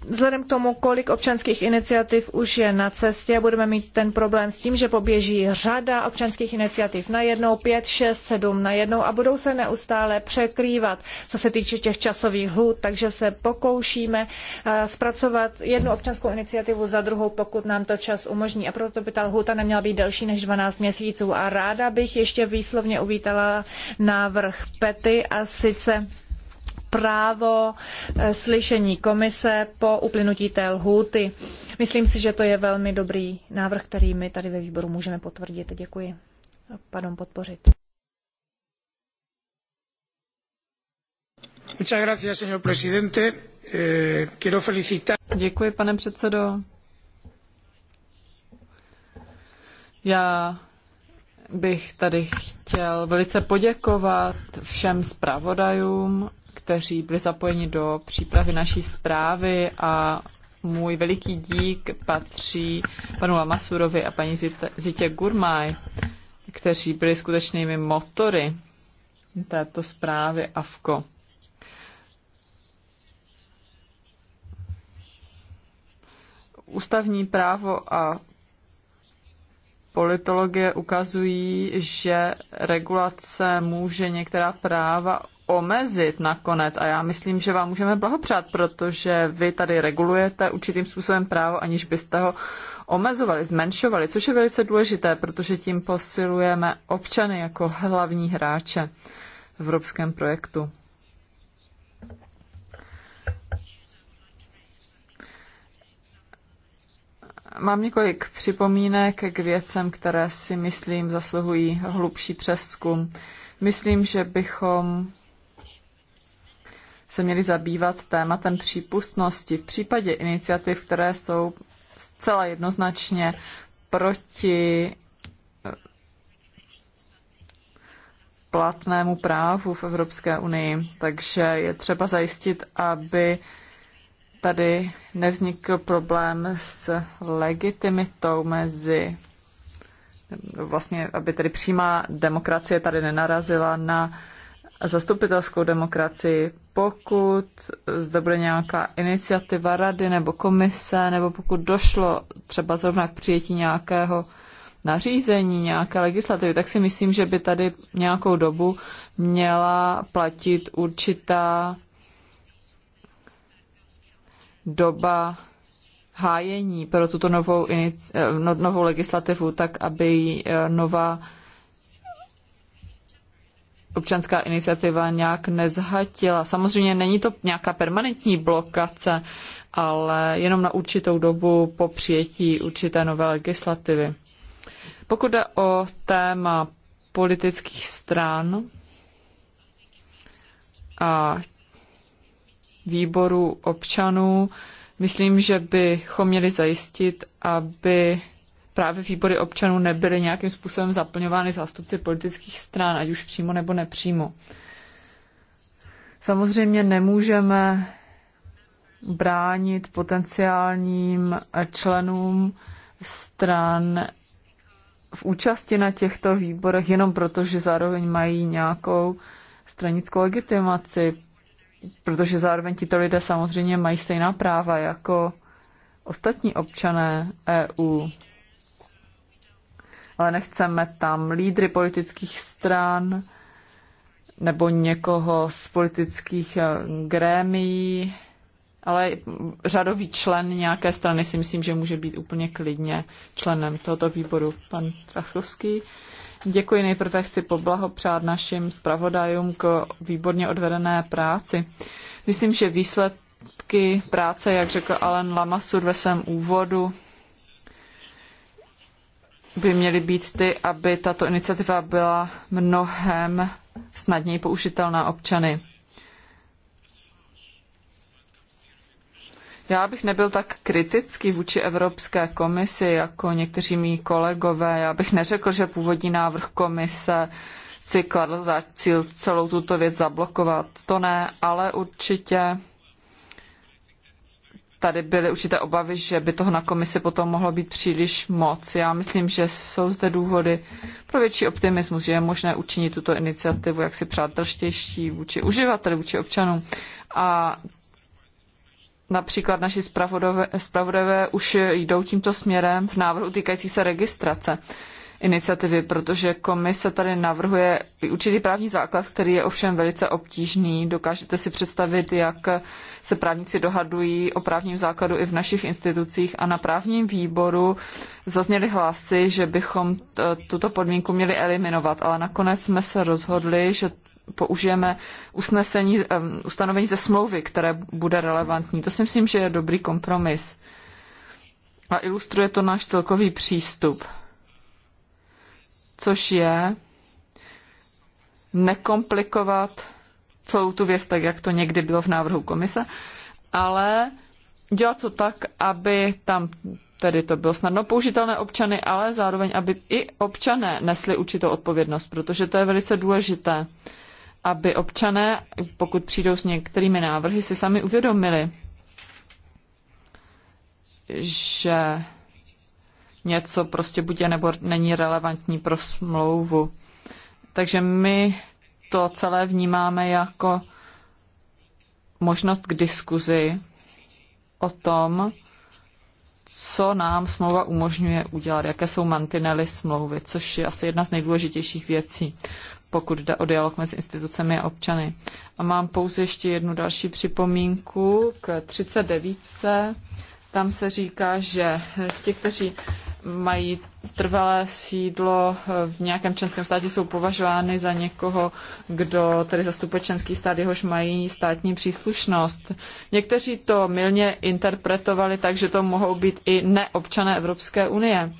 Vzhledem k tomu, kolik občanských iniciativ už je na cestě, budeme mít ten problém s tím, že poběží řada občanských iniciativ na jednou, pět, šest, sedm na jednou a budou se neustále překrývat, co se týče těch časových hůd, takže se pokoušíme eh, zpracovat jednu občanskou iniciativu za druhou, pokud nám to čas umožní. A proto by ta lhůta neměla být delší než 12 měsíců. A ráda bych ještě výslovně uvítala návrh Pety a sice právo eh, slyšení komise po uplynutí té lhůty. Myslím si, že to je velmi dobrý návrh, který my tady ve výboru můžeme potvrdit. Děkuji. Pardon, podpořit. Eh, Děkuji, pane předsedo. Já bych tady chtěl velice poděkovat všem zpravodajům kteří byli zapojeni do přípravy naší zprávy a můj veliký dík patří panu Lamasurovi a paní Zitě Gurmaj, kteří byli skutečnými motory této zprávy AFKO. Ústavní právo a politologie ukazují, že regulace může některá práva omezit nakonec a já myslím, že vám můžeme blahopřát, protože vy tady regulujete určitým způsobem právo, aniž byste ho omezovali, zmenšovali, což je velice důležité, protože tím posilujeme občany jako hlavní hráče v evropském projektu. Mám několik připomínek k věcem, které si myslím zasluhují hlubší přeskum. Myslím, že bychom se měli zabývat tématem přípustnosti v případě iniciativ, které jsou zcela jednoznačně proti eh, platnému právu v Evropské unii. Takže je třeba zajistit, aby tady nevznikl problém s legitimitou mezi vlastně, aby tedy přímá demokracie tady nenarazila na zastupitelskou demokracii, pokud zde bude nějaká iniciativa rady nebo komise, nebo pokud došlo třeba zrovna k přijetí nějakého nařízení, nějaké legislativy, tak si myslím, že by tady nějakou dobu měla platit určitá doba hájení pro tuto novou, inici- eh, no- novou legislativu, tak aby eh, nová občanská iniciativa nějak nezhatila. Samozřejmě není to nějaká permanentní blokace, ale jenom na určitou dobu po přijetí určité nové legislativy. Pokud jde o téma politických stran a výboru občanů, myslím, že bychom měli zajistit, aby právě výbory občanů nebyly nějakým způsobem zaplňovány zástupci politických stran, ať už přímo nebo nepřímo. Samozřejmě nemůžeme bránit potenciálním členům stran v účasti na těchto výborech jenom proto, že zároveň mají nějakou stranickou legitimaci, protože zároveň tito lidé samozřejmě mají stejná práva jako ostatní občané EU ale nechceme tam lídry politických stran nebo někoho z politických eh, grémií, ale řadový člen nějaké strany si myslím, že může být úplně klidně členem tohoto výboru. Pan Trachlovský. Děkuji. Nejprve chci poblahopřát našim zpravodajům k výborně odvedené práci. Myslím, že výsledky práce, jak řekl Alan Lamasur ve svém úvodu, by měly být ty, aby tato iniciativa byla mnohem snadněji použitelná občany. Já bych nebyl tak kritický vůči Evropské komisi jako někteří mý kolegové. Já bych neřekl, že původní návrh komise si kladl za cíl celou tuto věc zablokovat. To ne, ale určitě tady byly určité obavy, že by toho na komisi potom mohlo být příliš moc. Já myslím, že jsou zde důvody pro větší optimismus, že je možné učinit tuto iniciativu jaksi přátelštější vůči uživateli, vůči občanům. A například naši zpravodové už jdou tímto směrem v návrhu týkající se registrace iniciativy, protože komise tady navrhuje určitý právní základ, který je ovšem velice obtížný. Dokážete si představit, jak se právníci dohadují o právním základu i v našich institucích a na právním výboru zazněly hlasy, že bychom tuto podmínku měli eliminovat, ale nakonec jsme se rozhodli, že použijeme usnesení, um, ustanovení ze smlouvy, které bude relevantní. To si myslím, že je dobrý kompromis. A ilustruje to náš celkový přístup což je nekomplikovat celou tu věc, tak jak to někdy bylo v návrhu komise, ale dělat to tak, aby tam tedy to bylo snadno použitelné občany, ale zároveň, aby i občané nesli určitou odpovědnost, protože to je velice důležité, aby občané, pokud přijdou s některými návrhy, si sami uvědomili, že něco prostě buď je nebo není relevantní pro smlouvu. Takže my to celé vnímáme jako možnost k diskuzi o tom, co nám smlouva umožňuje udělat, jaké jsou mantinely smlouvy, což je asi jedna z nejdůležitějších věcí, pokud jde o dialog mezi institucemi a občany. A mám pouze ještě jednu další připomínku k 39. Tam se říká, že ti, kteří mají trvalé sídlo eh, v nějakém členském státě, jsou považovány za někoho, kdo tedy zastupuje členský stát, jehož mají státní příslušnost. Někteří to milně interpretovali tak, že to mohou být i neobčané Evropské unie.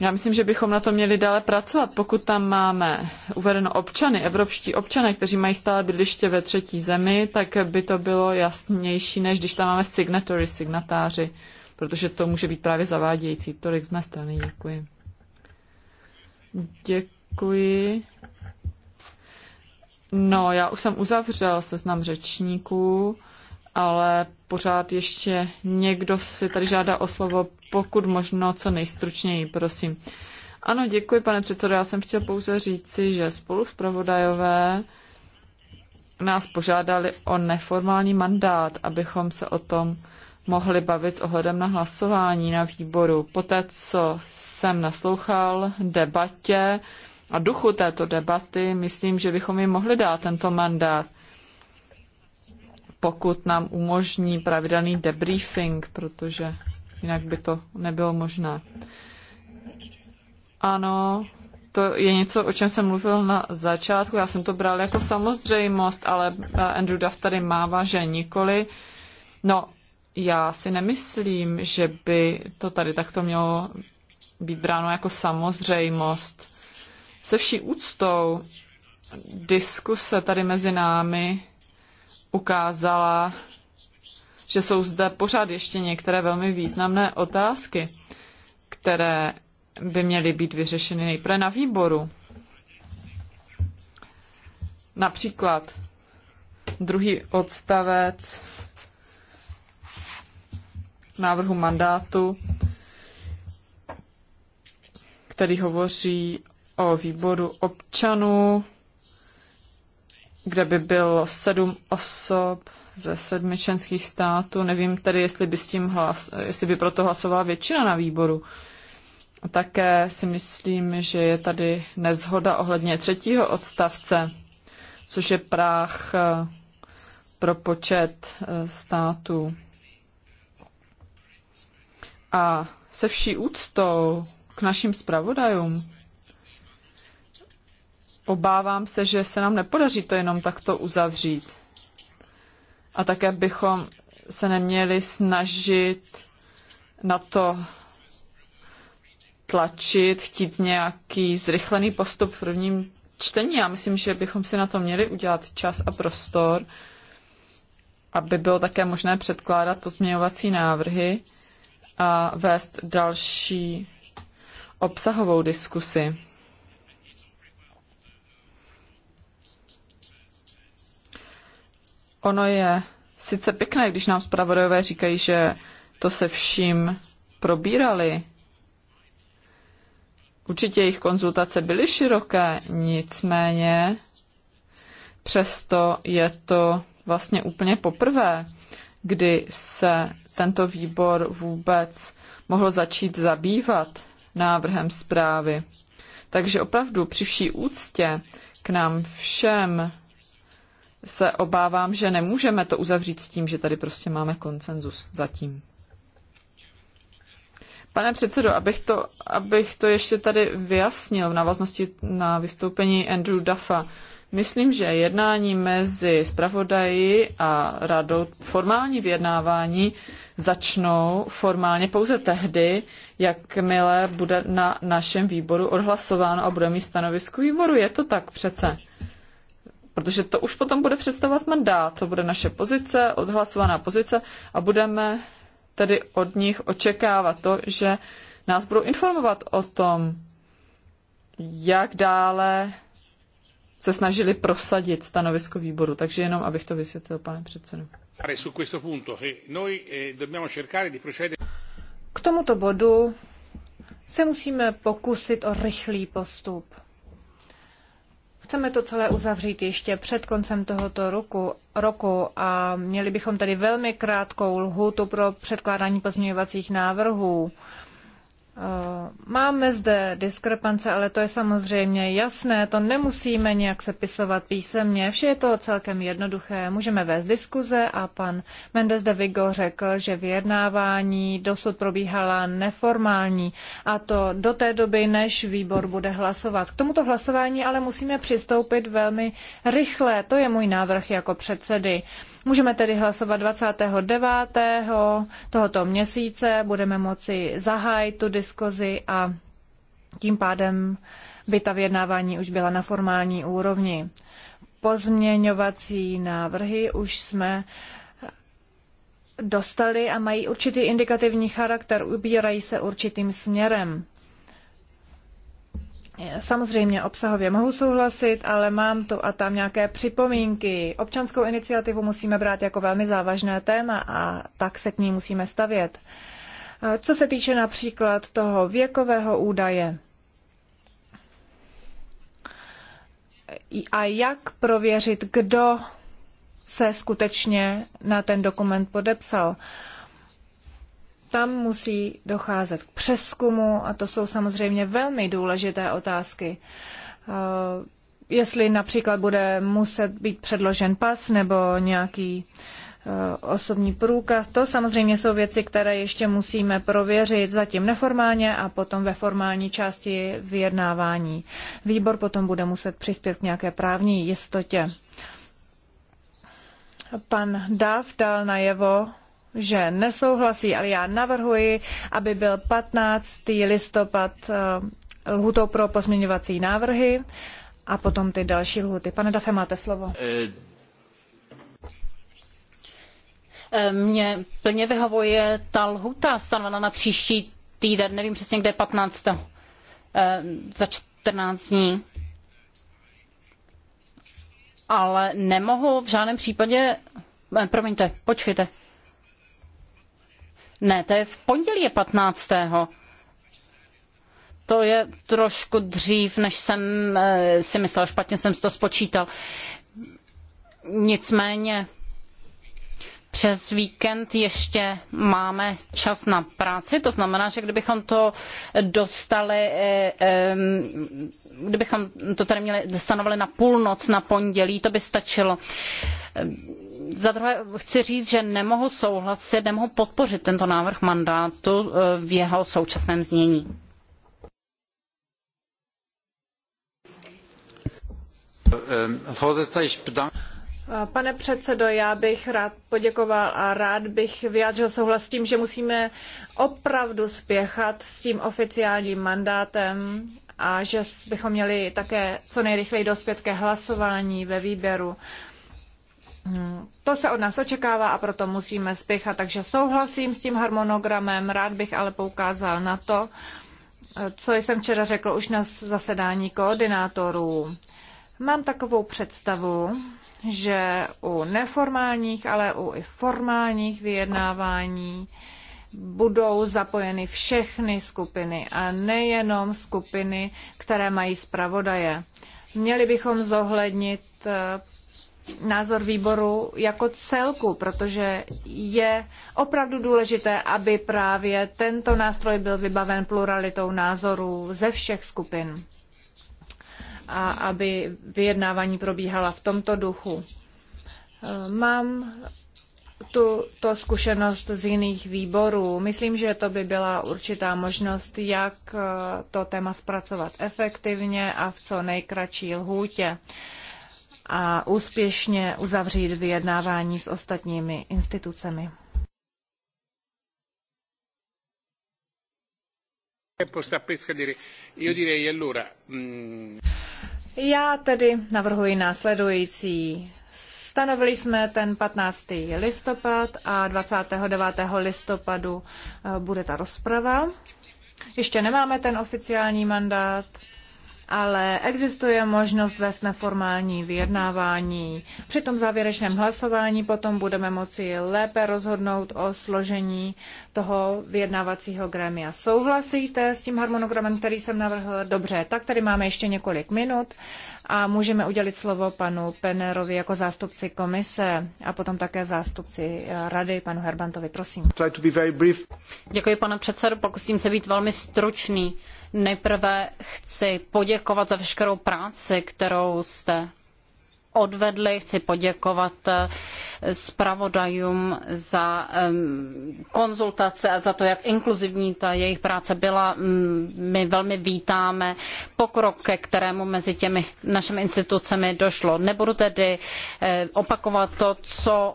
Já myslím, že bychom na to měli dále pracovat, pokud tam máme uvedeno občany, evropští občany, kteří mají stále bydliště ve třetí zemi, tak by to bylo jasnější, než když tam máme signatory, signatáři protože to může být právě zavádějící. Tolik z mé strany, děkuji. Děkuji. No, já už jsem uzavřel seznam řečníků, ale pořád ještě někdo si tady žádá o slovo, pokud možno co nejstručněji, prosím. Ano, děkuji, pane předsedo. Já jsem chtěl pouze říci, že spolu s pravodajové nás požádali o neformální mandát, abychom se o tom mohli bavit s ohledem na hlasování na výboru. Poté, co jsem naslouchal debatě a duchu této debaty, myslím, že bychom jim mohli dát tento mandát, pokud nám umožní pravidelný debriefing, protože jinak by to nebylo možné. Ano, to je něco, o čem jsem mluvil na začátku. Já jsem to bral jako samozřejmost, ale eh, Andrew Duff tady mává, že nikoli. No, já si nemyslím, že by to tady takto mělo být bráno jako samozřejmost. Se vší úctou diskuse tady mezi námi ukázala, že jsou zde pořád ještě některé velmi významné otázky, které by měly být vyřešeny nejprve na výboru. Například druhý odstavec návrhu mandátu, který hovoří o výboru občanů, kde by bylo sedm osob ze sedmi členských států. Nevím tedy, jestli by, s tím hlas, jestli by proto hlasovala většina na výboru. Také si myslím, že je tady nezhoda ohledně třetího odstavce, což je práh eh, pro počet eh, států. A se vší úctou k našim zpravodajům, obávám se, že se nám nepodaří to jenom takto uzavřít. A také bychom se neměli snažit na to tlačit, chtít nějaký zrychlený postup v prvním čtení. Já myslím, že bychom si na to měli udělat čas a prostor, aby bylo také možné předkládat pozměňovací návrhy a vést další obsahovou diskusi. Ono je sice pěkné, když nám zpravodajové říkají, že to se vším probírali. Určitě jejich konzultace byly široké, nicméně přesto je to vlastně úplně poprvé, kdy se tento výbor vůbec mohl začít zabývat návrhem zprávy. Takže opravdu při vší úctě k nám všem se obávám, že nemůžeme to uzavřít s tím, že tady prostě máme konsenzus zatím. Pane předsedo, abych to, abych to ještě tady vyjasnil v návaznosti na vystoupení Andrew Duffa. Myslím, že jednání mezi zpravodají a radou, formální vyjednávání, začnou formálně pouze tehdy, jakmile bude na našem výboru odhlasováno a bude mít stanovisku výboru. Je to tak přece. Protože to už potom bude představovat mandát, to bude naše pozice, odhlasovaná pozice a budeme tedy od nich očekávat to, že nás budou informovat o tom, jak dále se snažili prosadit stanovisko výboru. Takže jenom abych to vysvětlil, pane předsedo. Eh, K tomuto bodu se musíme pokusit o rychlý postup. Chceme to celé uzavřít ještě před koncem tohoto roku, roku a měli bychom tady velmi krátkou lhutu pro předkládání pozměňovacích návrhů. Eh, máme zde diskrepance, ale to je samozřejmě jasné, to nemusíme nějak sepisovat písemně, vše je to celkem jednoduché, můžeme vést diskuze a pan Mendes de Vigo řekl, že vyjednávání dosud probíhala neformální a to do té doby, než výbor bude hlasovat. K tomuto hlasování ale musíme přistoupit velmi rychle, to je můj návrh jako předsedy. Můžeme tedy hlasovat 29. tohoto měsíce, budeme moci zahájit tu diskuzi a tím pádem by ta vyjednávání už byla na formální úrovni. Pozměňovací návrhy už jsme dostali a mají určitý indikativní charakter, ubírají se určitým směrem. Samozřejmě obsahově mohu souhlasit, ale mám tu a tam nějaké připomínky. Občanskou iniciativu musíme brát jako velmi závažné téma a tak se k ní musíme stavět. Co se týče například toho věkového údaje, a jak prověřit, kdo se skutečně na ten dokument podepsal. Uh, tam musí docházet k přeskumu a to jsou samozřejmě velmi důležité otázky. Eh, jestli například bude muset být předložen pas nebo nějaký eh, osobní průkaz, to samozřejmě jsou věci, které ještě musíme prověřit zatím neformálně a potom ve formální části vyjednávání. Výbor potom bude muset přispět k nějaké právní jistotě. Pan Dav dal najevo, že nesouhlasí, ale já navrhuji, aby byl 15. listopad eh, lhutou pro pozměňovací návrhy a potom ty další lhuty. Pane Dafe, máte slovo. Eh, eh, Mně plně vyhovuje ta lhuta stanovena na příští týden, nevím přesně, kde je 15. za 14 dní. Ale nemohu v žádném případě, promiňte, počkejte, ne, to je v pondělí je 15. To je trošku dřív, než jsem eh, si myslel, špatně jsem to spočítal. Nicméně přes víkend ještě máme čas na práci, to znamená, že kdybychom to dostali, eh, kdybychom to tady měli stanovili na půlnoc na pondělí, to by stačilo. Za druhé chci říct, že nemohu souhlasit, nemohu podpořit tento návrh mandátu eh, v jeho současném znění. Eh, pane předsedo, já bych rád poděkoval a rád bych vyjádřil souhlas s tím, že musíme opravdu spěchat s tím oficiálním mandátem a že bychom měli také co nejrychleji dospět ke hlasování ve výběru. To se od nás očekává a proto musíme spěchat. Takže souhlasím s tím harmonogramem, rád bych ale poukázal na to, co jsem včera řekl už na zasedání koordinátorů. Mám takovou představu, že u neformálních, ale u i formálních vyjednávání budou zapojeny všechny skupiny a nejenom skupiny, které mají zpravodaje. Měli bychom zohlednit eh, názor výboru jako celku, protože je opravdu důležité, aby právě tento nástroj byl vybaven pluralitou názorů ze všech skupin a aby vyjednávání probíhala v tomto duchu. Mám tu to zkušenost z jiných výborů. Myslím, že to by byla určitá možnost, jak to téma zpracovat efektivně a v co nejkratší lhůtě a úspěšně uzavřít vyjednávání s ostatními institucemi. Já tedy navrhuji následující. Stanovili jsme ten 15. listopad a 29. listopadu eh, bude ta rozprava. Ještě nemáme ten oficiální mandát ale existuje možnost vést neformální vyjednávání. Při tom závěrečném hlasování potom budeme moci lépe rozhodnout o složení toho vyjednávacího grémia. Souhlasíte s tím harmonogramem, který jsem navrhl? Dobře, tak tady máme ještě několik minut a můžeme udělit slovo panu Penerovi jako zástupci komise a potom také zástupci eh, rady, panu Herbantovi, prosím. Děkuji, pane předsedo, pokusím se být velmi stručný. Nejprve chci poděkovat za veškerou práci, kterou jste odvedli. Chci poděkovat eh, zpravodajům za konzultace a za to, jak inkluzivní ta jejich práce byla. Mm, my velmi vítáme pokrok, ke kterému mezi těmi našimi institucemi došlo. Nebudu tedy eh, opakovat to, co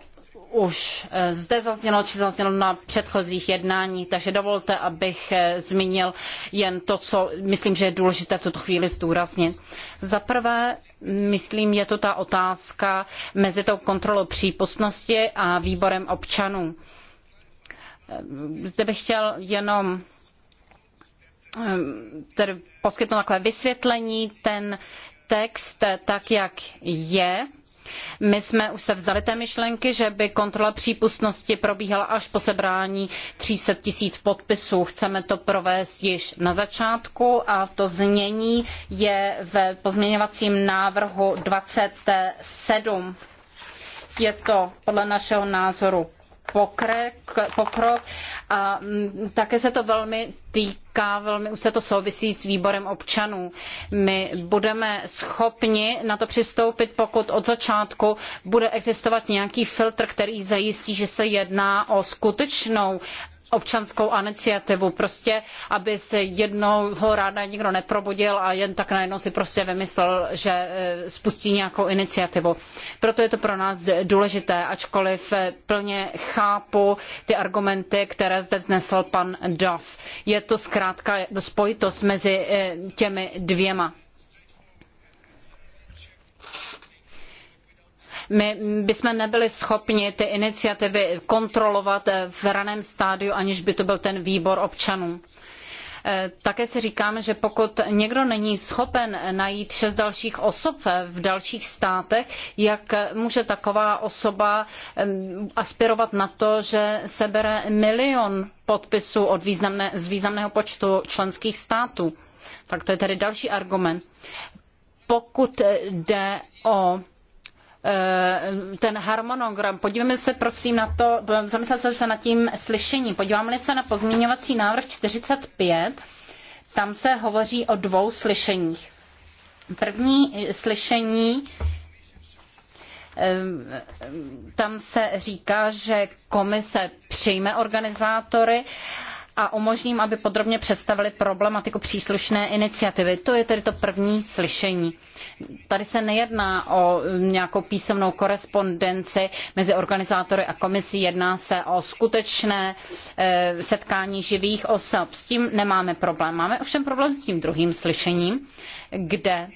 už eh, zde zaznělo, či zaznělo na předchozích jednáních, takže dovolte, abych eh, zmínil jen to, co myslím, že je důležité v tuto chvíli zdůraznit. Za prvé, myslím, je to ta otázka mezi tou kontrolou přípustnosti a výborem občanů. Eh, zde bych chtěl jenom tedy poskytnout takové vysvětlení, ten text tak, jak je, my jsme už se vzdali té myšlenky, že by kontrola přípustnosti probíhala až po sebrání 300 tisíc podpisů. Chceme to provést již na začátku a to znění je ve pozměňovacím návrhu 27. Je to podle našeho názoru pokrek, pokrok a mm, také se to velmi týká, velmi už se to souvisí s výborem občanů. My budeme schopni na to přistoupit, pokud od začátku bude existovat nějaký filtr, který zajistí, že se jedná o skutečnou občanskou iniciativu, prostě, aby se jednoho rána nikdo neprobudil a jen tak najednou si prostě vymyslel, že eh, spustí nějakou iniciativu. Proto je to pro nás důležité, ačkoliv eh, plně chápu ty argumenty, které zde vznesl pan Duff. Je to zkrátka spojitost mezi eh, těmi dvěma My bychom nebyli schopni ty iniciativy kontrolovat eh, v raném stádiu, aniž by to byl ten výbor občanů. Eh, také si říkáme, že pokud někdo není schopen najít šest dalších osob eh, v dalších státech, jak může taková osoba aspirovat na to, že sebere milion podpisů od významné, z významného počtu členských států. Tak to je tedy další argument. Pokud jde o Eh, ten harmonogram. Podívejme se prosím na to, zamyslete se nad tím slyšením. Podíváme-li se na pozměňovací návrh 45, tam se hovoří o dvou slyšeních. První slyšení eh, tam se říká, že komise přijme organizátory a umožním, aby podrobně představili problematiku příslušné iniciativy. To je tedy to první slyšení. Tady se nejedná o mm, nějakou písemnou korespondenci mezi organizátory a komisí, jedná se o skutečné eh, setkání živých osob. S tím nemáme problém. Máme ovšem problém s tím druhým slyšením, kde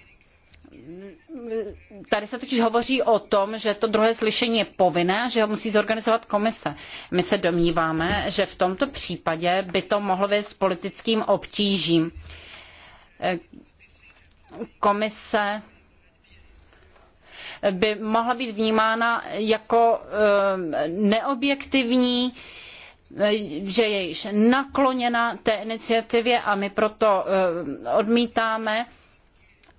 tady se totiž hovoří o tom, že to druhé slyšení je povinné a že ho musí zorganizovat komise. My se domníváme, že v tomto případě by to mohlo vést politickým obtížím. Komise by mohla být vnímána jako eh, neobjektivní, eh, že je již nakloněna té iniciativě a my proto eh, odmítáme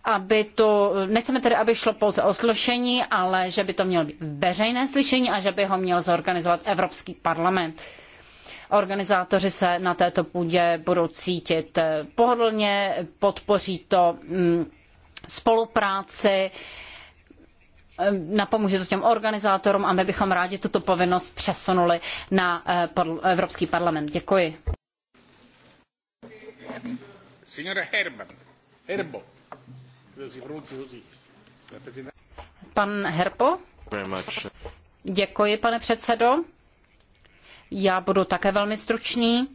aby to, nechceme tedy, aby šlo pouze o slyšení, ale že by to mělo být veřejné slyšení a že by ho měl zorganizovat Evropský parlament. Organizátoři se na této půdě budou cítit eh, pohodlně, podpoří to mm, spolupráci, eh, napomůže to těm organizátorům a my bychom rádi tuto povinnost přesunuli na eh, Evropský parlament. Děkuji. Signora Herman. Herbo. Pan Herpo? Děkuji, pane předsedo. Já budu také velmi stručný.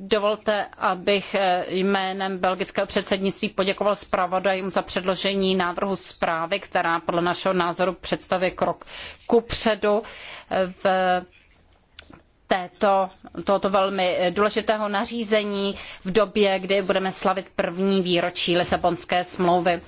Dovolte, abych jménem belgického předsednictví poděkoval zpravodajům za předložení návrhu zprávy, která podle našeho názoru představuje krok kupředu v této, tohoto velmi důležitého nařízení v době, kdy budeme slavit první výročí Lisabonské smlouvy.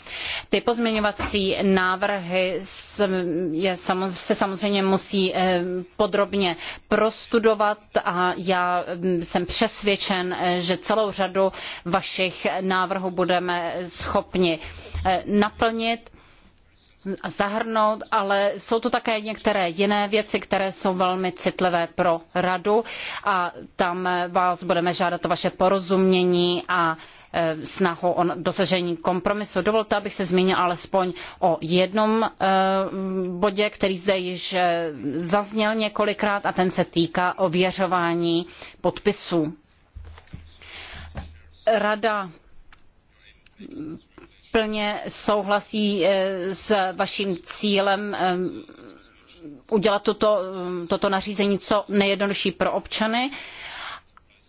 Ty pozměňovací návrhy se samozřejmě musí eh, podrobně prostudovat a já mm, jsem přesvědčen, eh, že celou řadu vašich návrhů budeme schopni eh, naplnit zahrnout, ale jsou to také některé jiné věci, které jsou velmi citlivé pro radu a tam vás budeme žádat o vaše porozumění a e, snahu o dosažení kompromisu. Dovolte, abych se zmínil alespoň o jednom e, bodě, který zde již e, zazněl několikrát a ten se týká ověřování podpisů. Rada plně souhlasí eh, s vaším cílem eh, udělat toto, toto nařízení co nejjednodušší pro občany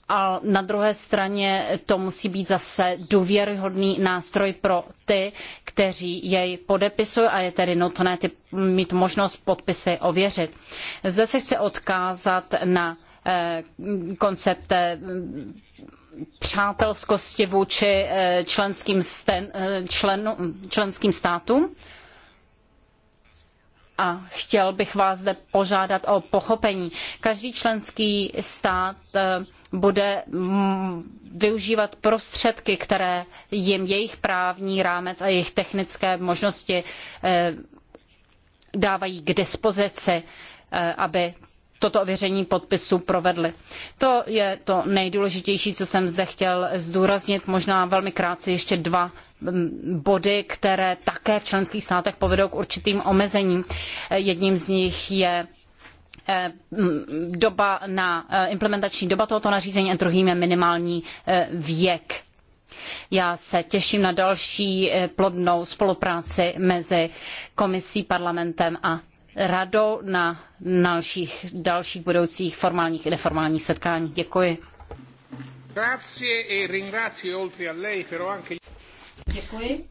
a na druhé straně to musí být zase důvěryhodný nástroj pro ty, kteří jej podepisují a je tedy nutné ty, mít možnost podpisy ověřit. Zde se chci odkázat na eh, koncept přátelskosti vůči eh, členským, sten, eh, členským státům. A chtěl bych vás zde požádat o pochopení. Každý členský stát eh, bude mm, využívat prostředky, které jim jejich právní rámec a jejich technické možnosti dávají k dispozici, aby toto ověření podpisu provedli. To je to nejdůležitější, co jsem zde chtěl zdůraznit. Možná velmi krátce ještě dva mm, body, které také v členských státech povedou k určitým omezením. Jedním z nich je eh, mm, doba na eh, implementační doba tohoto nařízení a druhým je minimální eh, věk. Já se těším na další plodnou spolupráci mezi komisí, parlamentem a rado na dalších, dalších budoucích formálních i neformálních setkáních. Děkuji. E Děkuji.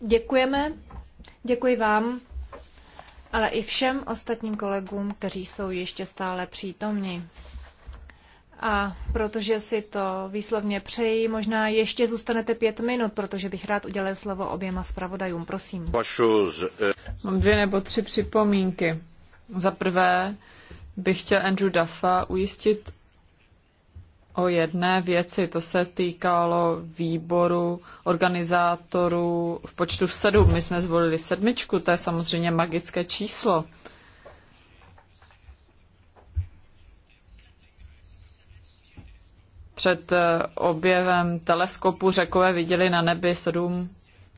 Děkujeme. Děkuji vám, ale i všem ostatním kolegům, kteří jsou ještě stále přítomni. A protože si to výslovně přeji, možná ještě zůstanete pět minut, protože bych rád udělal slovo oběma zpravodajům. Prosím. Mám dvě nebo tři připomínky. Za prvé bych chtěl Andrew Duffa ujistit o jedné věci. To se týkalo výboru organizátorů v počtu sedm. My jsme zvolili sedmičku, to je samozřejmě magické číslo. před eh, objevem teleskopu řekové viděli na nebi sedm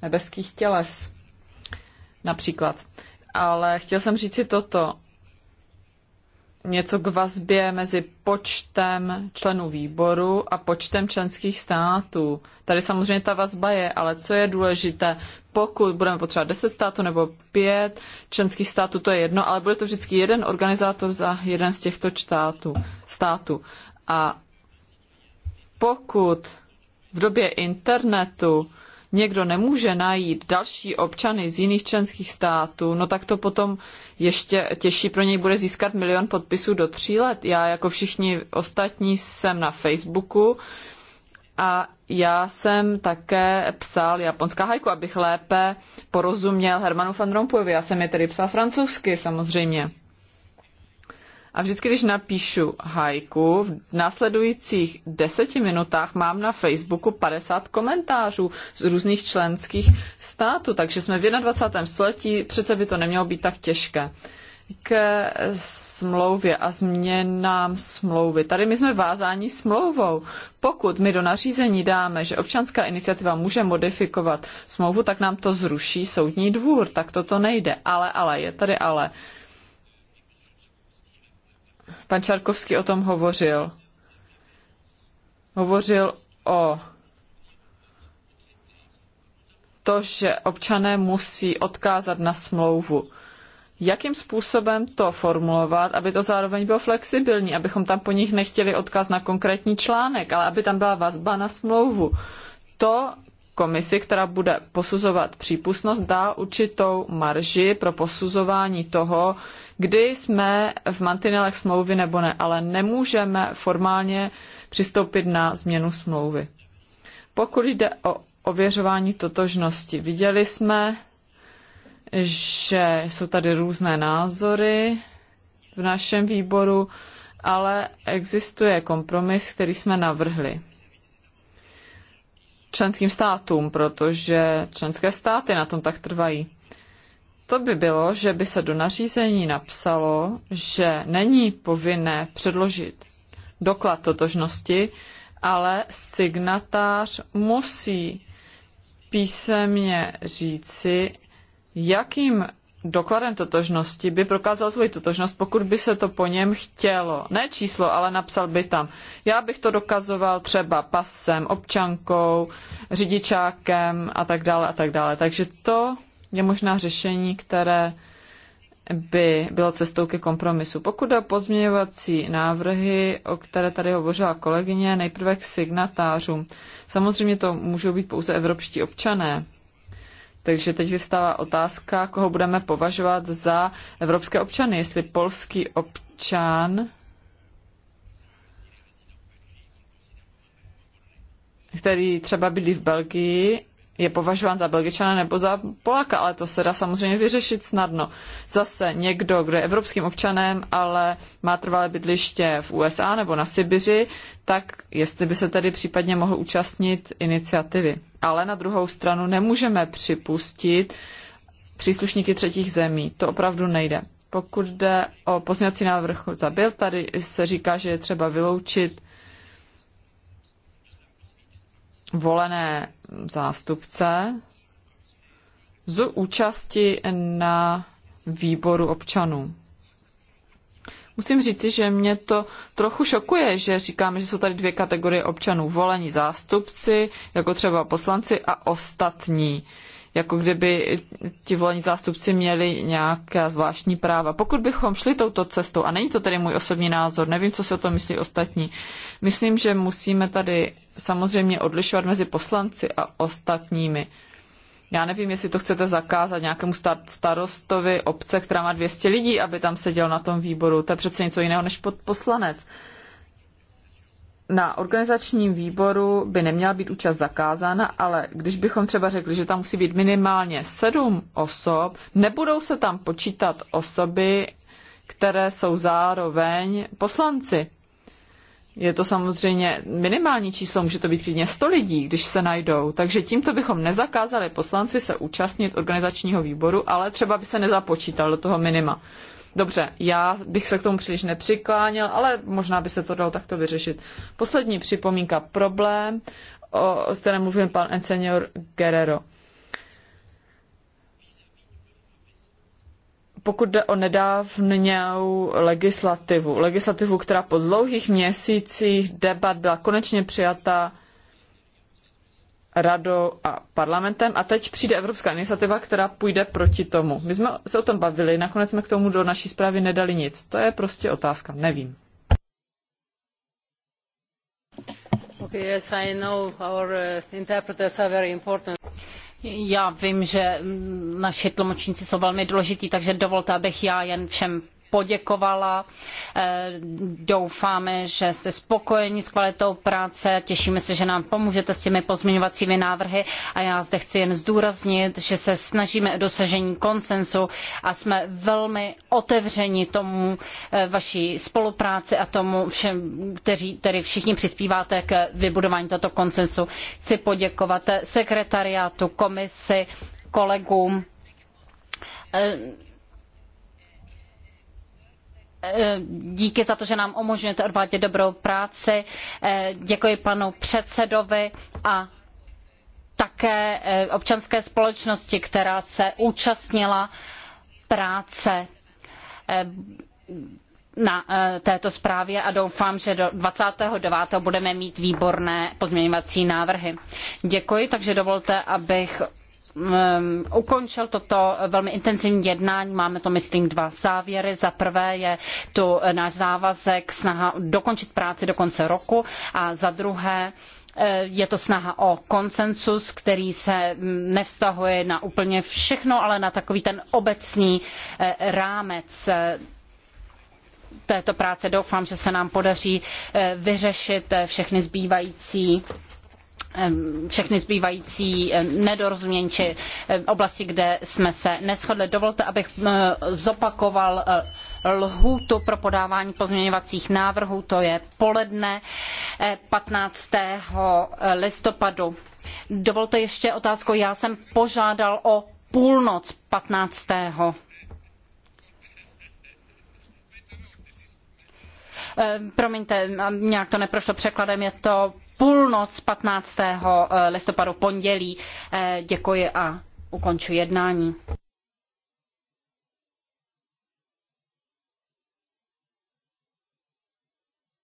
nebeských těles. Například. Ale chtěl jsem říci toto. Něco k vazbě mezi počtem členů výboru a počtem členských států. Tady samozřejmě ta vazba je, ale co je důležité, pokud budeme potřebovat 10 států nebo 5 členských států, to je jedno, ale bude to vždycky jeden organizátor za jeden z těchto čtátů, států. A pokud v době internetu někdo nemůže najít další občany z jiných členských států, no tak to potom ještě těžší pro něj bude získat milion podpisů do tří let. Já jako všichni ostatní jsem na Facebooku a já jsem také psal japonská hajku, abych lépe porozuměl Hermanu van Rompuyovi. Já jsem je tedy psal francouzsky samozřejmě. A vždycky, když napíšu hajku, v následujících deseti minutách mám na Facebooku 50 komentářů z různých členských států, takže jsme v 21. století, přece by to nemělo být tak těžké. K smlouvě a změnám smlouvy. Tady my jsme vázáni smlouvou. Pokud my do nařízení dáme, že občanská iniciativa může modifikovat smlouvu, tak nám to zruší soudní dvůr. Tak toto nejde. Ale, ale, je tady ale. Pan Čarkovský o tom hovořil. Hovořil o to, že občané musí odkázat na smlouvu. Jakým způsobem to formulovat, aby to zároveň bylo flexibilní, abychom tam po nich nechtěli odkaz na konkrétní článek, ale aby tam byla vazba na smlouvu. To komisi, která bude posuzovat přípustnost, dá určitou marži pro posuzování toho, kdy jsme v mantinelech smlouvy nebo ne, ale nemůžeme formálně přistoupit na změnu smlouvy. Pokud jde o ověřování totožnosti, viděli jsme, že jsou tady různé názory v našem výboru, ale existuje kompromis, který jsme navrhli členským státům, protože členské státy na tom tak trvají. To by bylo, že by se do nařízení napsalo, že není povinné předložit doklad totožnosti, ale signatář musí písemně říci, jakým dokladem totožnosti by prokázal svoji totožnost, pokud by se to po něm chtělo. Ne číslo, ale napsal by tam. Já bych to dokazoval třeba pasem, občankou, řidičákem a tak dále a tak dále. Takže to je možná řešení, které by bylo cestou ke kompromisu. Pokud o pozměňovací návrhy, o které tady hovořila kolegyně, nejprve k signatářům. Samozřejmě to můžou být pouze evropští občané, takže teď vyvstává otázka, koho budeme považovat za evropské občany. Jestli polský občan, který třeba bydlí v Belgii je považován za Belgičana nebo za Poláka, ale to se dá samozřejmě vyřešit snadno. Zase někdo, kdo je evropským občanem, ale má trvalé bydliště v USA nebo na Sibiři, tak jestli by se tedy případně mohl účastnit iniciativy. Ale na druhou stranu nemůžeme připustit příslušníky třetích zemí. To opravdu nejde. Pokud jde o pozměňovací návrh za byl, tady se říká, že je třeba vyloučit volené zástupce z účasti na výboru občanů. Musím říci, že mě to trochu šokuje, že říkáme, že jsou tady dvě kategorie občanů. Volení zástupci, jako třeba poslanci a ostatní. Uh, jako kdyby ti volení zástupci měli nějaká zvláštní práva. Pokud bychom šli touto cestou, a není to tedy můj osobní názor, nevím, co si o tom myslí ostatní, myslím, že musíme tady samozřejmě odlišovat mezi poslanci a ostatními. Já nevím, jestli to chcete zakázat nějakému starostovi obce, která má 200 lidí, aby tam seděl na tom výboru. To je přece něco jiného než pod poslanec na organizačním výboru by neměla být účast zakázána, ale když bychom třeba řekli, že tam musí být minimálně sedm osob, nebudou se tam počítat osoby, které jsou zároveň poslanci. Je to samozřejmě minimální číslo, může to být klidně 100 lidí, když se najdou. Takže tímto bychom nezakázali poslanci se účastnit organizačního výboru, ale třeba by se nezapočítal do toho minima. Dobře, já bych se k tomu příliš nepřikláněl, ale možná by se to dalo takto vyřešit. Poslední připomínka, problém, o kterém mluvím pan Ensenior Guerrero. pokud jde o nedávnou legislativu, legislativu, která po dlouhých měsících debat byla konečně přijata radou a parlamentem a teď přijde Evropská iniciativa, která půjde proti tomu. My jsme se o tom bavili, nakonec jsme k tomu do naší zprávy nedali nic. To je prostě otázka, nevím. yes, I know our uh, interpreters are very important. Já vím, že mm, naši tlumočníci jsou velmi důležití, takže dovolte, abych já jen všem poděkovala. Eh, doufáme, že jste spokojeni s kvalitou práce, těšíme se, že nám pomůžete s těmi pozměňovacími návrhy a já zde chci jen zdůraznit, že se snažíme o dosažení konsensu a jsme velmi otevřeni tomu eh, vaší spolupráci a tomu všem, kteří tedy všichni přispíváte k vybudování tohoto konsensu. Chci poděkovat sekretariátu, komisi, kolegům eh, Eh, díky za to, že nám umožňujete odvádět dobrou práci. Eh, děkuji panu předsedovi a také eh, občanské společnosti, která se účastnila práce na této zprávě a doufám, že do 29. budeme mít výborné pozměňovací návrhy. Děkuji, takže dovolte, abych Ehm, ukončil toto velmi intenzivní jednání. Máme to, myslím, dva závěry. Za prvé je tu náš závazek, snaha dokončit práci do konce roku a za druhé eh, je to snaha o konsensus, který se mm, nevztahuje na úplně všechno, ale na takový ten obecný eh, rámec eh, této práce. Doufám, že se nám podaří vyřešit všechny zbývající všechny zbývající nedorozumění či oblasti, kde jsme se neschodli. Dovolte, abych zopakoval e, lhůtu pro podávání pozměňovacích návrhů, to je poledne 15. E, e, listopadu. Dovolte ještě otázku, já jsem požádal o půlnoc 15. Promiňte, nějak to neprošlo překladem, je to půlnoc 15. Eh, listopadu pondělí. Eh, děkuji a ukončuji jednání.